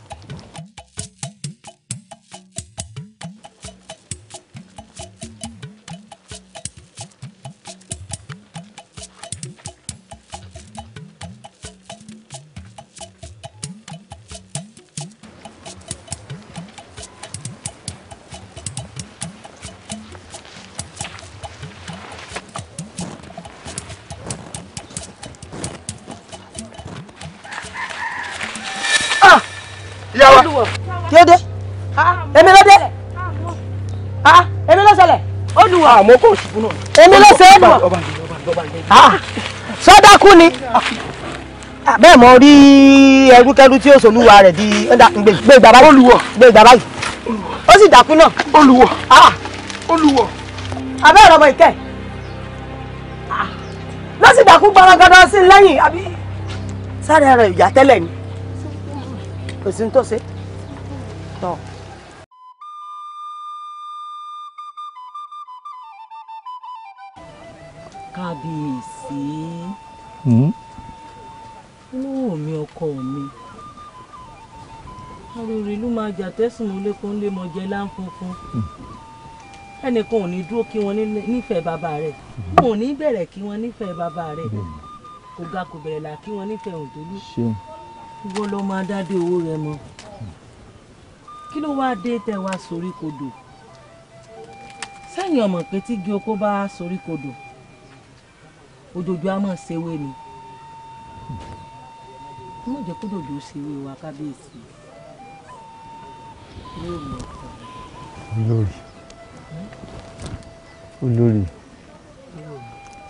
àmọ́ kò ṣubú náà. èmi ló ṣe é mọ̀ ah, sọ́dákú ni ah, bẹ́ẹ̀ mọ rí ẹrúkẹ́rú tí ó rẹ̀ di gbé ìgbà báyìí olùwọ̀ gbé ìgbà báyìí ó sì dákú náà olùwọ̀ ah. olùwọ̀ abẹ́ ọ̀rọ̀ ọmọ ìkẹ́ ló sì dákú gbọ́nrangandọ́ sí lẹ́yìn àbí sáré rẹ̀ ìyá tẹ́lẹ̀ ni kò sí ní tó ṣe mọjà tẹsùn mọlẹkùn lé mọjẹ láǹfọ̀fọ̀ ẹnìkan ò ní dúró kí wọn nífẹ̀ẹ́ bàbá rẹ̀ wọn ò ní bẹ̀rẹ̀ kí wọn nífẹ̀ẹ́ bàbá rẹ̀ hmm. kò ga kò bẹ̀rẹ̀ là kí wọn nífẹ̀ẹ́ òǹtólú ìwọ lọ máa dáde owó rẹ mọ hmm. kí ló wáá dé tẹ wá sórí kodò sẹ́yìn ọmọ pé tígi oko bá sórí kodò òjòjò á mọ̀ ṣèwé ni mo hmm. jẹ́ kó dòjò ṣèwé wa kábíyèsí olórí olórí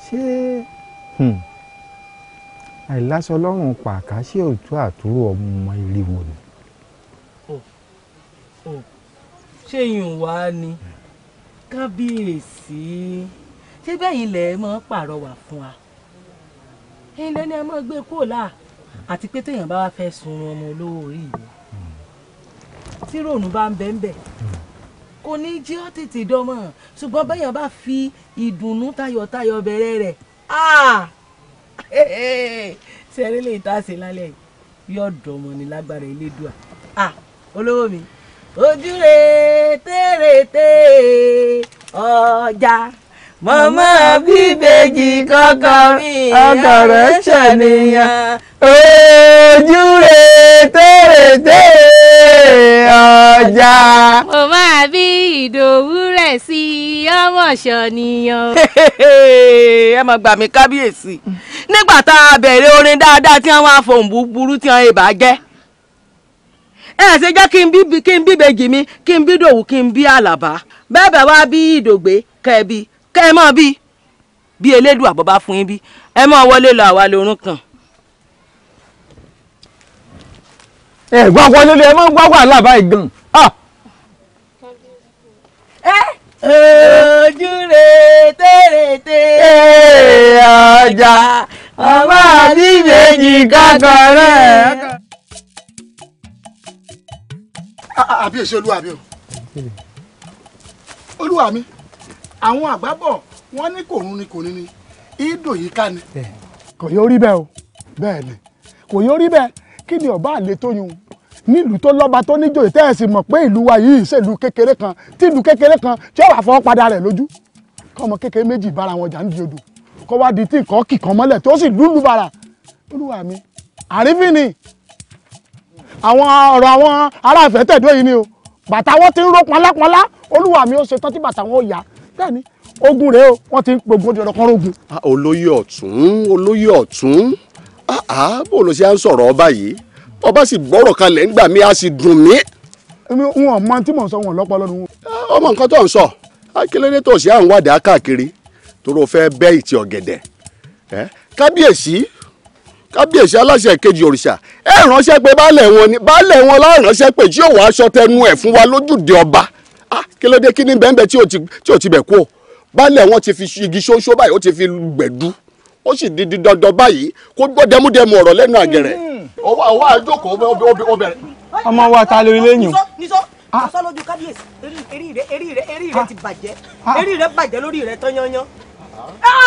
ṣé hmm, àìláṣọ ọlọ́run pàká ṣé òtún àtúrò ọmọ ìrìwò ni. Oh, oh. ṣé ìyún wa ni kábíyèsí ṣé bẹ́yìn lẹ̀ mọ́ pàrọwà fún wa ẹ̀yin lẹ́ni ẹ mọ́ gbé kúrò láà àti pé téèyàn bá wá fẹ́ sun ọmọ olówó orí yìí tí ròònù bá ń bẹ ń bẹ kò ní jẹ́ ọ́ tètè dọ́mọ̀ ṣùgbọ́n bẹ́yàn bá fi ìdùnnú tayọ̀tayọ̀ bẹ̀rẹ̀ rẹ̀ sẹ́rí ah! lè tá a ṣe lálẹ́ yóò dọ̀mọ̀ ní lágbára elédùà ah, olówó mi ojúre tèrètè ọjà mọ̀mọ́ bíbèjì kankan ọgọ̀rọ̀ ṣàníyàn ojúre tèrètè ọjà. mo máa bí ìdòwú rẹ̀ sí ọmọ ṣọ̀nìyàn. *laughs* ẹ má gbà mí kábíyèsí nígbà tá a bẹ̀rẹ̀ orin dáadáa tí wọ́n á fohùn búburú tí wọ́n ibà jẹ́ ẹ ṣe jẹ́ kí n bí kí n bí bèjì mi kí n bí dòwú kí n bí àlàbá bẹ́ẹ̀ bẹ́ẹ̀ wá bí ìdògbé kẹ́ ẹ bí kẹ́ ẹ mọ̀ bí bí elédùn àbọ̀bá fún yín bí ẹ mọ̀ wọlé lọ àwa lórun kan. ẹ gbọ́ àwọn ẹ máa ń wá wàhálà ojú rètè rètè ọjà ọmọ àti méjì kankanrẹ. àbí èso olúwa mi o olúwa mi àwọn àgbábọ̀ wọ́n ní kòrún ni kòrún ni ìdò ká ni. kò yóò rí bẹ́ẹ̀ o bẹ́ẹ̀ ni kò yóò rí bẹ́ẹ̀ kí ni ọba àlè tó yun nílùú tó lọ́ba tó níjòyè tẹ́ ẹ̀ sì mọ̀ pé ìlú wa yìí ṣèlú kékeré kan tí ìlú kékeré kan tí ó wà fọ́ padà rẹ̀ lójú kọ́mọ kékeré méjì bára wọn jà ń di odò kó wá di tí nǹkan kìkan mọ́lẹ̀ tó sì lùlù bàrà olúwa mi àrífín ni àwọn ọ̀rọ̀ àwọn aráàfẹ́ tẹ̀dọ́ yìí ni o bàtà wọn ti ń ró pọnlápọnlá olúwa mi ó ṣe tán tí bàtà wọn ò yá bẹ́ẹ̀ ogun rèé o wọ́n ti ń pogun ọdún ọ̀rọ̀ kan rógun. Ah, olóyè ọ̀tún Ah, ah, bó ló ṣe à ń sọ̀rọ̀ ọba yìí ọba sì gbọ́rọ̀ kalẹ̀ ńgbà mi a sì dùn mí. n ò mọ tí mò ń sọ wọn lọ́pọ̀ lọ́nu. Ah, ọmọ nǹkan tó ń sọ akíndélé tó ṣe à ń wádàá káàkiri tóró fẹ́ bẹ́ ìtì ọ̀gẹ̀dẹ̀ eh, kábíyèsí kábíyèsí aláṣẹ kejì òrìṣà ẹ ránṣẹ́ pé baálẹ̀ wọn ni baálẹ̀ wọn la ránṣẹ́ pé tí òwò aṣọ tẹnu ẹ̀ fún wa lójúde ọba kí ló dé kí ní bẹ́ẹ̀ bẹ́ẹ̀ tí ò ti bẹ̀ kú o baálẹ̀ wọn ti fi igi ṣóńṣó báyìí ó ti fi gbẹ̀dú ó sì di di dandan báyìí kó gbọ́ dẹmúdẹmú ọ̀rọ̀ lẹ́nu àgẹ̀rẹ̀. ọwọ́ àwọn àjòkó obìnrin. ọmọ wa ta ló ilé yìí. nisọ ah. nisọ lójú kábíyèsí eré rẹ eri rẹ eri rẹ ah. ti bàjẹ́ ah. eri rẹ bàjẹ́ lórí rẹ tán yányán.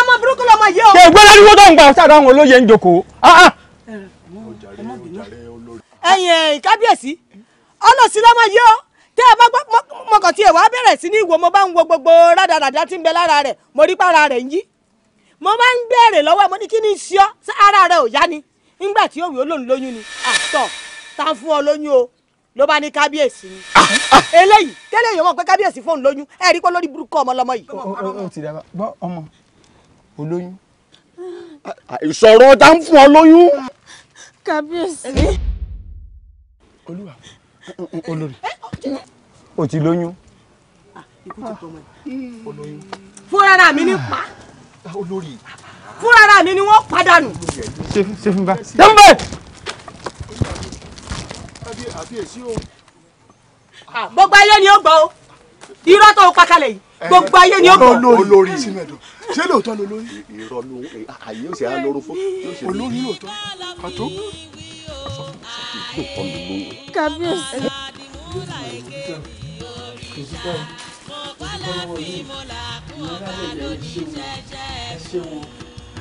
ọmọ burúkú lọmọ yìí o. ṣé ìgbélé ni wọ́n tó ń gbà sára àwọn olóye ń jókòó. ẹ̀yin eh, kábíyèsí ọlọ́sí lọmọ yìí o tẹ́ ẹ bá gbọ́ mọ̀kàn tí ẹ wá bẹ̀rẹ̀ sí ní ìwò mo bá ń wo gbogbo rádaràdá tí ń bẹ lára rẹ̀ mo rí pàrà rẹ̀ ń yí mo máa ń béèrè lọ́wọ́ mo ní kí ni ṣíọ́ sí ara rẹ ò yá ni nígbà tí òwe olóhùn lóyún ni àtọ̀ tá a fún ọ lóyún o ló bá ní kábíyèsí ni eléyìí kẹlẹ èèyàn mọ̀ pé kábíyèsí fóun lóyún ẹ rí pé lórí burúkú ọmọ lọmọ yìí. ó ti dàgbà gbọ́ ọmọ olóyún. ìṣòro ọ̀tá ń fún ọ lóyún. kábíyèsí. olúwa olórí o ti lóyún. Ah, fúnra mi ní pa olórí. fúnra ara mi ni wọ́n padà nù. ṣe fún bá ṣe fún bá. gbogbo ayé ni ó gbọ́ o irọ́ tó pa kalẹ̀ yìí eh, gbogbo ayé ni ó gbọ́. olórí símẹ̀dọ̀ ṣé lóòótọ́ ló lórí. irọ́ ló ayé ó sì á lọ́rọ́ fún. olórí lóòótọ́ kàtó. kábíyèsí aláàfin mo là kún ọba lónìí jẹ́jẹ́ ẹ̀kú.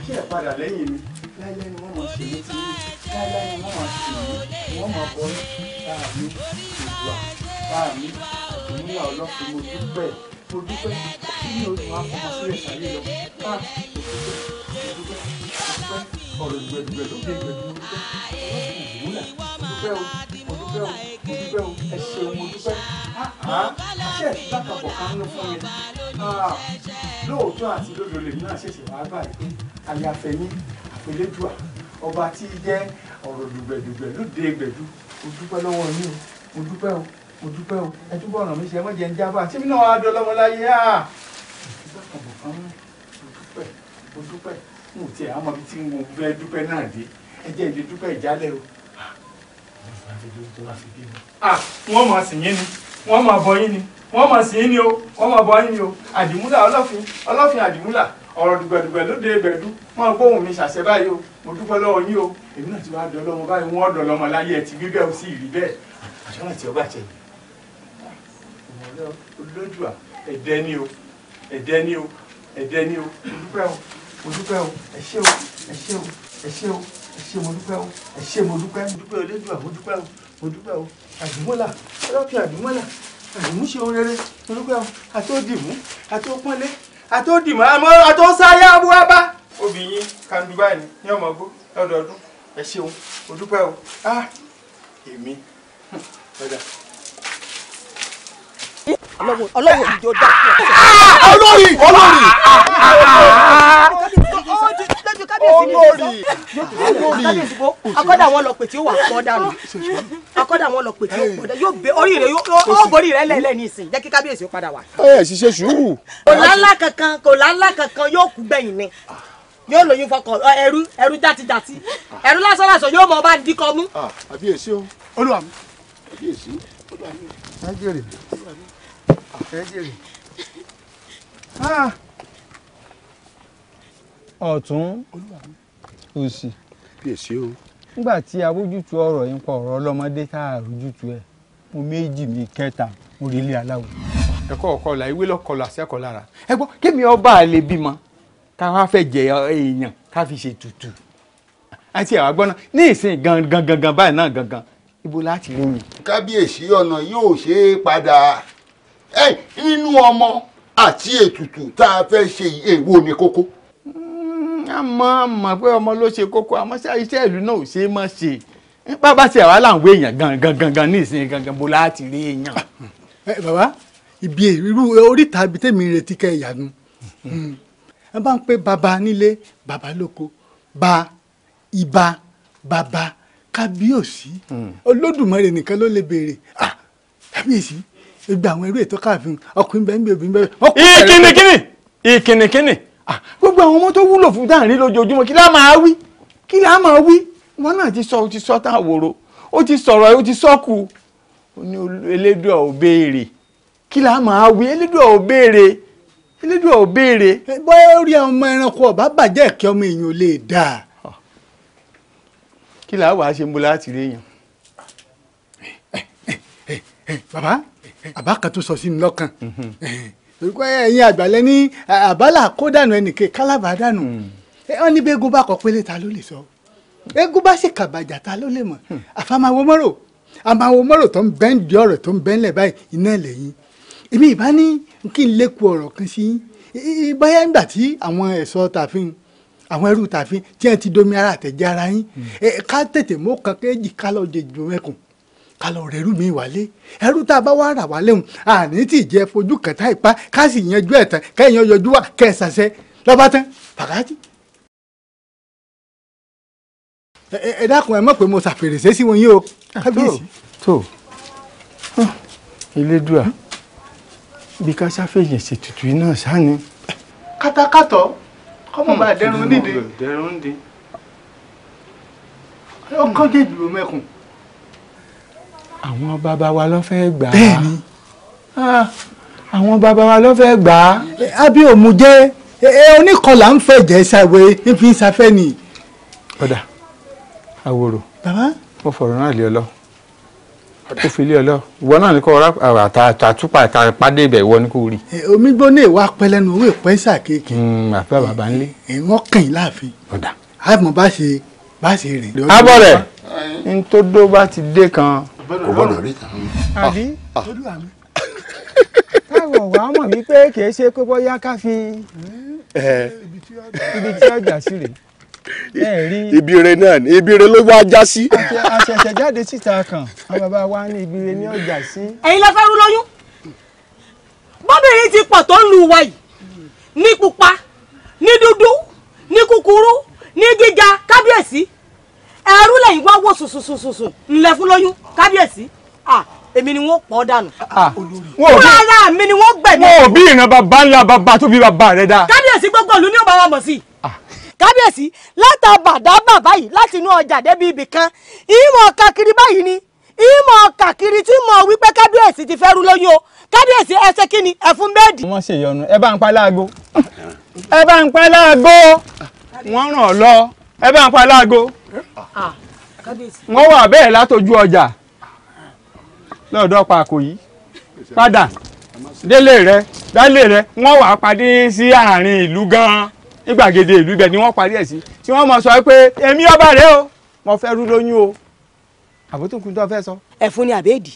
ṣé ẹ padà lẹ́yìn mi láíláí ni wọ́n mọ̀ sí létí láíláí ni wọ́n mọ̀ sí mi wọ́n mọ̀ bọ́ báàmí ìgbà báàmí ìmúlà ọlọ́pàá mo dúpẹ́ mo dúpẹ́ kí ni olùwà fọmọ sílẹ̀ sáyé lọ báàmí ah, mo dúpẹ́ mo dúpẹ́ ọ̀rọ̀ gbẹ̀dùgbẹ̀ lókè gbẹ̀dùgbẹ̀ lóòótọ́ àti lódò lèmi náà ṣẹ̀ṣẹ̀ wá gbà pé àyàfẹ́ ní ọba tí jẹ́ ọ̀rọ̀ dùgbẹ̀dùgbẹ̀ lóde gbẹ̀dù mo dúpẹ́ lọ́wọ́ yín o mo dúpẹ́ o mo dúpẹ́ o ẹ túbọ̀ ràn mí ṣe mọ́jẹ ń jábà tí mi náà wàá dọ́lọ́mọ á. ìgbàkàpọ̀ kan mo dúpẹ́ mo dúpẹ́ mo tiẹ̀ àmọ́ bí tí mo fẹ́ dúpẹ́ náà dé ẹ jẹ́ ìdí dúpẹ́ ìjálẹ̀ o. Ah, wọ́n máa sìn yín ni wọ́n máa bọ yín ni wọ́n máa sìn yín ni o wọ́n máa bọ yín ni o àdìmúlà ọlọ́fin ọlọ́fin àdìmúlà ọ̀rọ̀ dùgbẹ̀dùgbẹ̀ lóde ìbẹ̀dú wọn gbóhùn mi ṣàṣẹ báyìí o mo dúpẹ́ lọ́wọ́ yín o èmi náà ti wá dọ̀ lọ́mọ báyìí wọ́n dọ̀ lọ́mọ láyé ẹ̀ ti rí bẹ́ẹ̀ o sì rí bẹ́ẹ̀ àṣọ́nà tí ó bá jẹ olódùà ẹ̀dẹ́ ni o ẹ̀dẹ́ ni o ẹ̀dẹ́ ni o mo dúpẹ́ o mo dúpẹ́ o ẹ ṣé o ẹ ṣé o ẹ ṣé o ẹ ṣé mo dúpẹ́ o ẹ ṣé mo dúpẹ́ mo dúpẹ́ Elédùà mo dúpẹ́ o mo dúpẹ́ o àdìmọ́là ọlọ́fi àdìmọ́là àdìmúṣe orere mo dúpẹ́ o àti ó dìmú àti ó pọ́nlé àti ó dìmọ́ àmọ́ àti ó sáyà abúwábá. obìnrin kan dubai ni ní ọmọ ọgbó lọ́dọọdún ẹ ṣeun mo dúpẹ́ o ah èmi hm, ọ̀dà ọlọ́run ọlọ́run ìjọ dá. olórí olórí. olórí olórí. akọ́dà wọn lọ pè tí ó wà pọ́ dànù akọ́dà wọn lọ pè tí ó pọ́ dànù yóò bẹ orí rẹ yóò borí rẹ lẹ́lẹ́ ní ìsìn jẹ́ kí kábíyèsí ó padà wá. ẹ ṣiṣẹ́ sùúrù. kò láńlá kankan kò láńlá kankan yóò kú gbẹ̀yìn ni yóò lóyún fọkàn ẹrú ẹrú játijàti ẹrú lásán yóò mọ ọba dikọ mú. àbíyèsí ah, o olúwa mi àbíyèsí olúwa mi. Ah. ọ̀tún òsì nígbà tí awójútu ọ̀rọ̀ yìí pa ọ̀rọ̀ ọlọ́mọdé tá a rójútu ẹ̀ mo méjì mi kẹta mo rí ilé aláwọ̀. ẹ̀kọ́ ọ̀kọlà ìwé lọ́kọlà sẹ́kọ̀ọ́ lára ẹ gbọ́ ọba fi ṣe tutù àti àwọn ní ìsìn gangan gangan báyìí náà gangan kábíyèsí ọ̀nà yóò ṣe é padà. ẹ nínú ọmọ àti ètùtù tá a fẹ́ ṣe èwo ni kókó. a mọ̀ a mọ̀ pé ọmọ ló ṣe kókó àmọ́ ṣé iṣẹ́ ìlú náà ò ṣe é mọ̀ ṣe bàbá ṣe àwa là ń wé èèyàn gangan gangan ní ìsìn gangan bó láti rí èèyàn. Ah, ẹ bàbá ibi irú oríta ibi tẹ́mi retí kẹ́ ìyanu hmm, ẹ bá ń pè bàbá nílé bàbá lóko ba ìbà bàbá kábíyèsí hmm. olódùmarè nìkan ló lè béèrè ah, kábíyèsí gbogbo àwọn eré ètò káàfin ọkùnrin bẹ́ẹ̀ ń bẹ obìnrin bẹ́ẹ̀. ìkìnnìkìnnì ìkìnnìkìnnì gbogbo àwọn ọmọ tó wúlò fún dáàrin lójoojúmọ́ kí la máa wí kí la máa wí wọn náà ti sọ ó ti sọ tá àwòrò ó ti sọ̀rọ̀ ó ti sọ́kù ó ní elédùà ò béèrè kí la máa wí elédùà ò béèrè elédùà ò béèrè. bóyá orí àwọn ọmọ ẹranko ọba bàjẹ́ kí ọmọ èèyàn lè dà. kí làá wàá ṣe mo láti rí èèyàn. bàbá àbá kan tó sọ sí mi lọ́kàn orúkọ ẹ̀yin àgbàlẹ́ ní àbálà kó dànù ẹnìke kálábà dànù hmm. wọ́n ní bẹ́ẹ̀gùn bá kọ pélé ta ló lè sọ eégún bá sì kàbàjà ta ló lè mọ̀ hmm. àfàmàwò mọ́rò àmàwò mọ́rò tó ń bẹ́ǹdì ọ̀rọ̀ tó ń bẹ́ǹlẹ̀ báyìí iná lẹ́yìn èmi ìbá ní kí n lékun ọ̀rọ̀ kan sí báyà ńgbà tí àwọn ẹ̀ṣọ́ tààfin àwọn ẹrú tààfin tí wọ́n ti domi ara àtẹ̀jẹ́ ara yín hmm. ká tètè mọ́ kan ká lọ́ọ́ jẹ̀jù mẹ́kùn ká lọ rẹrú mi wálé ẹrú tá a bá wá rà wálé hùn àní tí ìjẹ fojú kẹta ìpá ká sì yanjú ẹ tán kẹyìn yọjú wà kẹsàsẹ lọba tán fàkájì. ẹ dákun ẹ mọ̀ pé mo ṣàfèrèsé sí wọn yìí o ah, kábíyèsí. tó ilédùà ah, bí ká ṣàfẹ̀yìn ṣètùtù iná sáni. kátàkátọ̀ kọ́mọ̀ hmm, bá dẹrùn nídìí. dẹrùn nídìí. ó kọ́jẹ́ jùlọ mẹ́kùn àwọn bàbá wa ló fẹ́ gbà á bẹ́ẹ̀ni ah, àwọn bàbá wa ló fẹ́ gbà á. àbí òmùjẹ́ oníkọlà ń fẹ̀jẹ̀ ṣàwé fi ń ṣafẹ́ ni. ọ̀dà àwòrò mo fọ̀rọ̀ náà lé ọ lọ ó fi lé ọ lọ ìwọ náà ní kó ọ̀rá àtàtúpà àtàpàdé ibẹ̀ ìwọ ni kò rí. omi gbóná ìwà pẹlẹnu owó ìpẹ́ ṣàkéèké. Hmm, àfi bàbá ń lé. ìwọ́n kàn yín láàfin. ọ̀dà. àmọ́ bá ṣe bá ṣe rìn. abọ́ rẹ̀ bá ti dé kan kò gbọ́dọ̀ rí kan. Ah. Ah, àbí ah. olúwa mi táwọn wà á mọ̀ wípé kì í ṣe pé bóyá ká fi eh. Eh, ibi tí ọjà sí rèé ibire náà ni ibire ló wá já sí. àṣẹ̀ṣẹ̀ jáde síta kan àwọn bàbá wa ní ibire ní ọjà sí. ẹ̀yin lọ fẹ́ẹ́ rú lóyún bọ́bìnrin ti pọ̀ tó ń lu wa yìí ní pupa ní dúdú ní kúkúrú ní gíga kábíyèsí ẹ̀rú lẹ́yìn wá wò sùsùsùsùsù ńlẹ̀ fún lóyún kábíyèsí èmi ni wọ́n pọ̀ dànù. rárá mi ni wọ́n gbẹ̀mí. wọn ò bí ìran bàbá ńlá bàbá tó bí bàbá rẹ dá. kábíyèsí gbogbo ìlú ni ó bá wa mọ̀ sí. kábíyèsí látàbàdà bàbá yìí láti inú ọjà débi ibì kan ìmọ̀ kakiri báyìí ni ìmọ̀ kàkiri tí mo wí pé kábíyèsí ti fẹ́ rú lóyún o kábíyèsí ẹ ṣe kí ni ẹ fún bẹ́ẹ̀dì. wọ́n ṣe ìyọnu ẹ bá ń pa láago ẹ bá ń pa láago wọ́n ràn ọ́ lọ ẹ bá ń pa láago wọ́n wà bẹ́ẹ̀ látọjú ọjà lọ́dọ̀ pàkó yìí padà délé rẹ dálé rẹ wọ́n wàá padé sí àárín ìlú gan-an ìlú ibẹ̀ ni wọ́n parí ẹ̀ sí tí wọ́n mọ̀ sọ pé èmi ọba rẹ o mo fẹ́ rú lóyún o àbótúnkù tó fẹ́ sọ. ẹ̀fun ni àbẹ́ẹ̀dì.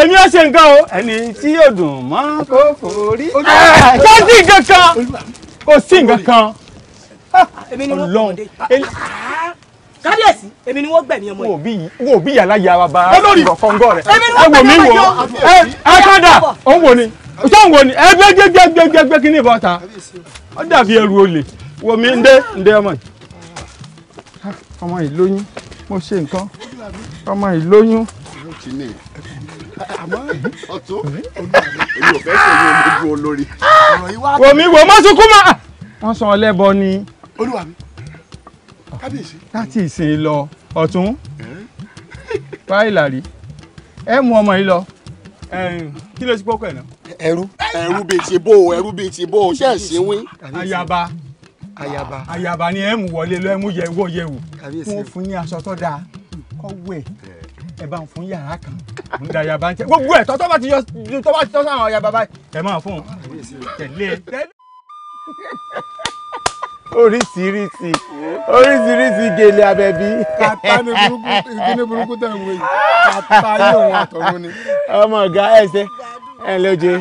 èmi ò ṣe nǹkan o ẹni tí yóò dùn mọ́ kókó rí. Ah, kò sí nǹkan kan kò sí nǹkan kan. èmi ni wọ́n kọ́ ọ̀dẹ́ kábíyèsí èmi ni wọ́n gbẹ̀mí ọmọ yìí. wò ó bí yàrá yàrá bá kọ̀ǹgọ́ rẹ̀ ẹ wò mí wò ẹ kọ́dà ó ń wò ni tó ń wò ni ẹ gbé gbé gbé gbé gbé gbé kí ni ìbọn ta ó dàbí ẹrù olè wò mí ndé ndé ọmọ yìí. Ah, ọmọ yìí lóyún mo ṣe nǹkan ọmọ yìí lóyún. wò mí wò mọ́sùkú mọ́. Ah, wọ́n sọ ọ lẹ́bọ ni. olúwa mi kábíyèsí. láti ìsìn lọ ọ̀tún báyìlárí ẹ mú ọmọ yìí lọ kí ló ti gbọ́kọ̀ ẹ̀ náà. ẹrú ẹrú bíi ti bó ẹrú bíi ti bó ṣe é síwín. ayaba ayaba ayaba ni ẹ mú wọlé lọ ẹ mú yẹ wọ yẹ wò fún fún yín aṣọ tó dáa kọ̀wé ẹ bá ń fún yàrá kan ń da ayaba ń tẹ gbogbo ẹ tọ́tọ́ bá ti yọ tọ́ bá ti tọ́ sáwọn ayaba báyìí ẹ máa fún un tẹ̀lé tẹ̀lé oríṣiríṣi oríṣiríṣi gèlè abẹbí. kàtá ni burúkú ìdílé burúkú tẹ̀ ń wé yìí kàtá yóò wọn àtọ̀run ni. ọmọ ọ̀gá ẹ̀sẹ̀ ẹ̀ lóje.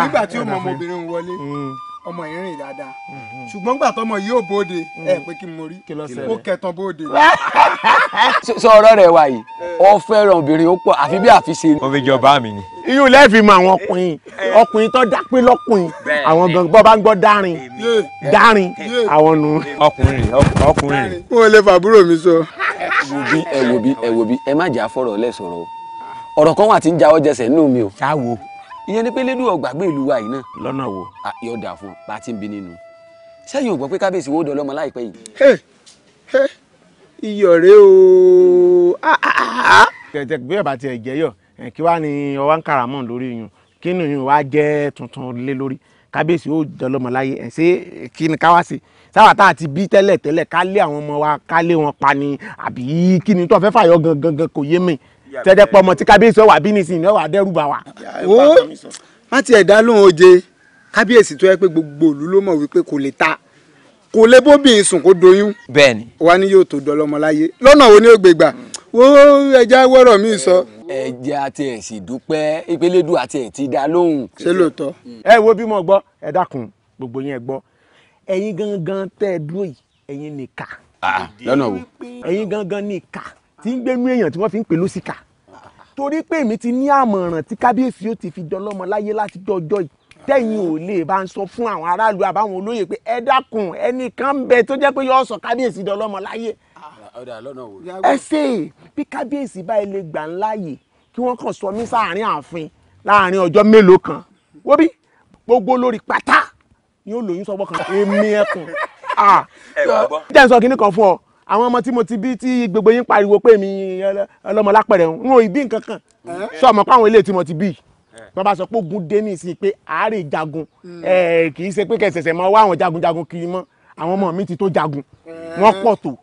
nígbà tí ó ah, mọ ọmọbìnrin wọlé mm ọmọ yìí rìn dáadáa mm-hmm. ṣùgbọ́n gbà tọmọ yìí ò bóde mm-hmm. ẹ pé kí n mo rí ó kẹtan bóde. sọ *laughs* ọ̀rọ̀ rẹ̀ wá yìí ọ eh. fẹ́ràn obìnrin ó pọ̀ àfi bí àfiṣe. ó fi jọba mi ni. iyún lẹ́ẹ̀fì mọ àwọn ọkùnrin eh. ọkùnrin tó dápé lọ́kùnrin àwọn gan bọ́ bá ń gbọ́ dárin dárin àwọn nù. ọkùnrin ọkùnrin rè. mo lè fàbúrò mi sọ. ẹ wo bí ẹ wo bí ẹ má jà fọ̀rọ̀ lẹ́sọ̀rọ̀ ọ̀rọ̀ kan wà tí ń jawọ́ jẹsẹ̀ nínú mi o. ṣáà wo ìyẹn ni pé lédu ọgbàgbé ìlú wa yìí náà. lọ́nà wo. yóò dà fún bá a ti ń bi nínú. sẹ́yìn ò gbọ́ pé kábíyèsí wo dọ̀ lọ́mọ láìpẹ́ yìí. iyọ̀ rẹ o. kẹ̀tẹ̀ bí ọba tiẹ̀ jẹ́ yọ̀ kí wàá ní ọwá ń karamọ́ lórí yun kí ni yun wàá jẹ́ tuntun lé lórí kábíyèsí ó dọ̀ lọ́mọ láyé ẹ̀ ṣé kí ni ká wá sí sáwà tá a ti bí tẹ́lẹ̀ tẹ́lẹ̀ ká lé àwọn ọmọ wa ká lé wọn pa ni àbí kí ni tó fẹ́ fàyọ gangan kò yé mi tẹ́tẹ́ pọ̀ ọmọ tí kábíyèsí ọ̀wà bí nìsín ni ọ̀wà dẹ́rù bà wá. ó má tiẹ̀ dá lóhùn oje kábíyèsí tó yẹ pé gbogbo ìlú ló mọ̀ wípé kò lè ta kò lè bóbìnrin sùn kó doyún. bẹ́ẹ̀ni. wá ní yóò tó dọlọmọ láyé lọ́nà wo ni ó gbégbà wo ẹja wọ́rọ̀ mi sọ. ẹjẹ àti ẹsì dúpẹ́ ìpẹlẹdù àti ẹtì dá lóhùn. ṣé lóòótọ́. ẹ wo bí mo gbọ́ ẹ dákun gbogbo yẹn gbọ́ ẹ̀yin gangan tẹ́ ẹ dúró yìí ẹ̀yin nìka. Ah, lọ́nà wo. ẹ̀yin gangan nìka tí ń gbénú èèyàn tí wọ́n fi ń pè lóṣìkà torí pé èmi ti ní àmọ̀ràn tí kábíyèsí ó ti fi dọlọ́mọ láyé láti dọjọ́ yìí tẹ́yìn ò lè bá ń sọ fún àwọn aráàlú àbáwọn olóyè pé ẹ dákun ẹnìkan ń bẹ tó jẹ́ pé yóò sọ kábíyèsí dọlọ́mọ láyé ẹ ṣe bí kábíyèsí báyìí lè gbà ń láàyè kí wọ́n kàn sọ mí sáàárín ààfin láàárín ọjọ́ mélòó kan wọ́n bí gbogbo lórí pátá ni ó lóyún sọ́gbọ́ kan èmi ẹkùn. ẹ wà á àwọn ọmọ tí mo ti bí tí gbogbo yín pariwo pé mi ọlọmọ lápẹrẹ ń wọn ò bí nǹkan kan sọ ọmọ pàwọn ilé tí mo ti bí wọn bá sọ pé ogun dé nísìnyí pé àárẹ̀ jagun hmm. kì í ṣe pé kẹsẹsẹ mọ wá àwọn jagunjagun kiri mọ àwọn ọmọ mi ti tó jagun wọn pọ̀ tó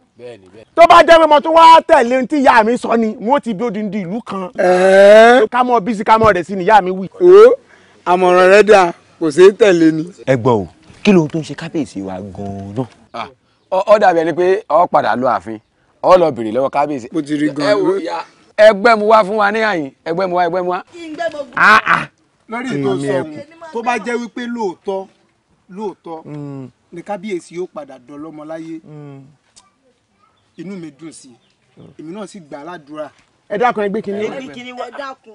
tó bá jẹ́ mímọ́ tó wá tẹ̀lé tí ìyá mi sọ ni wọn ti bí odindi ìlú kan ká mọ bísí ká mọ rẹ̀ sí ni ìyá mi wí. àmọ̀ràn rẹ̀ dà kò ṣeé tẹ̀lé ni. ẹ o kí ló ń tó ń ṣe kábíyèsí wa gan-an náà ah ọ dàbí ẹni pé ọ padà lọ ààfin ọ lọ bèrè lọ́wọ́ kábíyèsí. mo ti rí gan an. ẹgbẹ́ mu wá fún wa ní àyìn ẹgbẹ́ mu wá ẹgbẹ́ mu wá. Ah, ah. lórí ètò sọ̀rọ̀ tó bá jẹ́ wípé lóòótọ́ lóòótọ́ hmm. ni kábíyèsí yóò padà dọlọ́mọ láyé hmm. inú mi dùn sí i hmm. èmi náà sì gbà ládùúrà. ẹ dákun ẹ gbé kinní. ẹ kinní wá dákun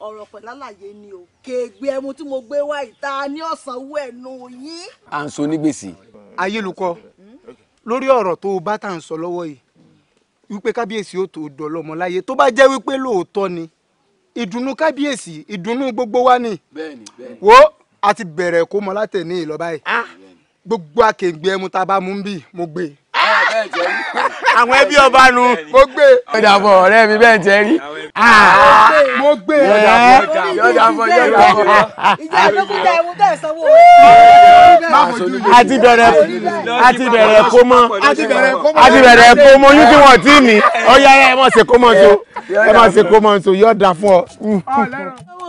ọ̀rọ̀ pẹ̀lú àlàyé ni o kéègbé ẹmu tí mo gbé wá ìta ní ọ̀sán owó ẹ̀nu yín. à ń so nígbèsè. ayélujọ lórí ọ̀rọ̀ tó bá tà ń sọ lọ́wọ́ yìí wípé kábíyèsí ó tó dọ̀lọ́mọ láyé tó bá jẹ́ wípé lóòótọ́ ni ìdùnnú kábíyèsí ìdùnnú gbogbo wa ni wo a ti bẹ̀rẹ̀ kó mọ látẹ̀ ní ìlọ́ba yìí ah! gbogbo akègbè ẹmu tá bá mú bí mo gbé e àwọn ẹbí ọba nu. mo gbé. yọ̀dà fọ ọ̀rẹ́ mi bẹ́ẹ̀ tẹ́ rí. Ah. mo gbé. yọ̀dà fọ yọ̀dà fọ. ìjà ló kú dá ewu sanwó. a ti a ti bẹ̀rẹ̀ kó mọ́ a ti bẹ̀rẹ̀ kó mọ́ oyún tí wọ́n ti ní ọ̀yá ẹ̀ mọ̀ ṣe kó mọ́ so ẹ̀ mọ̀ ṣe kó mọ́ so yọ̀dà fún ọ.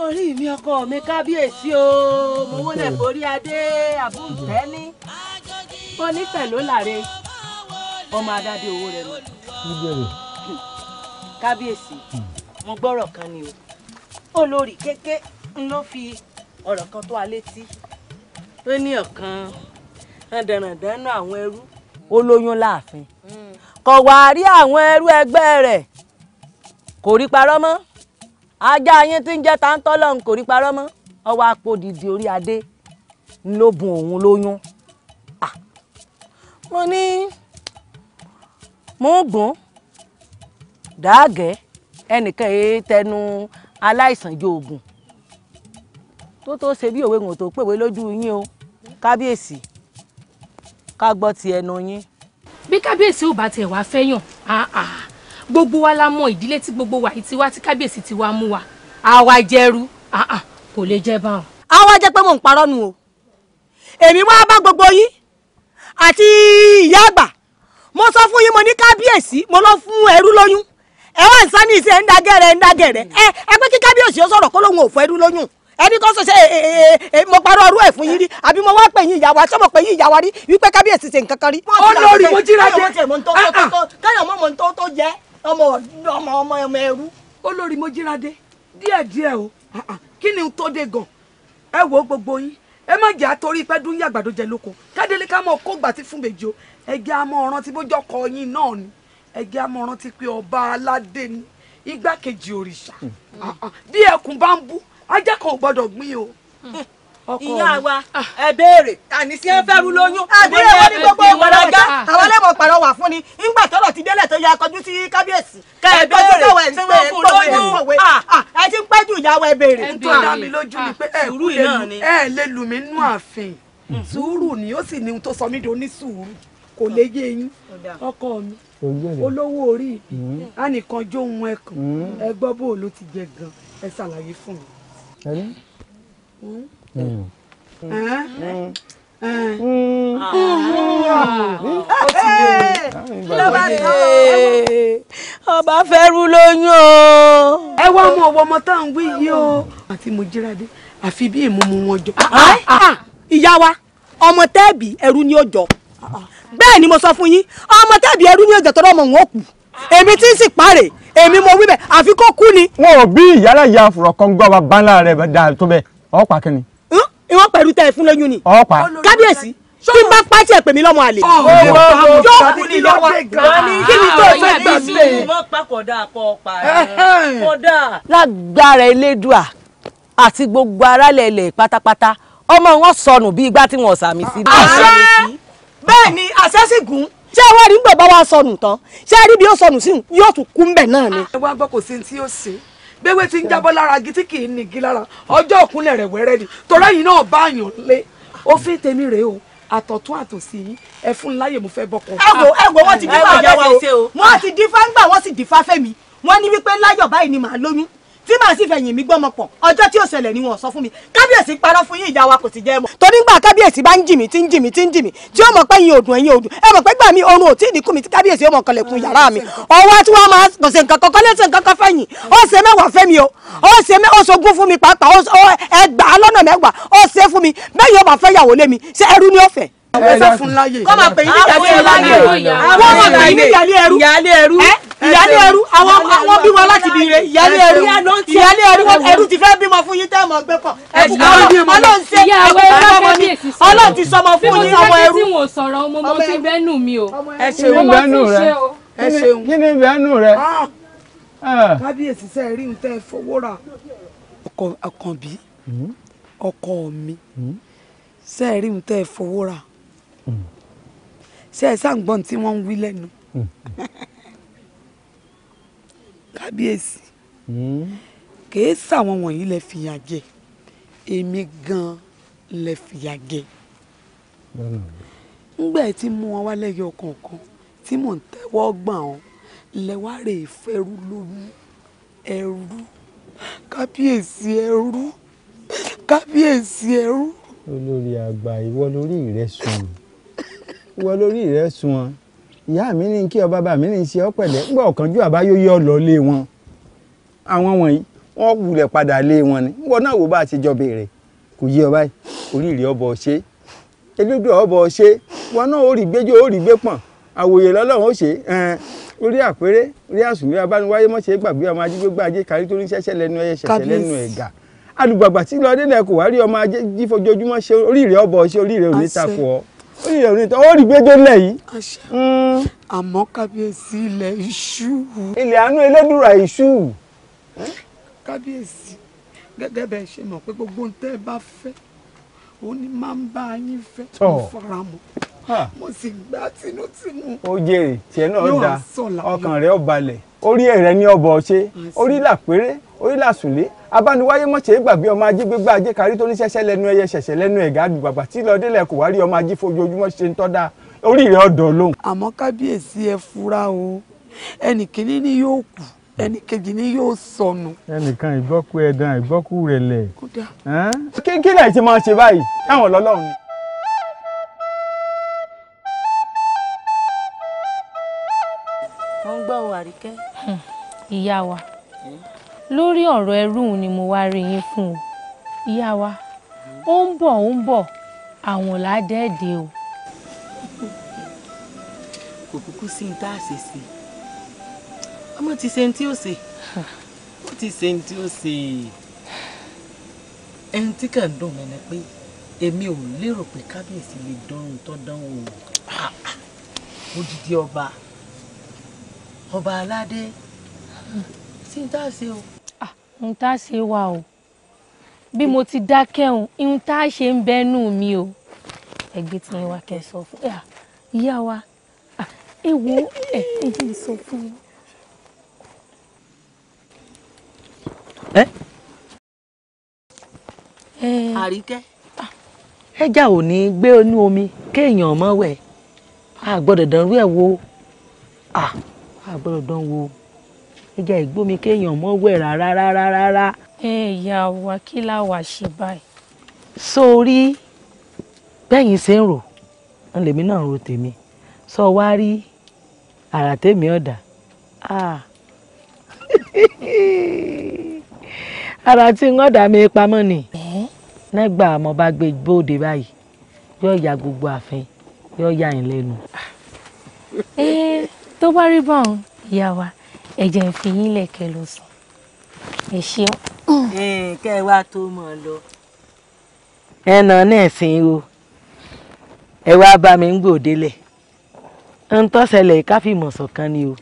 orí mi ọkọ mi kábíyèsí o mo wọlé borí adé àbúntẹ́ni mo ní pẹ̀lú làre ọmọ adáde owó rẹ mọ. kábíyèsí hmm. mo gbọ́rọ̀ kan ni o olórí kéké ń lọ fi ọ̀rọ̀ kan tó wa létí ó ní ọ̀kan dandandanú àwọn ẹrú ó lóyún láàfin hmm. kò wá rí àwọn ẹrú ẹgbẹ́ rẹ̀ kò rí parọ́ mọ́ ajá yín tí ń jẹ́ táńtọ́lọ́ ń kò rí parọ́ mọ́ ọwọ́ apòdìdì orí adé ló òun lóyún ah. mo ní múgùn dàgẹ́ ẹnìkan èé tẹnu aláìsàn jó oògùn tó tó ṣe bí òwe wọn tó pèwé lójú yín o kábíyèsí ká gbọ́ ti ẹnu yín. bí kábíyèsí ò bá tiẹ̀ wá fẹ́yàn gbogbo wa la mọ ìdílé tí gbogbo wa yìí ti wá tí kábíyèsí ti wá mú wa àwa jẹrú kò lè jẹ báwọn. àwa jẹ pé mò ń parọ́ nu o èmi wá bá gbogbo yín àti ìyá àgbà mo sọ fún yín mo ní kábíyèsí mo lọ fún ẹrú lóyún ẹ wá ìsá ní ìsẹ ńdagẹrẹ ńdagẹrẹ ẹ ẹ pé kí kábíyèsí ó sọ̀rọ̀ kó lóun ò fún ẹrú lóyún ẹni tó ṣẹṣẹ ẹ ẹ mo parọ́ ọrú ẹ̀ fún yín rí àbí mo wá pè yín ìyàwó àti ọmọ pè yín ìyàwó rí wípé kábíyèsí ṣe nǹkan kan rí. olórí mo jíra jẹ káyọ̀ mọ́ mọ́ tó tó jẹ ọmọ ọmọ ọmọ ẹrú. olórí mo jíra dé díẹ̀díẹ̀ o ah, ah. kí ni tó dé gan ẹ wo gbogbo yín ẹ má jẹ́ àtorí pẹ́ dún yàgbàdo jẹ lóko kádélé ká mọ̀ kó gbà tí fún bèjì o ẹgbẹ́ amọ̀ràn tí bójú yín náà ni ẹgbẹ́ amọ̀ràn ti pé ọba aládé ni igbákejì òrìṣà hmm. bí ẹkùn bá ń bú ajá kan ò gbọ́dọ̀ gbìn o ìyá wa ẹ béèrè àní sí wọn ni gbogbo ìwọ̀n àwọn wà ti tó yẹ akọjú sí kábíyèsí. ẹ béèrè tí wọn lóyún ẹ ti ń kò lè yé yín ọkọ mi olówó orí mi á mm-hmm. nìkan jó ohun ẹkùn mm-hmm. ẹ gbọ́ bó ló ti jẹ gan ẹ ṣàlàyé fún mi mm-hmm. ọba fẹ́rú lóyún o. ẹ wá mọ ọwọ́ ọmọ tá à ń wí yìí o. àti mo jíradé àfi bí ìmúmu wọn jọ. Ah, ah, ah. ìyá wa ọmọ tẹ́ẹ̀bì ẹrú ni ó jọ bẹ́ẹ̀ ni mo sọ fún yín ọmọ tàbí ẹrú ní ọjà tọrọ ọmọ wọn kù èmi tí ń sì parè èmi mo wí bẹ́ẹ̀ àfi kó kú ni. wọn ò bí ìyálà ìyá àfùrọ̀ kan gbọ́ wa bánlá rẹ̀ dáa tó bẹ́ẹ̀ ọ̀pá kí ni. Hm? ìwọ́n pẹ̀lú tẹ ìfún lóyún ni. ọ̀pá kábíyèsí tí n bá pàṣẹ pèmí lọ́mọ àlè. yóò kú ni lọ́wọ́ kí ni tó fẹ́ gbà sílẹ̀. mo pa kọ̀dà kọ̀ pa ẹ̀ kọ̀dà. lágbára elédùà àti gbogbo aráàlẹ̀ ilẹ̀ pátápátá ọmọ wọn sọnù bí igbá tí wọn sàmì sí. àṣẹ bẹ́ẹ̀ ni àṣẹ sì gùn. ṣé wọ́n rí gbọ̀bá wa sọnù tán ṣé rí bí ó sọnù sí yóò tún kú mbẹ̀ náà ni. Ah, ẹ wá gbọ́ kò sí tí ó ṣe gbégbé tí ń jábọ́ lára igi tí kì í nìgi lára ọjọ́ òkúnlẹ̀ rẹ̀ wẹ́rẹ́ ni torí ẹ̀yin náà bá yàn lé òfin tèmi rèé o àtọ̀tún àtòsí yín ẹ fún láyè mo fẹ́ bọ́kọ. ẹ wo ẹ wo wọ́n ti dífá bẹ́ẹ̀ o wọ́n ti dífá ń gbà wọ́n sì dífá fẹ́mi wọ́n ní wípé láyọ̀ báyìí ni màá lóyún tí màá sì fẹ̀yìn mi gbọ́mọ pọ̀ ọjọ́ tí ò ṣẹlẹ̀ ni wọn sọ fún mi kábíyèsí parọ́ fún yín ìjà wa kò sì jẹ́ mọ́. torí ńgbà kábíyèsí bá ń jì mí tí ń jì mí tí ń jì mí tí ó mọ̀ pé yín òdùn ẹ̀yìn òdùn ẹ mọ̀ pé gbà mí oorun ò tí ì dínkù mi tí kábíyèsí ó mọ̀ kọlẹ̀kùn yàrá mi ọwọ́ tí wọ́n máa kò ṣe nǹkan kọ́kọ́ lẹ́sẹ̀ nǹkan kan fẹ̀yìn ó ṣe mẹ́wàá fẹ́ mi o ó ṣe mẹ́ ó ṣogún fún mi pàápàá ẹgbàá lọ́nà mẹ́wàá ó ṣe fún mi bẹ́ẹ̀ yóò bá fẹ́ yàwó lé mi ṣe ẹrú ni ó fẹ́ ẹ sọ fún láyè. kọ́ máa pè yín ní ìyáálé ẹrú. wọ́n máa pè yín ní ìyáálé ẹrú. ìyáálé ẹrú. ìyáálé ẹrú àwọn àwọn bí wọn láti bìire ìyáálé ẹrú. ìyáálé ẹrú ẹrú ti fẹ́ bímọ fún yín tẹ́ mọ̀ gbé pọ̀. ọlọ́run ṣe ẹ̀kọ́ ọmọ ni ọlọ́run ti sọmọ fún yín ọmọ ẹrú. bí mo ti sọ̀rọ̀ ọmọ mo ti bẹ́nu mi o. ẹ ṣeun bẹ́nu rẹ ẹ ṣeun. kí ni bẹ́nu rẹ. Ah. Ah. kábíyèsí sẹ́ẹ̀ rí n tẹ́ fowó rà. ọkàn bí hmm? ọkọ mi sẹ́ẹ̀ hmm? rí n tẹ́ fowó rà ṣé ẹ sáǹgbọ́n tí wọ́n ń wí lẹ́nu hmm. *laughs* kábíyèsí hmm. kìí sàwọn wọ̀nyí lẹ fìyà jẹ èmi gan lẹ fìyà jẹ ngbẹ́ tí mú wọn wá lẹ́yọ kọ̀ọ̀kan tí mò ń tẹ́wọ́ gbà wọn lẹ́wà rè fẹ́rú lóyún ẹrú kábíyèsí ẹrú kábíyèsí ẹrú. olórí àgbà ìwọ lórí rẹ wọ lórí rẹ wọn ìyá mi ní kí ọ bàbá ní ṣe ọ pẹ̀lẹ́ ńgbà ọ̀kánjú àbáyọ yọ lọ lé wọn àwọn wọ̀nyí wọ́n wulẹ̀ padà lé wọn ni ńgbọ náà wò bá a ti jọ béèrè kò yí ọ báyìí oríire ọbọ ṣe elédò ọbọ ṣe wọn náà ó rí gbẹjọ ó rí gbé àwòyè lọ́lọ́run ó ṣe orí àpérè orí àsùnwé abániwáyé mọ̀ ṣe gbàgbé ọmọ ajígbé gbàjé kárí torí ṣẹ̀ṣẹ̀ lẹ́nu ẹyẹ ṣẹ̀ṣẹ̀ lẹ́nu ẹ̀gà alùgbàgbà tí lọ́dẹ́lẹ̀ kò wá rí ọmọ ajé jífojojúmọ́ ṣe oríire ọbọ ṣe oríire òní takò ọ ó yẹ orin tó ó rí gbẹjọ lẹ yìí. Hmm. àmọ́ kábíyèsí ilẹ̀ iṣu. ilẹ̀ àánú elédùrà iṣu. kábíyèsí gẹ́gẹ́ bẹ́ẹ̀ ṣe mọ̀ pé gbogbo ohun tẹ́ ẹ bá fẹ́ òun ni máa ń bá yín fẹ́ mo fara mọ́ mo sì gbá tinútinú. ó jèrè tiẹ̀ náà da ọkàn rẹ̀ ó balẹ̀ orí ẹ̀rẹ̀ ní ọbọ̀ ṣe orí làpéré orí làsùlé abániwáyé mọ̀ṣẹ́ gbàgbé ọmọ ajé gbégbá ajé kárí tó ní ṣẹ̀ṣẹ̀ lẹ́nu ẹyẹ ṣẹ̀ṣẹ̀ lẹ́nu ẹ̀gá àdùgbàgbà tí lọ́ọ́ délẹ̀ kò wá ọmọ ajé fojoojúmọ́ ṣe ń tọ́da orí rẹ̀ ọ̀dọ̀ lóhùn. àmọ́ kábíyèsí ẹ fura o ẹnì kìíní ni yóò kù ẹnì kejì ni yóò sọnù. ẹnìkan ìgbọ́kú ẹ̀dán ìgbọ́kú rẹ̀ lẹ̀. kí kí lẹ́yìn ti máa ṣe báyìí táwọn ọlọ́lọ́run ni. ìyá wa lórí ọ̀rọ̀ ẹrú ni mo wá rí yín fún o ìyá wa ó ń bọ̀ ó ń bọ̀ àwọn ládẹ́ẹ̀dẹ́ o. kò kúkú sí ní tá a ṣe sí ọmọ ti ṣe ní tí ó ṣe ó ti ṣe ní tí ó ṣe ẹni tí kàn ń dùn mí ni pé èmi ò lérò pé kábíyèsí lè dánwò tó dánwò odidi ọba ọba aládé sí n tá a ṣe o. n tá a ṣe wà o bí mo ti dákẹ́ o n tá a ṣe ń bẹ́nu mi o ẹgbẹ́ tí yẹn wá kẹ́ sọ fún ẹ ìyá wa ẹ wo ẹ ẹ yìí sọ fún mi. ẹ. àríkẹ́. ẹja ò ní gbé inú omi kéèyàn mọ́ wẹ̀ a gbọ́dọ̀ dánrú ẹ̀ wo a gbọ́dọ̀ dán wo ẹja ìgbómi kéèyàn mọ́ wẹ̀ rárá rárá rárá. ẹ ìyá wa kí la wá ṣe báyìí. sórí bẹ́yìn ṣe ń rò ń lèmi náà ń ro tèmi sọ wá rí àrà tèmi ọ̀dà *laughs* àrà tí ń ọ̀dà mi pamọ́ ni nígbà mo bá gbé bóde báyìí yóò ya gbogbo ààfin yóò ya yín ẹ tó bá rí bọ́ọ̀n ìyá wa ẹ jẹ́ fi yín lẹ̀kẹ́ lọ sùn ẹ ṣeun. kẹ́ ẹ wá tó mọ̀ ọ lọ. ẹ nà náà sin o ẹ wá bá mi ń gbòdélẹ̀ ń tọ́sẹ̀lẹ̀ káfíìmọ̀ sọ̀kan ni o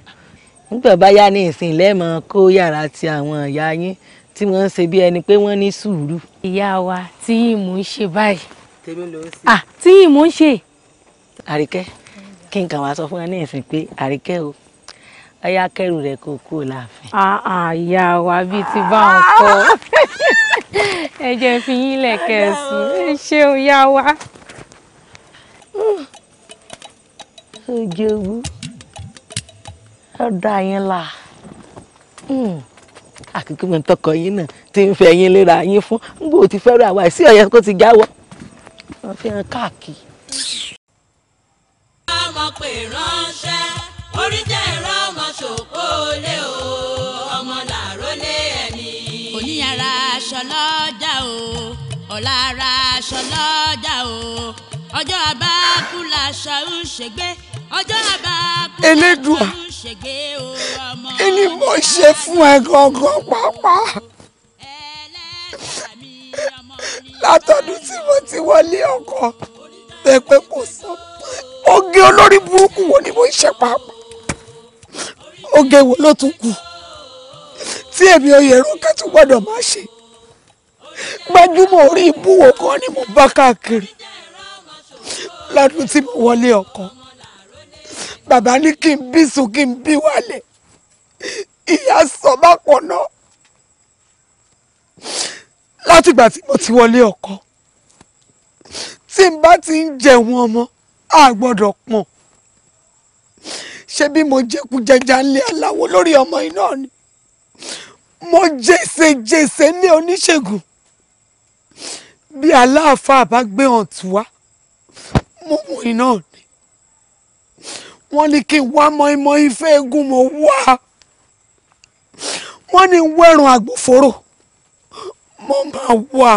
nígbà bá yá ní ìsìn lẹ́mọ̀ kó yàrá ti àwọn ìyá yín tí wọ́n ń ṣe bí ẹni pé wọ́n ní sùúrù. ìyá wa tí ìmú ń ṣe báyìí. tèmi ló ń ṣe. ah tí ìmú ń ṣe. àríkẹ́ kí n kàn wá sọ fún ẹ ní ìsìn pé àríkẹ́ o ẹyà kẹrù rẹ kó kúrò láàfin. àyà wa bíi ti bá wọn kọ ẹ jẹ́ fi yín lẹ̀kẹ̀ sùn ẹ ṣeun yá wa. ojoogu ọ̀dọ̀ yín la hmm. àkíkí mi tọkọ yín náà ti ń fẹ́ yín léra yín fún nígbà tí fẹ́ràn àwa sí ọ̀yẹ́ kó ti jáwọ́ wọ́n fi hàn káàkiri. a mọ̀ pé ránṣẹ́ orí tẹ̀ ẹ̀rọ ọmọ ṣòkó lé o ọmọ làró lé ẹni. oníyàrá aṣọ lọ́jà o ọ̀la ara aṣọ lọ́jà o ọjọ́ àbákú làṣà ṣègbè ọjọ́ àbákú làṣà ṣègbè o ọmọ. kí mo ṣe fún ẹ gangan pàápàá látọdún tí mo ti wọlé ọkọ bẹ́ẹ̀ pé kò sọ oge olórí burúkú wo ni mo ṣe pàápàá oge wo ló tún kù tí èmi oyè ronke tún gbọ́dọ̀ má ṣe gbajúmọ̀ orí ibùwò kan ni mo bá káàkiri lọ́dún tí mo wọlé ọkọ bàbá ní kí n bí sùn kí n bí wálẹ̀ ìyá sọ bákan náà látìgbà tí mo ti wọlé ọkọ tí n bá ti ń jẹun ọmọ a gbọ́dọ̀ pọ̀n ṣé bí mo jẹku jẹjà ńlẹ aláwo lórí ọmọ iná ni mo jèsè jèsè ní oníṣègùn bí aláàfáà bá gbé hàn tù wá mo mọ iná ni wọ́n ní kí n wá mọ́ínmọ́ ìfẹ́ eégún mo wá wọ́n ní wẹ́rùn àgbòfóró mo máa wá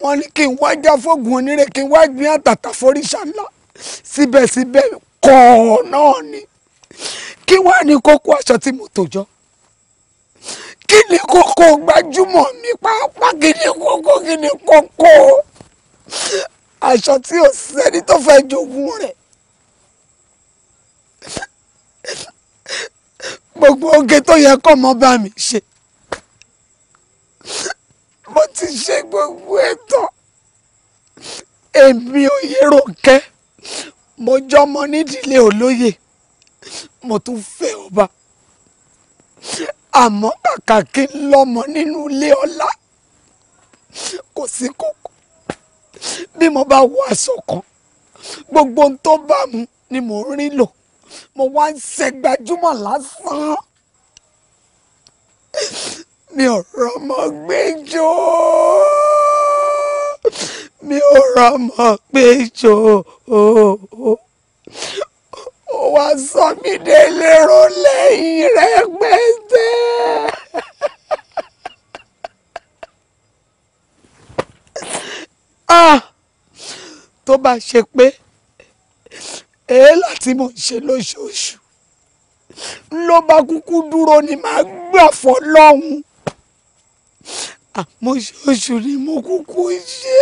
wọ́n ní kí n wá jáfógun onírè kí n wá gbin àtàtà foríṣà ńlá síbẹ̀síbẹ̀ kọ̀ọ̀ náà ni kí wá ní kókó aṣọ tí mo tò jọ kí ni kókó gbajúmọ̀ mi pàápàá kí ni kókó kí ni kókó aṣọ tí ò sẹ́ni tó fẹ́ jogún rẹ̀ gbogbo oge tó yẹ kọ́ mọ́ bá mi ṣe mo ti ṣe gbogbo ẹ̀ tán èmi ò yẹ ronke mo jọmọ nídìílé olóyè mo tún fẹ́ ọba àmọ́ kàkà kí n lọ́mọ nínú ilé ọlá kò sí kókó bí mo bá wọ aṣọ kan gbogbo ohun tó bá mu ni mo rí lò mo wá ń ṣe gbajúmọ̀ lásán mi ò rọ́mọ gbẹ́jọ́ mi ò rọmọ pé jò ó wá sọ mí délérò lẹ́yìn rẹpẹtẹ. ah tó bá ṣe pé èélà tí mò ń ṣe lóṣooṣù ló bá kúkú dúró ni màá gbà fọ́ lọ́hùn-ún àmọ́ ah! ṣoṣù ni mo kúkú ṣe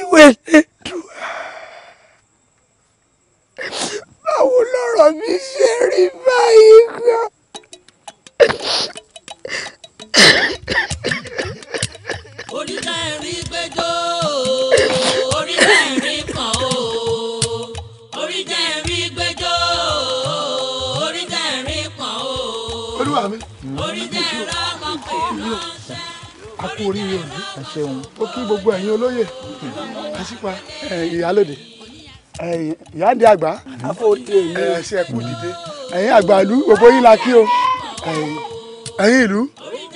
ìwé lẹ́dùá báwo lọ́rọ̀ mi ṣe rí báyìí gan. oríkà ẹ̀rí gbẹjọ́. a kú oríire òní. ẹ ṣeun. ó kí gbogbo ẹ̀yin olóyè àṣìpa ìyálòdì ìyáǹdí àgbà ẹ̀ṣẹ̀ ẹ̀kú dìde ẹ̀yin àgbàlú gbogbo yín la kí o ẹ̀yin ìlú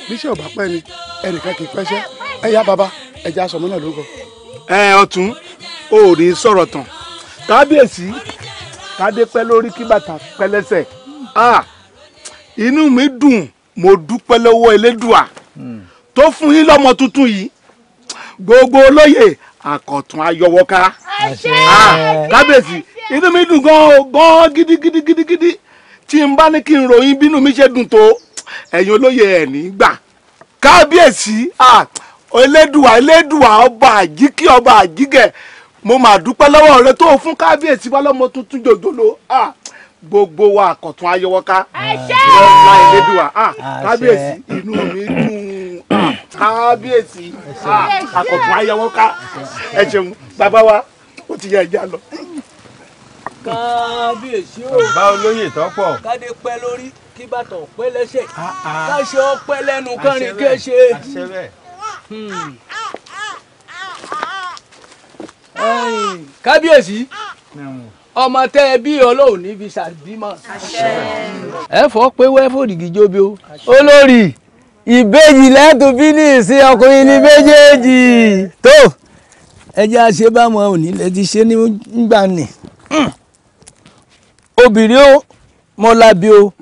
bíṣẹ́ ò bá pẹ́ ni ẹnìkan kì í pẹ́ṣẹ́ ẹ̀yà bàbá ẹ̀jẹ̀ aṣọ̀mọ́ náà ló kọ. ẹ ọtún o ò ní sọ̀rọ̀ tán kábíyèsí kádé pẹ́ lórí kí bàtà pẹ́ lẹ́sẹ̀ ah, inú mi dùn mo dúpẹ́ lọ́wọ́ elédùà. Mm tó fún yín lọ́mọ tuntun yìí gbogbo olóyè àkọ̀tún ayọ̀wọ́ká ah, kábíyèsí inú mi dùn gan gan gidigidi gidigidi tí n bá ní kí n ròyìn bínú mi ṣe dùn tó ẹ̀yin olóyè ẹ̀ ní gbà kábíyèsí ah, elédùà elédùà ọba àjíkí ọba àjíkẹ́ mo mà dúpẹ́ lọ́wọ́ rẹ tó fún kábíyèsí wa lọ́mọ tuntun jòjòló ah, gbogbo wa àkọ̀tún ayọ̀wọ́ká ẹ̀ka elédùà kábíyèsí inú mi dùn kábíyèsí ah, àkọ̀tún ayẹwo ká ẹ ṣeun bàbá wa ó ti yẹ ẹja lọ. kábíyèsí o bá olóyè tọ́pọ̀. kádé pẹ́ lórí kí bàtọ̀ pẹ́ lẹ́sẹ̀ ah, ah. ká ṣe ọpẹ́ lẹ́nu kánrin kéṣe. Hmm. kábíyèsí ọmọ tẹ ẹ bí ọlọ́run níbi ṣàbímọ. ẹ fọ́ pé wẹ́fọ́ òdìgí jóbi o olórí ìbejì lẹ́tù bí ní ìsìn ọkùnrin ní méjèèjì tó ẹjẹ́ àṣebámọ́ òní lè ti ṣe nígbà nì hmm. obìnrin ó mọ́lábí o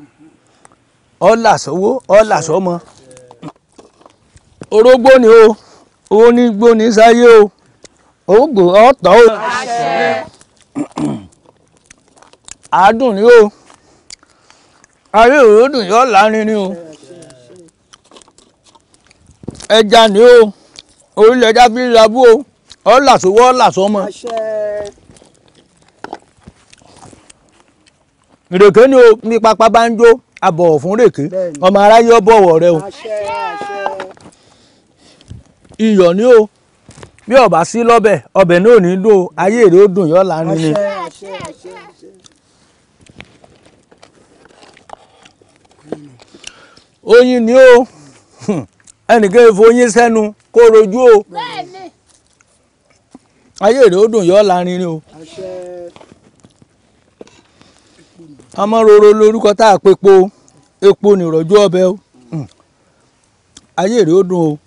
ọ̀là sọ́wọ́ ọ̀là sọ́mọ orógbó ni o owó ní gbó ní sáyé o ògbò ọ̀tọ̀ o àádùn ni o ayé òródùn yọ̀ lárinrin o. Yeah ẹja ni o orílẹ̀ ẹja fi labú o ọ́ làṣọwọ́ làṣọmọ. ìrèké ni o ní pápá banjo ń jó abọ̀wọ̀ fún rèké ọmọ aráyé ọ bọ̀wọ̀ rẹ o. iyọ̀ ni o bí ọba sí lọ́bẹ̀ ọbẹ̀ náà ní dùn ayé èrè ó dùn yọ́ lánàá ni. oyin ni o. Hmm. ẹnìkan efo yín sẹ́nu kó rojú o ayé rẹ̀ ó dùn lárinrin o ọmọ roro lórúkọ tá a pe po epo nìrọ̀jú ọbẹ̀ o hmm. ayé ó dùn o.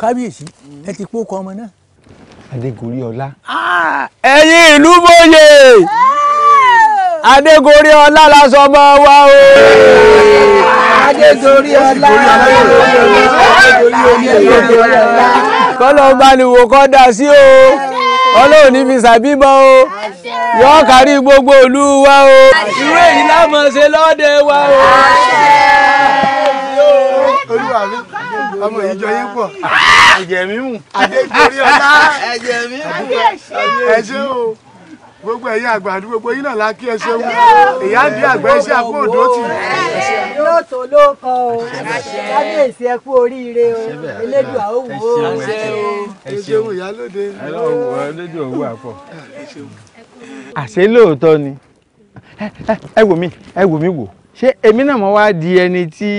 kábíyèsí ẹ ti pọ́kọ ọmọ náà. adégorí ọlá la sọ ọmọ wa o. adégorí ọlá kọ́lọ́ balùwò kọ́ da sí o ọlọ́run ní fi ṣàbímọ o yọ kárí gbogbo ìlú wa o irú èyí lámọ̀ ṣe lọ́dẹ wa o. olúwa mi ọmọ ìjọ yín pọ̀ ẹ̀jẹ̀ mímu adégorí ọlá ẹ̀jẹ̀ mímu ẹ̀jẹ̀ o gbogbo ẹ̀yin àgbà àti gbogbo yín náà la kí ẹ ṣe wú ìyá àdí àgbà ẹṣẹ àpò òdó tì. lóòótọ́ ló kọ o kábíyèsí ẹ kú oríire o elédùà ó wò ó. ẹ ṣeun ìyálóde. ẹ lọ́wọ́ elédùà owó àpọ̀. àṣé lóòótọ́ ni ẹ wò mí ẹ wò mí wò ṣé èmi náà mo wá di ẹni tí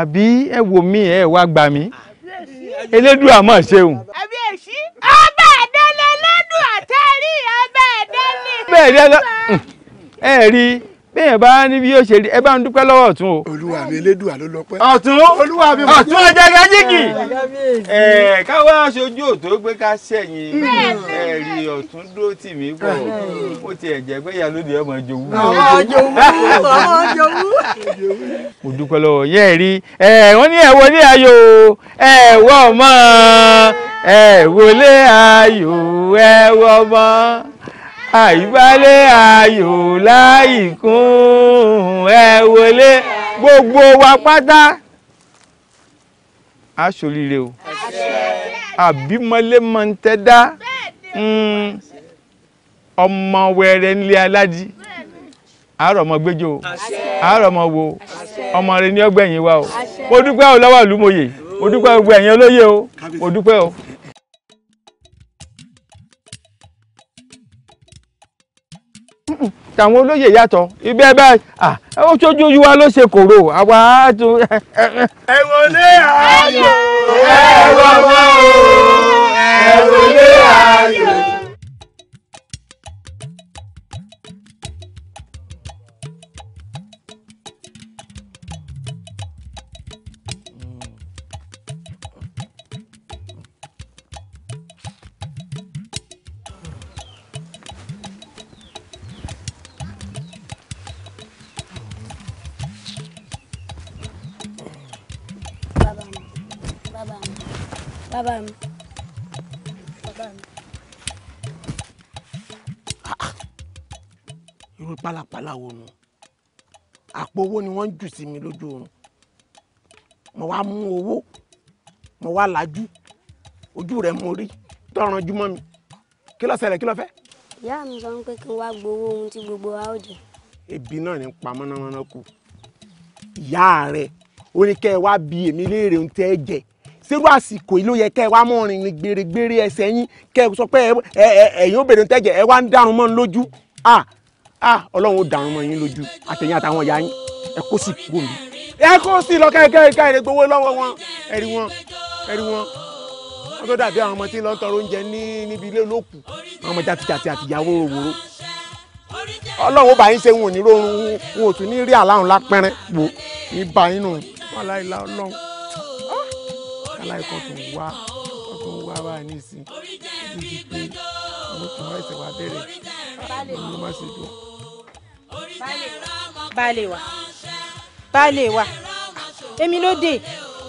àbí ẹ wò mí ẹ wá gbà mí elédùà àmọ́ ṣeun. àbí èsì ọba àdé ẹ rí ẹ rí bẹ́ẹ̀ bá ní bí yóò ṣe rí ẹ bá ń dúpẹ́ lọ́wọ́ ọ̀tún o. olúwa mi elédùà ló lọ́pẹ́. ọ̀tún olúwa mi ọ̀tún ọjà gajigi. ẹ káwá aṣojú òtó gbé ká sẹ́yìn ẹ rí ọ̀tún dúró tì mí bọ̀ ó tiẹ̀ jẹ́ pé ìyá lóde ọmọ jòwú. ọmọ jòwú ọmọ jòwú. mo dúpẹ́ lọ́wọ́ yẹ́ rí ẹ wọ́n ní ẹ̀wọ́ ní ayò ẹ̀wọ́ ọmọ ẹ̀wọ́ lé ayò ẹ̀wọ́ ọmọ àìbálẹ̀ ayò láìkún ẹ wọlé gbogbo wa pátá a ṣoríire o àbímọlé mọ̀ ń tẹ́ dá hmm. ọmọ wẹrẹ nílé aládìí àárọ̀ ọmọ gbẹ́jọ́ o àárọ̀ ọmọ wo ọmọ rẹ ní ọgbẹ̀yìn wa o mo dúpẹ́ o lọ́wọ́ ìlú mòye mo dúpẹ́ gbogbo ẹ̀yin olóyè o mo dúpẹ́ o. tàwọn olóyè yàtọ̀ ibẹ̀ báyìí ó tójú yíwá ló ṣe kòrò àwa á *laughs* ẹ wọlé ayò ẹ wọwọ o ẹ wọlé ayò. gbà wo nu àpò owó ni wọ́n ń jù sí mi lójú oorun mo wá mú owó mo wá làjú ojú rẹ̀ mo rí tọ́ran júmọ́ mi kí ló ṣẹlẹ̀ kí ló fẹ́. ìyá mi sọ pé kí n wá gbowó ohun tí gbogbo wa ó jẹ. ebi náà ní pa mọ́nàmọ́ná kù ìyá rẹ̀ ó ní kẹ́ ẹ wá bi èmi léèrè ohun tẹ́ ẹ jẹ sírú àsìkò yìí ló yẹ kẹ́ ẹ wá mọ́ rìn gbèrègbèrè ẹsẹ̀ yín kẹ́ ẹ sọ pé ẹ̀yin ó bèrè ẹ wá ń dárun mọ́ lójú ah ọlọ́run ó dàrún mọ́ yín lójú àtẹ̀yìn àtàwọn ìyá yín ẹ kó sì kú omi ẹ kó sì lọ kẹ́kẹ́ ìka èrè gbowó lọ́wọ́ wọn ẹ̀rí wọn ẹ̀rí wọn wọn tó dàbí àwọn ọmọ tí ń lọ ń tọrọ oúnjẹ ní níbi ilé olóòkù àwọn ọmọ jàtìjàtì àti ìyàwó òwòrò ọlọ́run ó bá yín ṣe wọn ò ní rọrùn wọn ò tún ní rí àláhùn lápẹ́rẹ́ wò ní bá yín nù wọn láì la ọlọ́run aláìkọ́ ah, tó wá tó wá wá nísìnyí ó ti di pé àwọn tó wá ẹsẹ̀ wá bẹ̀rẹ̀ ah, ló má ṣe dùn baálé wa baálé wa èmi ló dé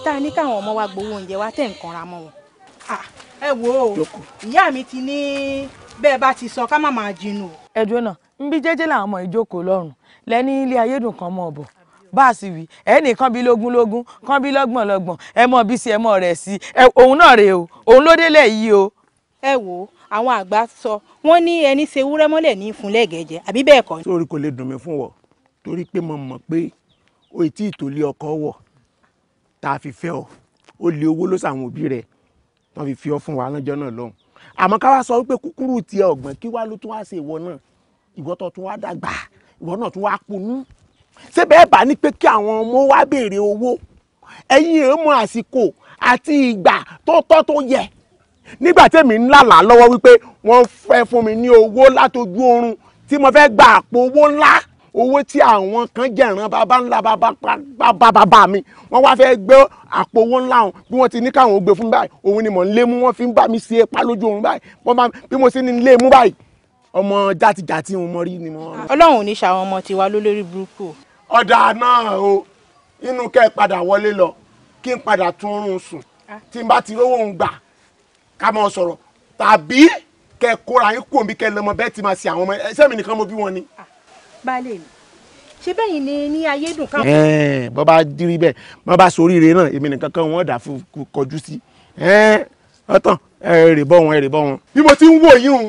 tá a ní káwọn ọmọ wa gbowó oúnjẹ wa tẹ̀ ń kanra mọ́ wọn. ẹ wo ìyá mi ti ní bẹ́ẹ̀ bá ti sọ ká má máa jinú. ẹ̀dùn náà ń bí jẹ́jẹ́ làwọn ọmọ ìjókòó lọ́rùn lẹ́ni ilé ayédùn kan mọ̀ ọ̀bọ̀ bá a sì wí ẹnì kan bí lógún lógún kan bí lọ́gbọ̀n lọ́gbọ̀n ẹ mọ̀ bí sí ẹ mọ̀ rẹ̀ sí òun náà rèé o òun ló délẹ̀ yìí o. ẹ wo àwọn àgbà sọ wọ́n ní ẹni ṣe ewúrẹ́ mọ́lẹ̀ ní ìfúnlẹ̀gẹ̀jẹ̀ àbí bẹ́ẹ̀ kọ́. sórí kò lè dùn mí fún wọ torí pé mo mọ̀ pé o ì tí ì tó lé ọkọ wọ̀ tá a fi fẹ́ ọ o lé owó ló sàwọn òbí rẹ̀ wọ́n fi fi ọ fún wa lọ́jọ́ náà lọ́hùn àmọ́ ká wá sọ wípé kúkúrú tiẹ̀ ọ̀gbọ́n kí wá ló tún wá ṣe ìwọ náà ìwọ tó tún wá dàgbà ìwọ náà tún wá kunú ṣé bẹ́ẹ̀ bá ní pé kí àwọn ọmọ wá béèrè owó ẹ̀yin èèmọ̀ àsìkò àti ìgbà tó tọ́ tó yẹ nígbà tèmi ń lálàá lọ́wọ́ wípé wọ́n fẹ́ fún mi ní owó látojú oorun tí mo fẹ́ gba àpò owó ńlá owó tí àwọn kan jẹ̀ràn bàbá ńlá bàbá bàbá mi wọ́n wá fẹ́ gbé àpò owó ńlá ọ̀hún bí wọ́n ti ní káwọn gbé fún báyìí òun ni mò ń lé mú wọ́n fi ń bá mi ṣe pa lójú oorun báyìí bí mo ṣe ní lé mú báyìí ọmọ játijàti òun rí ni mo. ọlọ́run ò ní ṣàwọn ọmọ tiwa lólórí burúkú. ọ̀dà náà o inú kẹ́ ẹ padà wọlé lọ kí n padà tún oorun sùn ah. tí n bá ti rówó ń gbà ká máa sọ̀rọ̀ tàbí kẹ kóra yín kú omi kẹ lọmọ bẹ́ẹ̀ ti máa ṣe àwọn ọmọ ẹsẹ mi nìkan mo bí wọn ni. Ah, baálé mi ṣé bẹ́ẹ̀ ni ní ayé dùn ká. bọ́ bá dirí bẹ́ẹ̀ bọ́ bá soríire náà èmi nìkan kan wọ́n dà fún kọjú sí ọ̀tàn ẹ̀rẹ̀ bọ́ wọn ẹ̀rẹ̀ bọ́ wọn. bí mo ti ń wò yín o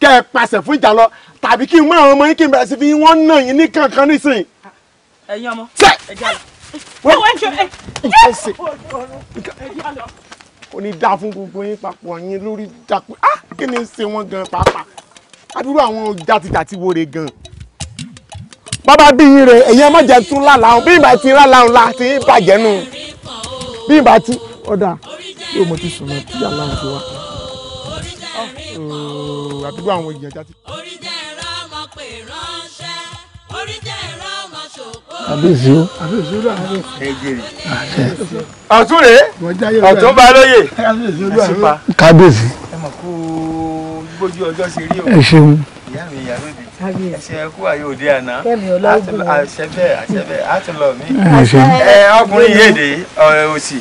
kẹ ẹ pàṣẹ fún ìjà lọ tàbí kí n mọ àwọn ọmọ yín kí n bẹ̀rẹ̀ sí fi wọ́n nà yín ní kankan nísìn. Ah, ẹ̀yin ọmọ ẹ jẹ́ àlọ́ ó ní dá fún gbogbo yín papọ̀ yín lórí dàpẹ́ á ah, kí ni ń ṣe wọ́n gan pàápàá adúrú àwọn jàtìjàtì wo gan. bàbá bí yín rè èyí ẹ má jẹ tún lálàá bí ìbá ti lálàá ńlá ti bàjẹ́ nù bí ìbá ti ọ̀dà yóò mọ̀ ti sùn náà tí yàrá ń fi wá. Ah, àdúgbò àwọn èèyàn jàtì. orí jẹ́ ẹ̀rọ ọmọ pè ránṣẹ́ orí kábíyèsí o. ọ̀tún rèé ọ̀tún bá lóye kábíyèsí. ẹ mọ̀ kó gbójú ọjọ́ ṣe rí o. ẹ ṣeun. ìyá mi ìyá lóde ẹsẹ kú ayé òde àná àṣẹbẹ àṣẹbẹ àtúnlọ mi ẹ ọkùnrin yéèdè òsì.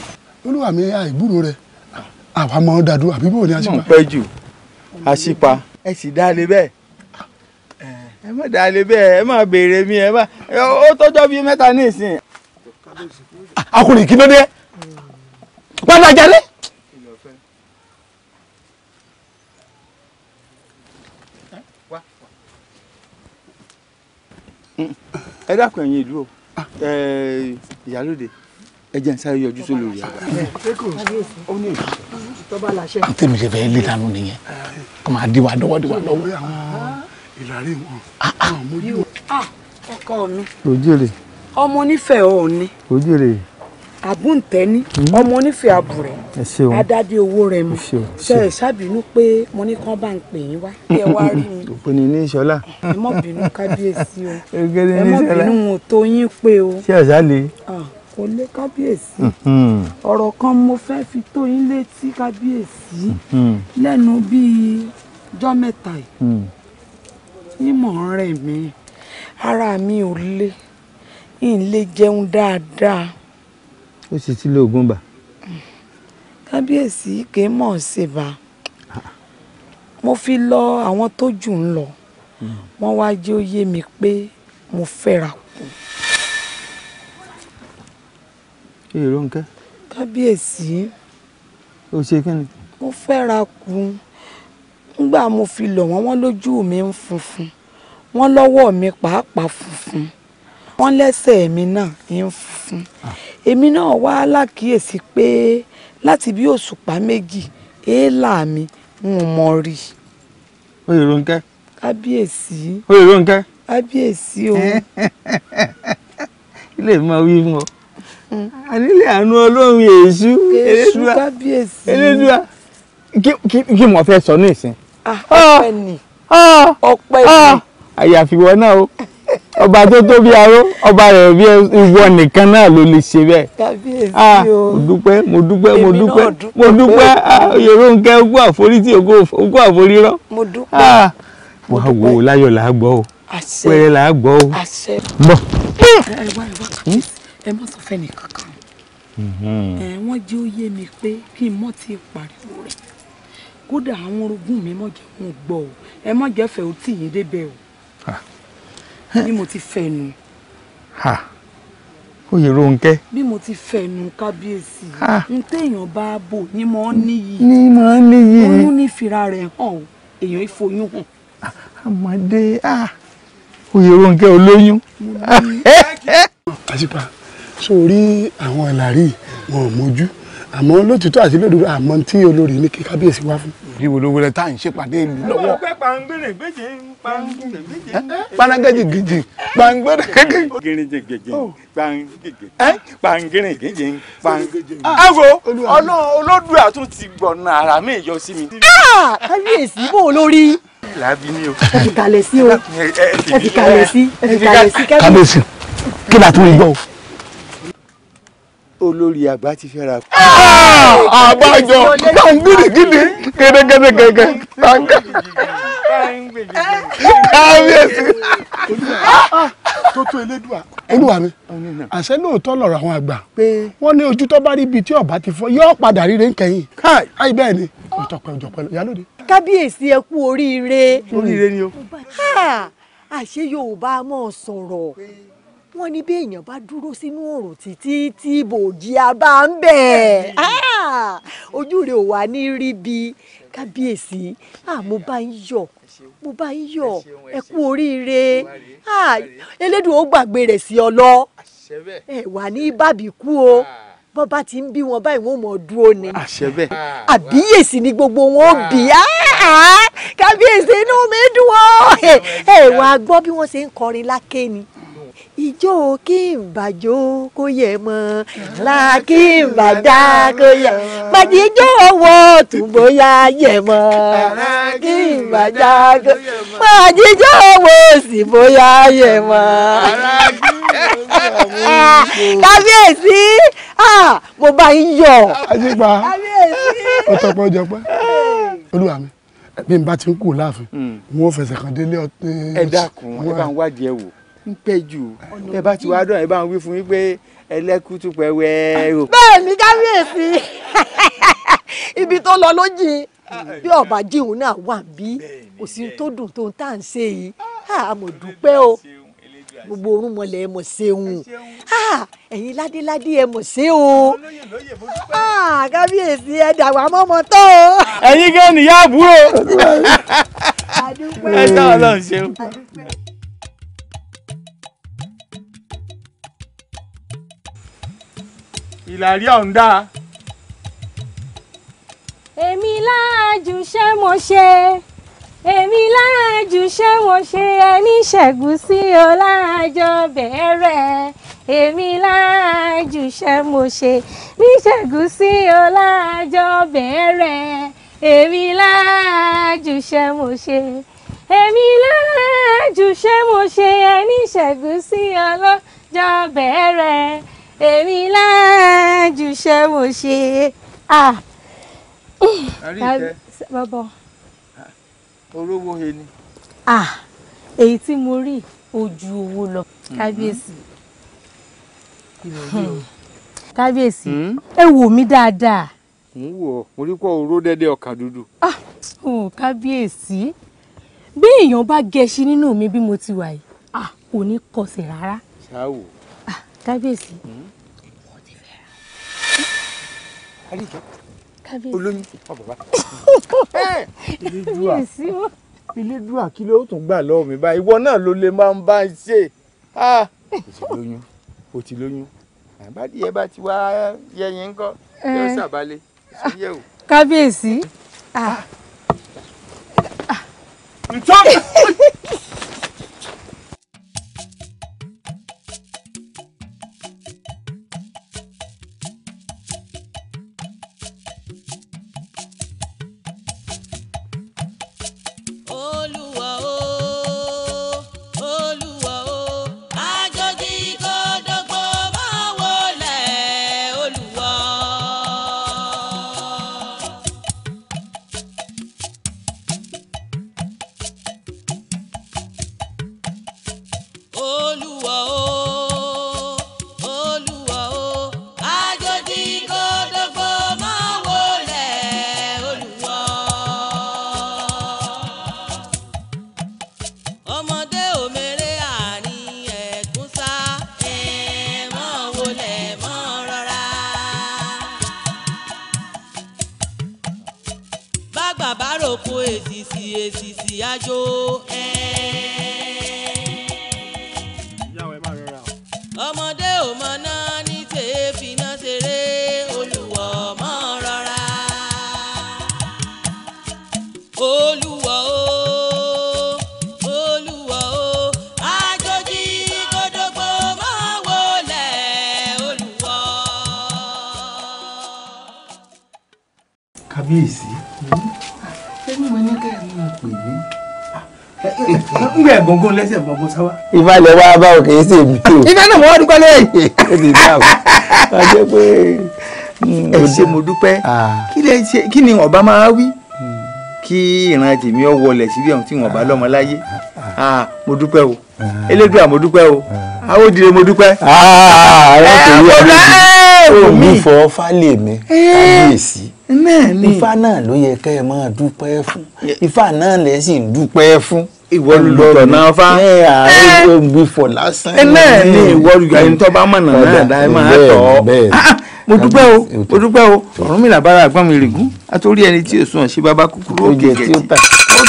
olúwa mi àìbúrò rẹ àwa máa ń dàdú àbí bò ní àṣìpa. mọ̀ ń pẹ́ jù àṣìpa ẹ sì dá lé bẹ́ẹ̀ ẹ má dà lé bẹ́ẹ̀ ẹ má béèrè mi ẹ má ó tọ́jọ́ bíi mẹ́ta ní ìsìn. akùnrin kí ló dé wọn lọ jẹrẹ. ẹ dákun ẹ̀yin ìlú o ìyálóde ẹ jẹ́ n sáré yọjú sí olórí àgbà. tèmi ṣe fẹ́ lé dànù nìyẹn kó máa di wa dọ́wọ́ di wa dọ́wọ́ ìlàrí wọn ah, ah. àwọn mojú wọn. Ah, ọkọ mi. òjèrè. ọmọ onífẹ̀ẹ́ ọ̀ọ́ni. òjèrè. àbúntẹ́ni hmm? ọmọ onífẹ̀ẹ́ àbùrẹ́. ẹ ṣeun adáde owó rẹ mi. ṣe é ṣàbínú pé mo ní kán bá ń pè yín wá. ẹ wá rí mi. *laughs* òpin ní ìṣọlá. ẹ mọ̀ bínú kábíyèsí o. *laughs* ẹ mọ̀ bínú wọn tó yín pé o. ṣé ọ̀sá le kò lé kábíyèsí hmm. ọ̀rọ̀ kan mo fẹ́ fi tó yín létí kábíyèsí hmm. lẹ́nu bíi jọ́ yìí nímọ̀ rẹ̀ mí ara mi ò le n lè jẹun dáadáa. ó sì ti lóògùn bà. kábíyèsí kì í mọ̀ ṣe bá ah. mo fi lọ àwọn tó jù ń lọ hmm. wọ́n wá jẹ́ ó mi pé mo fẹ́ra kù. èrò ń kẹ́. kábíyèsí. o ṣe kí ni. mo fẹ́ra kù ńgbà mo fi lọ̀ wọ́n wọ́n lójú mi ń funfun wọ́n lọ́wọ́ mi pàápàá funfun wọ́n lẹ́sẹ̀ mi náà ń funfun ah. èmi náà wá lákìyèsí pé láti bí òṣùpá méjì èélà mi ń mọ rí. oyè Rónkẹ́. kábíyèsí. oyè Rónkẹ́. kábíyèsí o. *laughs* ilé mi máa wí fún ọ ànílé mm. àánú ọlọ́run èṣù èṣù kábíyèsí elédùá kí mo fẹ́ sọ ní ìsìn Ah, ah, ọpẹ́ ni ah, ọpẹ́ ni. àyàfi wọn náà o ọba tó tó bí aró ọba rẹ̀ bí ìwọ nìkan náà ló lè ṣe bẹ́ẹ̀. kábíyèsí o mo dúpẹ́ mo dúpẹ́ mo dúpẹ́ mo dúpẹ́ Yorùnkẹ́ ogún àforítì ogún àforírọ́. mo dúpẹ́. wàá wo láyọ̀ là á gbọ́ o pẹ̀rẹ̀ là á gbọ́ o. bọ̀. ẹ wá ẹ wá hmm? ẹ má sọ fẹ́ nìkan kan hmm. wọ́n jẹ́ ó yé mi pé kí n mọ́ ti pariwo rẹ̀ kódà àwọn orogún mi mọ̀ jẹ́ wọn gbọ́ ọ ẹ mọ̀ jẹ́ fẹ́ o tì yín débẹ̀ o bí mo ti fẹnu. oyè Rónkẹ́. bí mo ti fẹnu kábíyèsí n téèyàn bá bò ní mọ̀ ọ́ níyì. ní mọ̀ ọ́ níyì. oyún ní fira rẹ̀ hàn o èèyàn ìfoyún hàn. àmọ́dé oyè Rónkẹ́ olóyún. àṣìpà sórí àwọn ìlàrí wọn ò mójú àmọ́ lótìtọ́ àti lódodo àmọ́ tí olórí ní kí kábíyèsí wá fún bí wo ló wẹrẹ tá à ń ṣèpàdé ìlú lọ́wọ́. panagẹ́jì gidi pangbẹ́rẹ́ gidi. pangbẹ́rẹ́ gidi. Oh. Ah, ẹ wo olódùn àtún ti gbọ̀nà ara mi yọ sí mi. kábíyèsí ah, bò lórí. làbí ni o. ẹ fi kalẹ̀ sí o ẹ fi kalẹ̀ sí ẹ fi kalẹ̀ sí kábíyèsí. kábíyèsí kí ni a tún lè gbọ́ o olórí àgbà ti fẹ́ ra kú. àbájọ náà gidigidi gẹgẹdẹ gẹgẹ tàǹkà kábíyèsí. tótó elédùà olúwa mi àṣẹ lóòótọ́ lọ̀rọ̀ àwọn àgbà pé wọ́n ní ojú tó bá rí ibi tí ọba ti fọ́ yóò padà ríre ńkẹyìn káì bẹ́ẹ̀ ni ọ̀tọ̀pẹ̀ ọ̀jọ̀pẹ̀ yálòdì. kábíyèsí ẹ kú oríire. oríire ni o. àṣé yorùbá mọ̀ sọ̀rọ̀ wọ́n ní bí èèyàn bá dúró sínú òrùn títí tí bòjì a bá ń bẹ̀ ah! ojú rẹ̀ ò wá ní rí bí kábíyèsí ah, mo bá ń yọ̀ mo bá ń yọ̀ ẹ kú oríire ah, elédùn ó gbàgbé rẹ̀ sí ọ lọ ẹ wà ní bàbí kú o bọ́ bá ti ń bí wọn báyìí wọn ò mọ̀ dúró ni àbíyèsí ni gbogbo wọn ó bí á kábíyèsí inú mi dùn ó ẹ wàá gbọ́ bí wọ́n ṣe ń kọrin lákè ni ijó kí n bàjó kó yẹ mọ là kí n bàdá kó yẹ bàjẹ́ ijó wọ túbọ̀ yá yẹ mọ là kí n bàdá kó yẹ mọ bàjẹ́ ijó wọ sì bóyá yẹ mọ. kábíyèsí mo bá yín yọ̀. àyípa ọ̀tọ̀pọ̀ ọjọ́pẹ́ olúwa mi bí n bá ti ń kú láàfin wọn hmm. ò fẹsẹ̀ kan délé ọtí. ẹ dákun ẹ bá ń wádìí ẹ wò ń pẹ́ jù ẹ bá ti wá dùn ẹ bá ń wí fún yín pé ẹlẹ́kú tún pẹ́ wẹ́ o. bẹ́ẹ̀ ni kábíyèsí *laughs* ibi tó lọ ló jìn bí ọba jíhun náà wà bí kò sí tó dùn tó ń tà ń ṣe yìí àmọ̀ ah, dúpẹ́ o gbogbo orun mọlẹ ẹ mọ ṣeun ẹyin ládéládé ẹ mọ ṣe o kábíyèsí ẹ dàgbà mọmọ tó o. ẹyin gan nìyá àbúrò ẹ sọ Ọlọ́run ṣeun. ìlàrí ọ̀hún dáa. èmi láàjù ṣé mo ṣe èmi láàjù ṣé mo ṣe ẹni ṣẹ́gun sí o láàjọ bẹ̀rẹ̀ èmi láàjù ṣé mo ṣe ní ṣẹ́gun sí o láàjọ bẹ̀rẹ̀ èmi láàjù ṣé mo ṣe èmi láàjù ṣé mo ṣe ẹni ṣẹ́gun sí ọlọ́jọ́ bẹ̀rẹ̀ èmi láàjù ṣe mo ṣe à. Ah. àríkẹ́ bàbá orówó he ni. Ah. èyí tí mo rí ojú owó lọ mhm. kábíyèsí hmm. kábíyèsí hmm? ẹ wò mí dáadáa. mo ń wò ọ mo rí pọ oró dẹdẹ ọkà dúdú. ó ah. kábíyèsí bí èèyàn bá gẹṣin nínú mi bí mo ti wà yìí kò ní kọsẹ̀ rárá. ṣáà wò. kábíyèsí hmm? àríkẹ́ olóyún ọ̀bọ̀ oh, bá. *laughs* ilédùà ilédùà kí ló tún gbà lọ́wọ́ mi báyìí ìwọ náà ló lè máa ń bá ń ṣe o ti lóyún o ti lóyún àbádìí ẹ bá ti wá yẹyin ńkọ́ eh. yóò ṣàbálẹ̀ ìṣòyẹ o. kábíyèsí. Ah. ntọ́. *laughs* ẹlẹ́sẹ̀ mọ́ mo sáwá. ìfà lẹ wá bá òkè ṣe mí o. ìfẹ́ náà mo wọ́n dúpẹ́ lẹ́yìn. ó ti dá o a jẹ́ pé. Mm, ẹ ṣe mo dúpẹ́ ah. kí ni ọba máa wí hmm. kí ìran tèmi ọ wọlẹ̀ síbi ọ̀hún tí wọn bá lọ́mọ láyé ah. Ah, mo dúpẹ́ o elédùà mo dúpẹ́ o awódìrẹ mo dúpẹ́. àwọn tèmi ọdún yìí omi fọ fálè mi kábíyèsí ifá náà ló yẹ kẹ́ ẹ máa dúpẹ́ fún ifá náà lẹ sì ń dúpẹ́ fún ìwọ lùtọ̀ náà fa ààrẹ ògbì fọ̀ lásán ní ìwọ ẹni tó bá mọ̀nà náà dáa máa tọ̀ ọ́ ah, ah, mo dúpẹ́ o mo dúpẹ́ o Ọ̀rúnmìlà bára àgbọ̀n mi rìngún àtòrí ẹni tí èso hàn sí baba kúkúrú òkè kẹ̀tì mo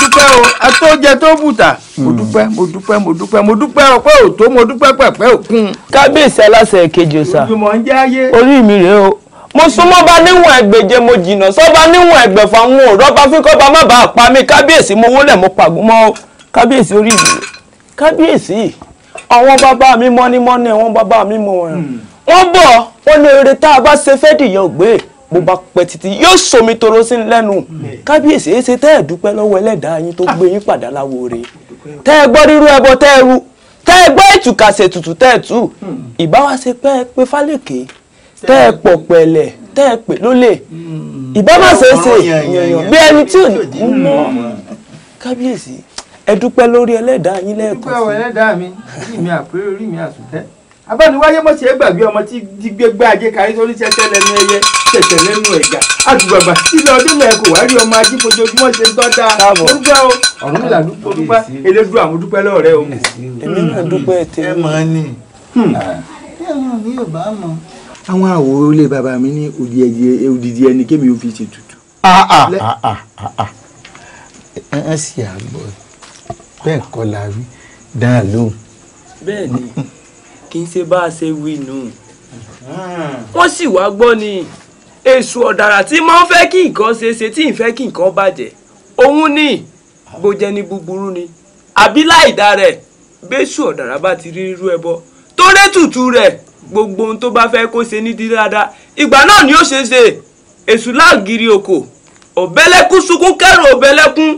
dúpẹ́ o àtòjẹ tó bùtà mo hmm. dúpẹ́ mo dúpẹ́ mo dúpẹ́ mo dúpẹ́ ọpẹ́ òtó mo dúpẹ́ pẹ̀pẹ́ òkun. kábíyèsí aláṣẹ kejì ọ̀sà orí mi rèé o mo súnmọ́ bá níwọ̀n ẹgbẹ̀je mo jìnnà sọ́ba níwọ̀n ẹgbẹ̀fà ń wò rọ́bà fínkọ́ba má bàa pa mí kábíyèsí mo wólẹ̀ mo pàgùn o kábíyèsí orí ìlú kábíyèsí àwọn bàbá mi mọ́nímọ́ní àwọn bàbá mi mọ̀ wọ́n hmm. wọ́n bọ̀ wọ́n lè rè tá a bá ṣe fẹ́ dìyẹ ògbé bó bá pẹ́ títí yóò somi toro sí lẹ́nu hmm. kábíyèsí ẹ ṣe tẹ́ ẹ̀ dúpẹ́ lọ́wọ́ ẹlẹ́dàá yín tó ah. gbé yín padà láwòrè tẹ́ ẹ gbọ́ rírú ẹbọ tẹ́ ẹ rú tẹ́ ẹ gbọ́ ìtùkàsẹ̀ tutù tẹ́ ẹ tú hmm. ìbáwá ṣe pẹ́ ẹ pé fálèké tẹ́ ẹ pọ̀ pẹ̀lẹ̀ tẹ́ ẹ pè lólè ìbá bí ẹni tí ò ní mọ́ kábíyèsí ẹ dúpẹ́ lórí ẹlẹ́dàá yín lẹ́ẹ̀kan sí. dúpẹ́ ẹlẹ́dàá mi orí mi àpérò orí mi àtúntẹ́. abániwáyé mọ̀ sí ẹgbàgbé ọmọ tí dígbé gbá ajé kárí sórí tẹ́tẹ́ lẹ́nu ẹyẹ tẹ̀tẹ̀ lẹ́nu ẹ̀gà àtùbàbà ilé ọdún lẹ̀ kò wá rí ọmọ ajé fojoojúmọ́ ṣe ń tọ́da dúpẹ́ o ọ̀run mi là dúpẹ́ elédùn àwọn dúpẹ́ lọ́ọ̀rẹ́ o. èmi náà hmm. dúpẹ́ tèmi. ẹ máa hmm. ah. ní àwọn àwòrán ilé bàbá mi ní òdìdí ẹni kémi ò fi ṣètùtù. Ah, ah. ẹ ẹ sì àgbọ̀ ẹ bẹ́ẹ̀ kọ́ la wí dáa lóhùn. bẹ́ẹ̀ ni kì í ṣe bá a ṣe wí nù. wọ́n sì wá gbọ́ ni èṣù ọ̀dàrà tí mo ń fẹ́ kí nǹkan ṣe ṣe tí ń fẹ́ kí nǹkan bàjẹ́ òun ni bó jẹ́ ní búburú ni àbí láìda rẹ̀ bẹ́ṣù ọ̀dàrà bá ti rí irú ẹbọ tó rẹ́ tutù rẹ̀ gbogbo ohun tó bá fẹ́ kó ṣe ní dídí dáadáa ìgbà náà ni ó ṣe ṣe èṣù láàgìrì oko ọ̀bẹ́lẹ́kún sunkún kẹ́rù ọ̀bẹ́lẹ́kún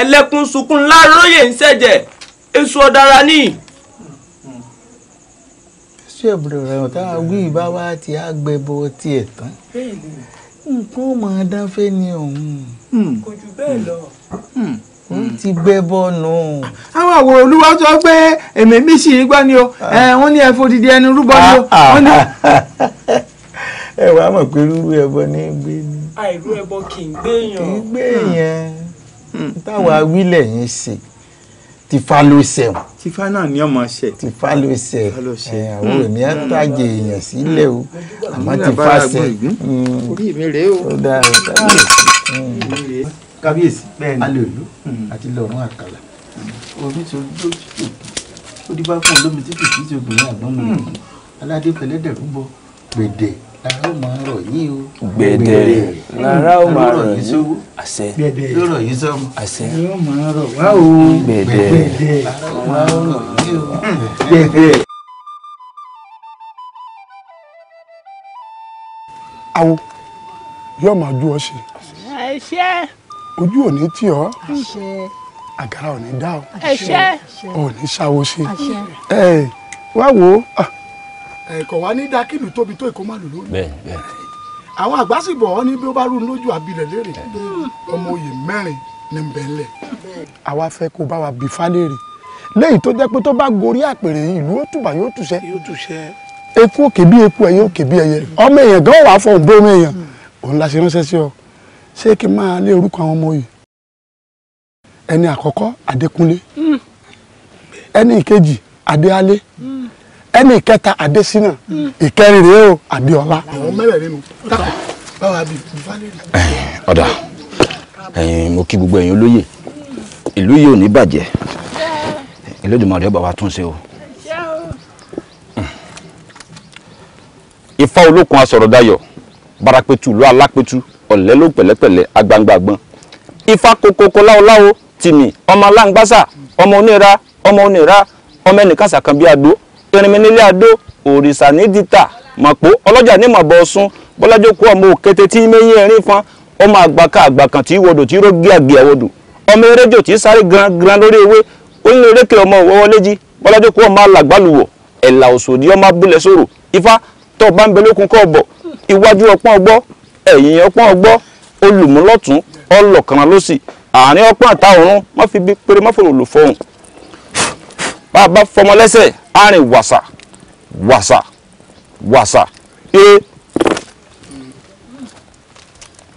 ẹlẹ́kùn sunkún láròyè ń ṣẹ̀jẹ̀ èso ọ̀dàrà ni. ṣé ìbúrò rẹ̀ ọ̀tá wí bá wá ti àgbẹ̀bọ tiẹ̀ tán nǹkan máa dán fẹ́ ni òun. Hmm. kò jù bẹ́ẹ̀ lọ. Hmm. ó ti gbẹ bọ́ọ̀nù. àwọn àwòrán olúwa sọ pé èmi mi sì gbọ́ ni o ah. wọ́n ní ẹ̀fọ́ dídí ẹni rúbọ ni o. Ah, ah. *laughs* ẹ wàá mọ̀ pé rúru ẹbọ ní gbé ni. àìrú ẹbọ kì í gbé yàn. kì í gbé yàn táwa wílẹ̀ yín ṣe tìfa ló ṣẹ̀wọ̀n. tìfa náà ni ọmọ ṣe. tìfa ló ṣe àwọn èmi á hmm. tàjẹ èèyàn sílẹ̀ o àmọ́ tìfa ṣe. Hmm. orí mi rèé o. ó dára kábíyèsí. kábíyèsí alèlú hmm. àti lọ́rùn àkàlà. omi tó lójú ó dí bá fún olómi títí títí obìnrin àgbọ̀n mi aládé pẹ̀lẹ́dẹ̀ rúbọ gbèdè lára ó máa rọ̀ yín o. gbẹ̀dẹ̀ lára ó máa rọ̀ yín sówó. àṣẹ gbẹ̀dẹ̀ ló rọ̀ yín sọ́mu. àṣẹ ni ó máa rọ̀ wá o. gbẹ̀dẹ̀ lára ó máa rọ̀ yín o. gbẹ̀dẹ̀. awo yóò máa ju ọ ṣe. àṣẹ. ojú ò ní tì ọ́. àṣẹ. àgàrà ò ní dá ọ. àṣẹ. ò ní ṣàwọ́ ṣe. àṣẹ. ẹ wá wo. Ah ẹ̀kọ́ wa ní dákìlù tóbi tó ìkó má lò lórí. bẹ́ẹ̀ bẹ́ẹ̀. àwọn àgbà sì bọ̀ ọ́ ní bí ó bá rú lójú àbílẹ̀ lérè ọmọ oyè mẹ́rin ní ń bẹ̀ ńlẹ̀. àwa fẹ́ kó bá wa bí fálẹ́rì léyìí tó jẹ́ pé tó bá gorí àpèrè ìlú ó tùbà yóò túṣẹ́. yóò túṣẹ́. eku òkè bí eku ẹyẹ òkè bí ẹyẹ ọmọ èèyàn gan wàá fọ òǹbó ọmọ èèyàn òun la ṣe ránṣẹ́ sí ọ ṣé kí n máa lé orúkọ àwọn ọmọ yìí ẹni àkọ́kọ́ Adékúnlé hmm. ẹni ìkejì Adéalé. Mm ẹnì kẹta Adésínà ìkẹrin rèé o Abíọ́lá. àwọn mẹ́rẹ̀ẹ̀rin nu báwa bí Valeri. ọ̀dà mo kí gbogbo ẹ̀yin olóyè ìlú yìí ò ní bàjẹ́ Elédùmarè ọba wa tún ṣe o. Hmm. ifá olókun asọ̀rọ̀dayọ̀ barapẹ̀tù ló alápẹ̀tù ọ̀lẹ́ ló pẹ̀lẹ́pẹ̀lẹ́ agbangbagbọ́n ifá kokoko láoláwo tìmì ọmọ aláǹgbásà ọmọ onira ọmọ onira ọmọ ẹnìkàsà kan bí adó pẹ̀rìnmi nílé adó òrìṣà ní dìtà mọ̀pó ọlọ́jà ní mọ̀bọ ọ̀sùn bọ́lájọ́ kú ọmọ òkété tí mẹ́yìn ẹ̀rín fún ọmọ àgbàkà àgbàkàn tí wodò tí ró gíàgíà wodò ọmọ eréjò tí sáré gan gan lórí ewé onílé erékè ọmọ òwọ́wọ́léjì bọ́lájọ́ kú ọmọ alàgbàlùwọ̀ ẹ̀là òṣòdì ọmọ abúlẹ̀ sòrò ifá tó bá ń bẹ lókun kọ́ ọ̀bọ̀ iwájú ọpọ́n ọgbọ́ ẹ̀yìn ọpọ́n ọgbọ́ olùmúlọ́tún ọlọ́kànlá lọ́sì àárín ọpọ́n àtàwọn má fi lò fọ́hùn bá a bá fọmọ lẹ́sẹ̀ á rìn wàsà wàsà wàsà pé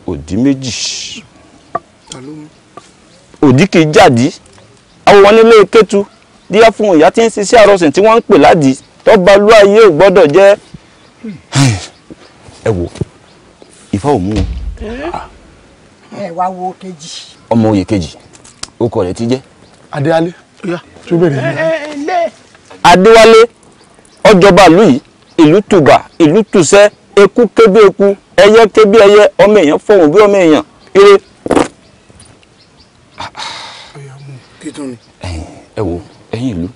òdì méjì òdì kì í jáde àwọn wọn nílé kẹtù díẹ̀ fún ìyá tí ń ṣiṣẹ́ àrọsìn tí wọ́n ń pè ládìí tó bá lú ayé ò gbọ́dọ̀ jẹ́ ẹ wò ìfá ò mú wọn. ẹ wá wo kejì. ọmọ oyè kejì ó kọ rẹ ti jẹ. adéalé tó bẹ̀rẹ̀ yìí adéwálé ọjọba ìlú yìí ìlú tùbà ìlú tùsẹ eku kébé eku ẹyẹ kébé ẹyẹ ọmọ èèyàn fọhùn bí ọmọ èèyàn eré. ẹ wo ẹ̀yin ìlú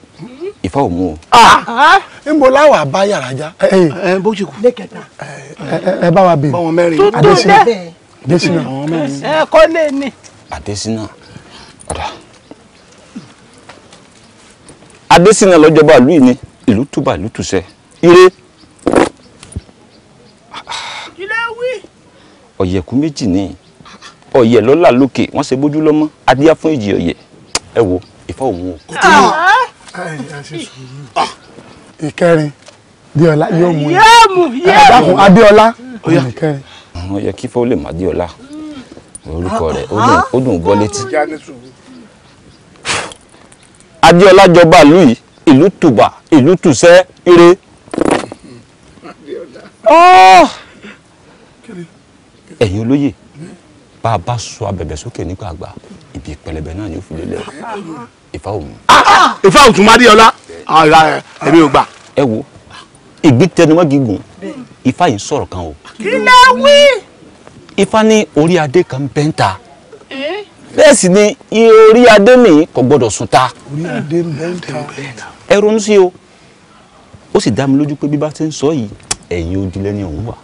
ìfá ò mú o. Ah! Ah! n bọ láwọn àbá yàrá já. ẹ eh, eh, bó ṣe kú. Eh, ẹ bá wa bèrè. báwọn mẹ́rin adésínà adésínà. ẹ kọ́ lé ní. adésínà adésínà lọ́jọba ìlú yìí ni ìlú túbà ìlú tùsẹ̀ ire. ilé wí. ọ̀yẹ̀kú méjì ni ọ̀yẹ̀ lọ́lá lókè wọ́n ṣe bójú lọ́mọ́ adíyá fún ìjì ọ̀yẹ̀ ẹ wo ìfọ́ òun o. ìkẹrin diola yóò mú yóò mú yóò mú adiola ìkẹrin. ó yẹ kí fọ́ lè má diola mm. orúkọ rẹ̀ ó dùn ah. gbọ́ létí adéọlá jọba ìlú yìí ìlú tùbà ìlú tùsẹ́ ire. Ah! ẹ̀yin olóyè bá a bá sọ abẹ̀bẹ̀ sókè nígbà àgbà ibi pẹlẹbẹ náà ni ó fi lélẹ̀ ìfà òun. ìfà ah, ah! òun tún máa dé ọlá ẹ̀mí ò gbà. ẹ wo ìgbín tẹnumọ́ gígùn ifá yìí ń sọ̀rọ̀ kan o. kí lẹ wí. ifá ní orí adé kan bẹ́ńta eh? bẹ́ẹ̀ sì ni orí adé mi kò gbọ́dọ̀ sùn ta ẹ ronú sí o ó sì dá mi lójú pé bí bá ti ń sọ yìí ẹ̀yin ojúlẹ̀ ni òun wà.